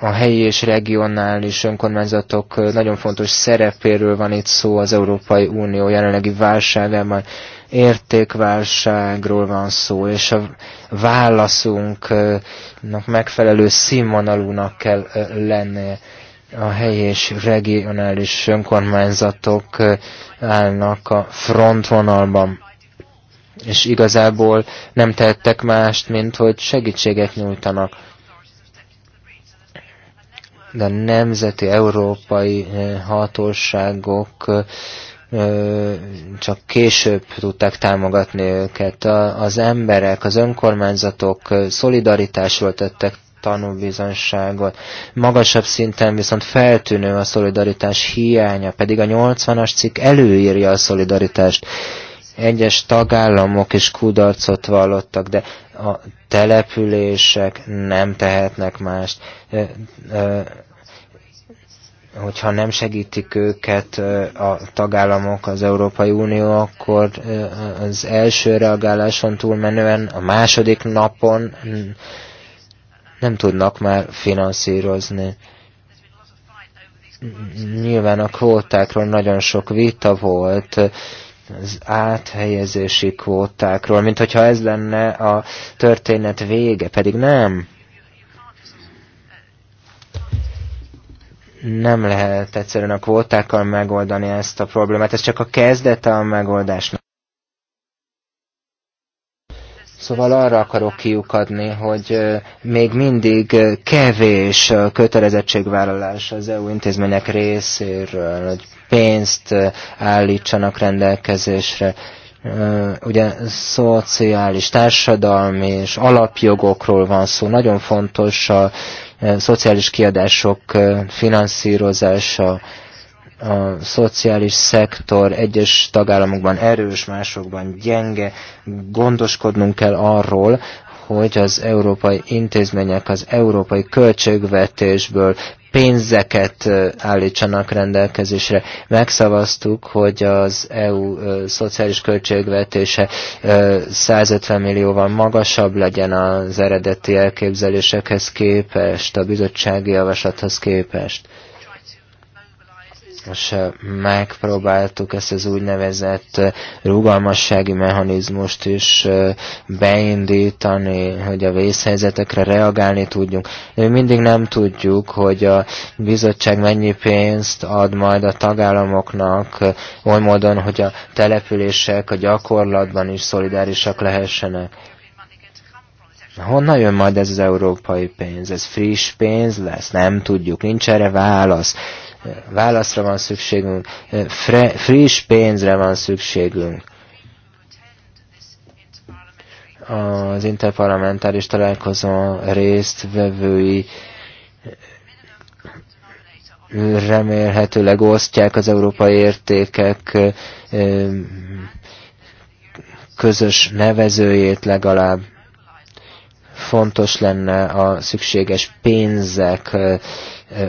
a helyi és regionális önkormányzatok nagyon fontos szerepéről van itt szó az Európai Unió jelenlegi válságában értékválságról van szó, és a válaszunknak megfelelő színvonalúnak kell lennie a helyi és regionális önkormányzatok állnak a frontvonalban. És igazából nem tettek mást, mint hogy segítséget nyújtanak. De nemzeti európai hatóságok csak később tudták támogatni őket. Az emberek, az önkormányzatok szolidaritásról tettek tanúbizonságot. Magasabb szinten viszont feltűnő a szolidaritás hiánya, pedig a 80-as cikk előírja a szolidaritást. Egyes tagállamok is kudarcot vallottak, de a települések nem tehetnek mást hogyha nem segítik őket a tagállamok, az Európai Unió, akkor az első reagáláson túlmenően a második napon mm, nem tudnak már finanszírozni. Nyilván a kvótákról nagyon sok vita volt, az áthelyezési kvótákról, mint hogyha ez lenne a történet vége, pedig nem. nem lehet egyszerűen a kvótákkal megoldani ezt a problémát, ez csak a kezdete a megoldásnak. Szóval arra akarok kiukadni, hogy még mindig kevés kötelezettségvállalás az EU intézmények részéről, hogy pénzt állítsanak rendelkezésre. Ugye szociális, társadalmi és alapjogokról van szó, nagyon fontos a Eh, szociális kiadások eh, finanszírozása, a szociális szektor egyes tagállamokban erős, másokban gyenge, gondoskodnunk kell arról, hogy az európai intézmények az európai költségvetésből pénzeket állítsanak rendelkezésre. Megszavaztuk, hogy az EU szociális költségvetése 150 millióval magasabb legyen az eredeti elképzelésekhez képest, a bizottsági javaslathoz képest és megpróbáltuk ezt az úgynevezett rugalmassági mechanizmust is beindítani, hogy a vészhelyzetekre reagálni tudjunk. Még mindig nem tudjuk, hogy a bizottság mennyi pénzt ad majd a tagállamoknak oly módon, hogy a települések a gyakorlatban is szolidárisak lehessenek. Honnan jön majd ez az európai pénz? Ez friss pénz lesz? Nem tudjuk, nincs erre válasz válaszra van szükségünk, fre, friss pénzre van szükségünk. Az interparlamentáris találkozó résztvevői remélhetőleg osztják az európai értékek közös nevezőjét legalább fontos lenne a szükséges pénzek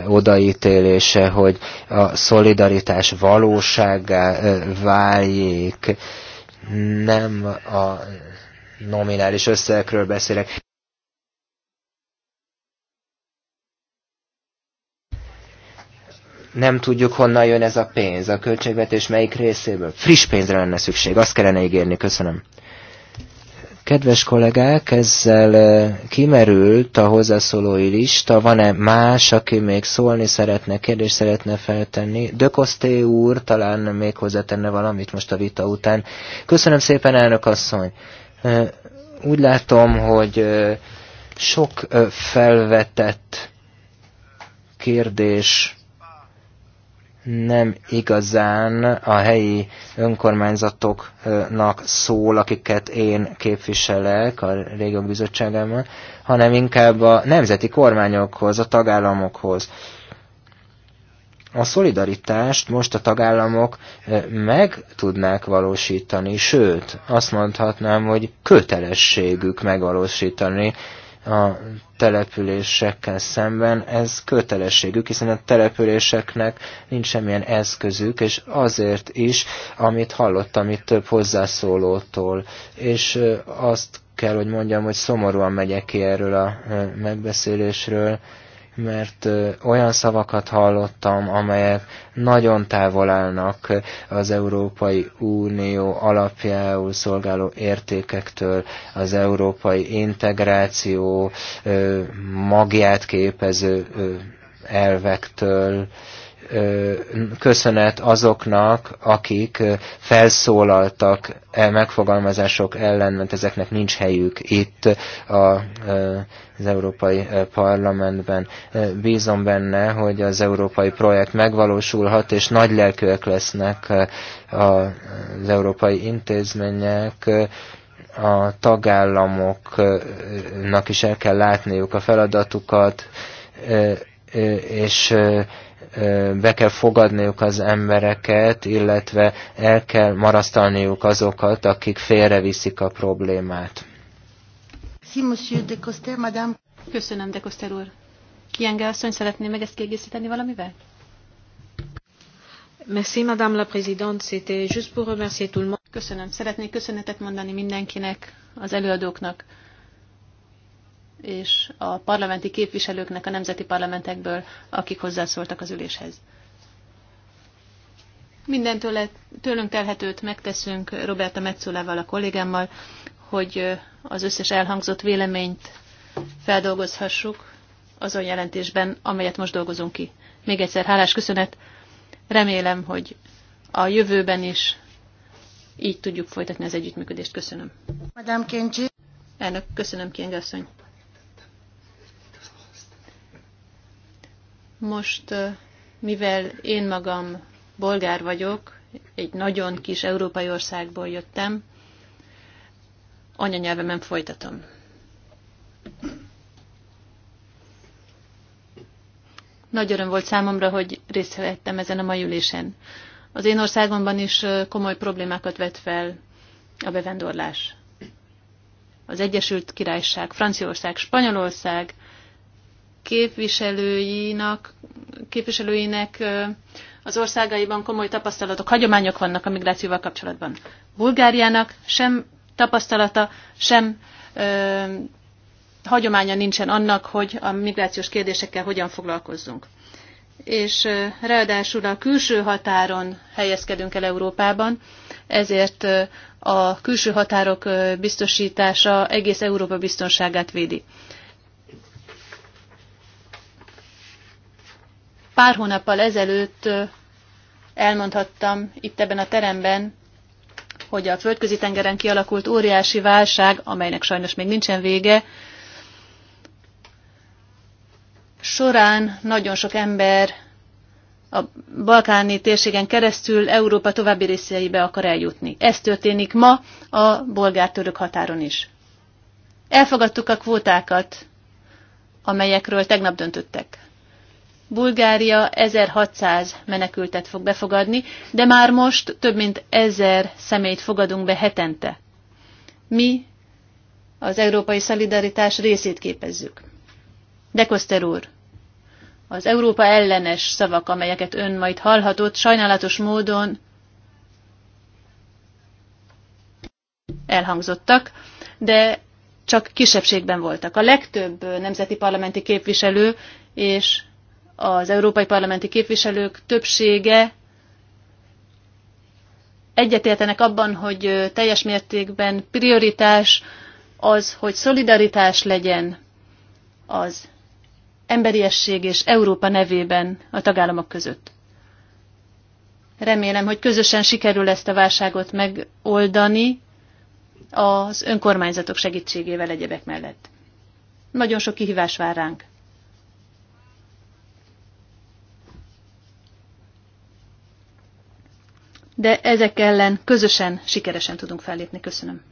odaítélése, hogy a szolidaritás valóságá váljék. Nem a nominális összegekről beszélek. nem tudjuk, honnan jön ez a pénz, a költségvetés melyik részéből. Friss pénzre lenne szükség, azt kellene ígérni, köszönöm. Kedves kollégák, ezzel kimerült a hozzászólói lista. Van-e más, aki még szólni szeretne, kérdést szeretne feltenni? Dökoszté úr talán még hozzátenne valamit most a vita után. Köszönöm szépen, elnök asszony. Úgy látom, hogy sok felvetett kérdés nem igazán a helyi önkormányzatoknak szól, akiket én képviselek a régió bizottságában, hanem inkább a nemzeti kormányokhoz, a tagállamokhoz. A szolidaritást most a tagállamok eh, meg tudnák valósítani, sőt, azt mondhatnám, hogy kötelességük megvalósítani a településekkel szemben. Ez kötelességük, hiszen a településeknek nincs semmilyen eszközük, és azért is, amit hallottam itt több hozzászólótól, és azt kell, hogy mondjam, hogy szomorúan megyek ki erről a megbeszélésről, mert olyan szavakat hallottam, amelyek nagyon távol állnak az Európai Unió alapjául szolgáló értékektől, az európai integráció magját képező elvektől, köszönet azoknak, akik felszólaltak e megfogalmazások ellen, mert ezeknek nincs helyük itt a az Európai Parlamentben. Bízom benne, hogy az európai projekt megvalósulhat, és nagy lelkűek lesznek az európai intézmények, a tagállamoknak is el kell látniuk a feladatukat, és be kell fogadniuk az embereket, illetve el kell marasztalniuk azokat, akik félreviszik a problémát. Köszönöm, de Koster úr. Kienge asszony, szeretné meg ezt kiegészíteni valamivel? Merci, Madame la Présidente. C'était juste pour remercier tout le monde. Köszönöm. Szeretnék köszönetet mondani mindenkinek, az előadóknak és a parlamenti képviselőknek a nemzeti parlamentekből, akik hozzászóltak az üléshez. Mindentől tőlünk telhetőt megteszünk Roberta Metzulával, a kollégámmal, hogy az összes elhangzott véleményt feldolgozhassuk azon jelentésben, amelyet most dolgozunk ki. Még egyszer hálás köszönet. Remélem, hogy a jövőben is így tudjuk folytatni az együttműködést. Köszönöm. Madame Kenji. Elnök, köszönöm, Kienge asszony. Most, mivel én magam bolgár vagyok, egy nagyon kis európai országból jöttem, anyanyelvemen folytatom. Nagy öröm volt számomra, hogy részt vettem ezen a mai ülésen. Az én országomban is komoly problémákat vet fel a bevándorlás. Az Egyesült Királyság, Franciaország, Spanyolország képviselőinak, képviselőinek az országaiban komoly tapasztalatok, hagyományok vannak a migrációval kapcsolatban. Bulgáriának sem tapasztalata, sem ö, hagyománya nincsen annak, hogy a migrációs kérdésekkel hogyan foglalkozzunk. És ö, ráadásul a külső határon helyezkedünk el Európában, ezért ö, a külső határok ö, biztosítása egész Európa biztonságát védi. Pár hónappal ezelőtt elmondhattam itt ebben a teremben, hogy a földközi tengeren kialakult óriási válság, amelynek sajnos még nincsen vége, során nagyon sok ember a balkáni térségen keresztül Európa további részeibe akar eljutni. Ez történik ma a bolgár-török határon is. Elfogadtuk a kvótákat, amelyekről tegnap döntöttek. Bulgária 1600 menekültet fog befogadni, de már most több mint 1000 személyt fogadunk be hetente. Mi az európai szolidaritás részét képezzük. Dekoszter úr, az Európa ellenes szavak, amelyeket ön majd hallhatott, sajnálatos módon elhangzottak, de csak kisebbségben voltak. A legtöbb nemzeti parlamenti képviselő és az európai parlamenti képviselők többsége egyetértenek abban, hogy teljes mértékben prioritás az, hogy szolidaritás legyen az emberiesség és Európa nevében a tagállamok között. Remélem, hogy közösen sikerül ezt a válságot megoldani az önkormányzatok segítségével egyebek mellett. Nagyon sok kihívás vár ránk. de ezek ellen közösen sikeresen tudunk fellépni. Köszönöm.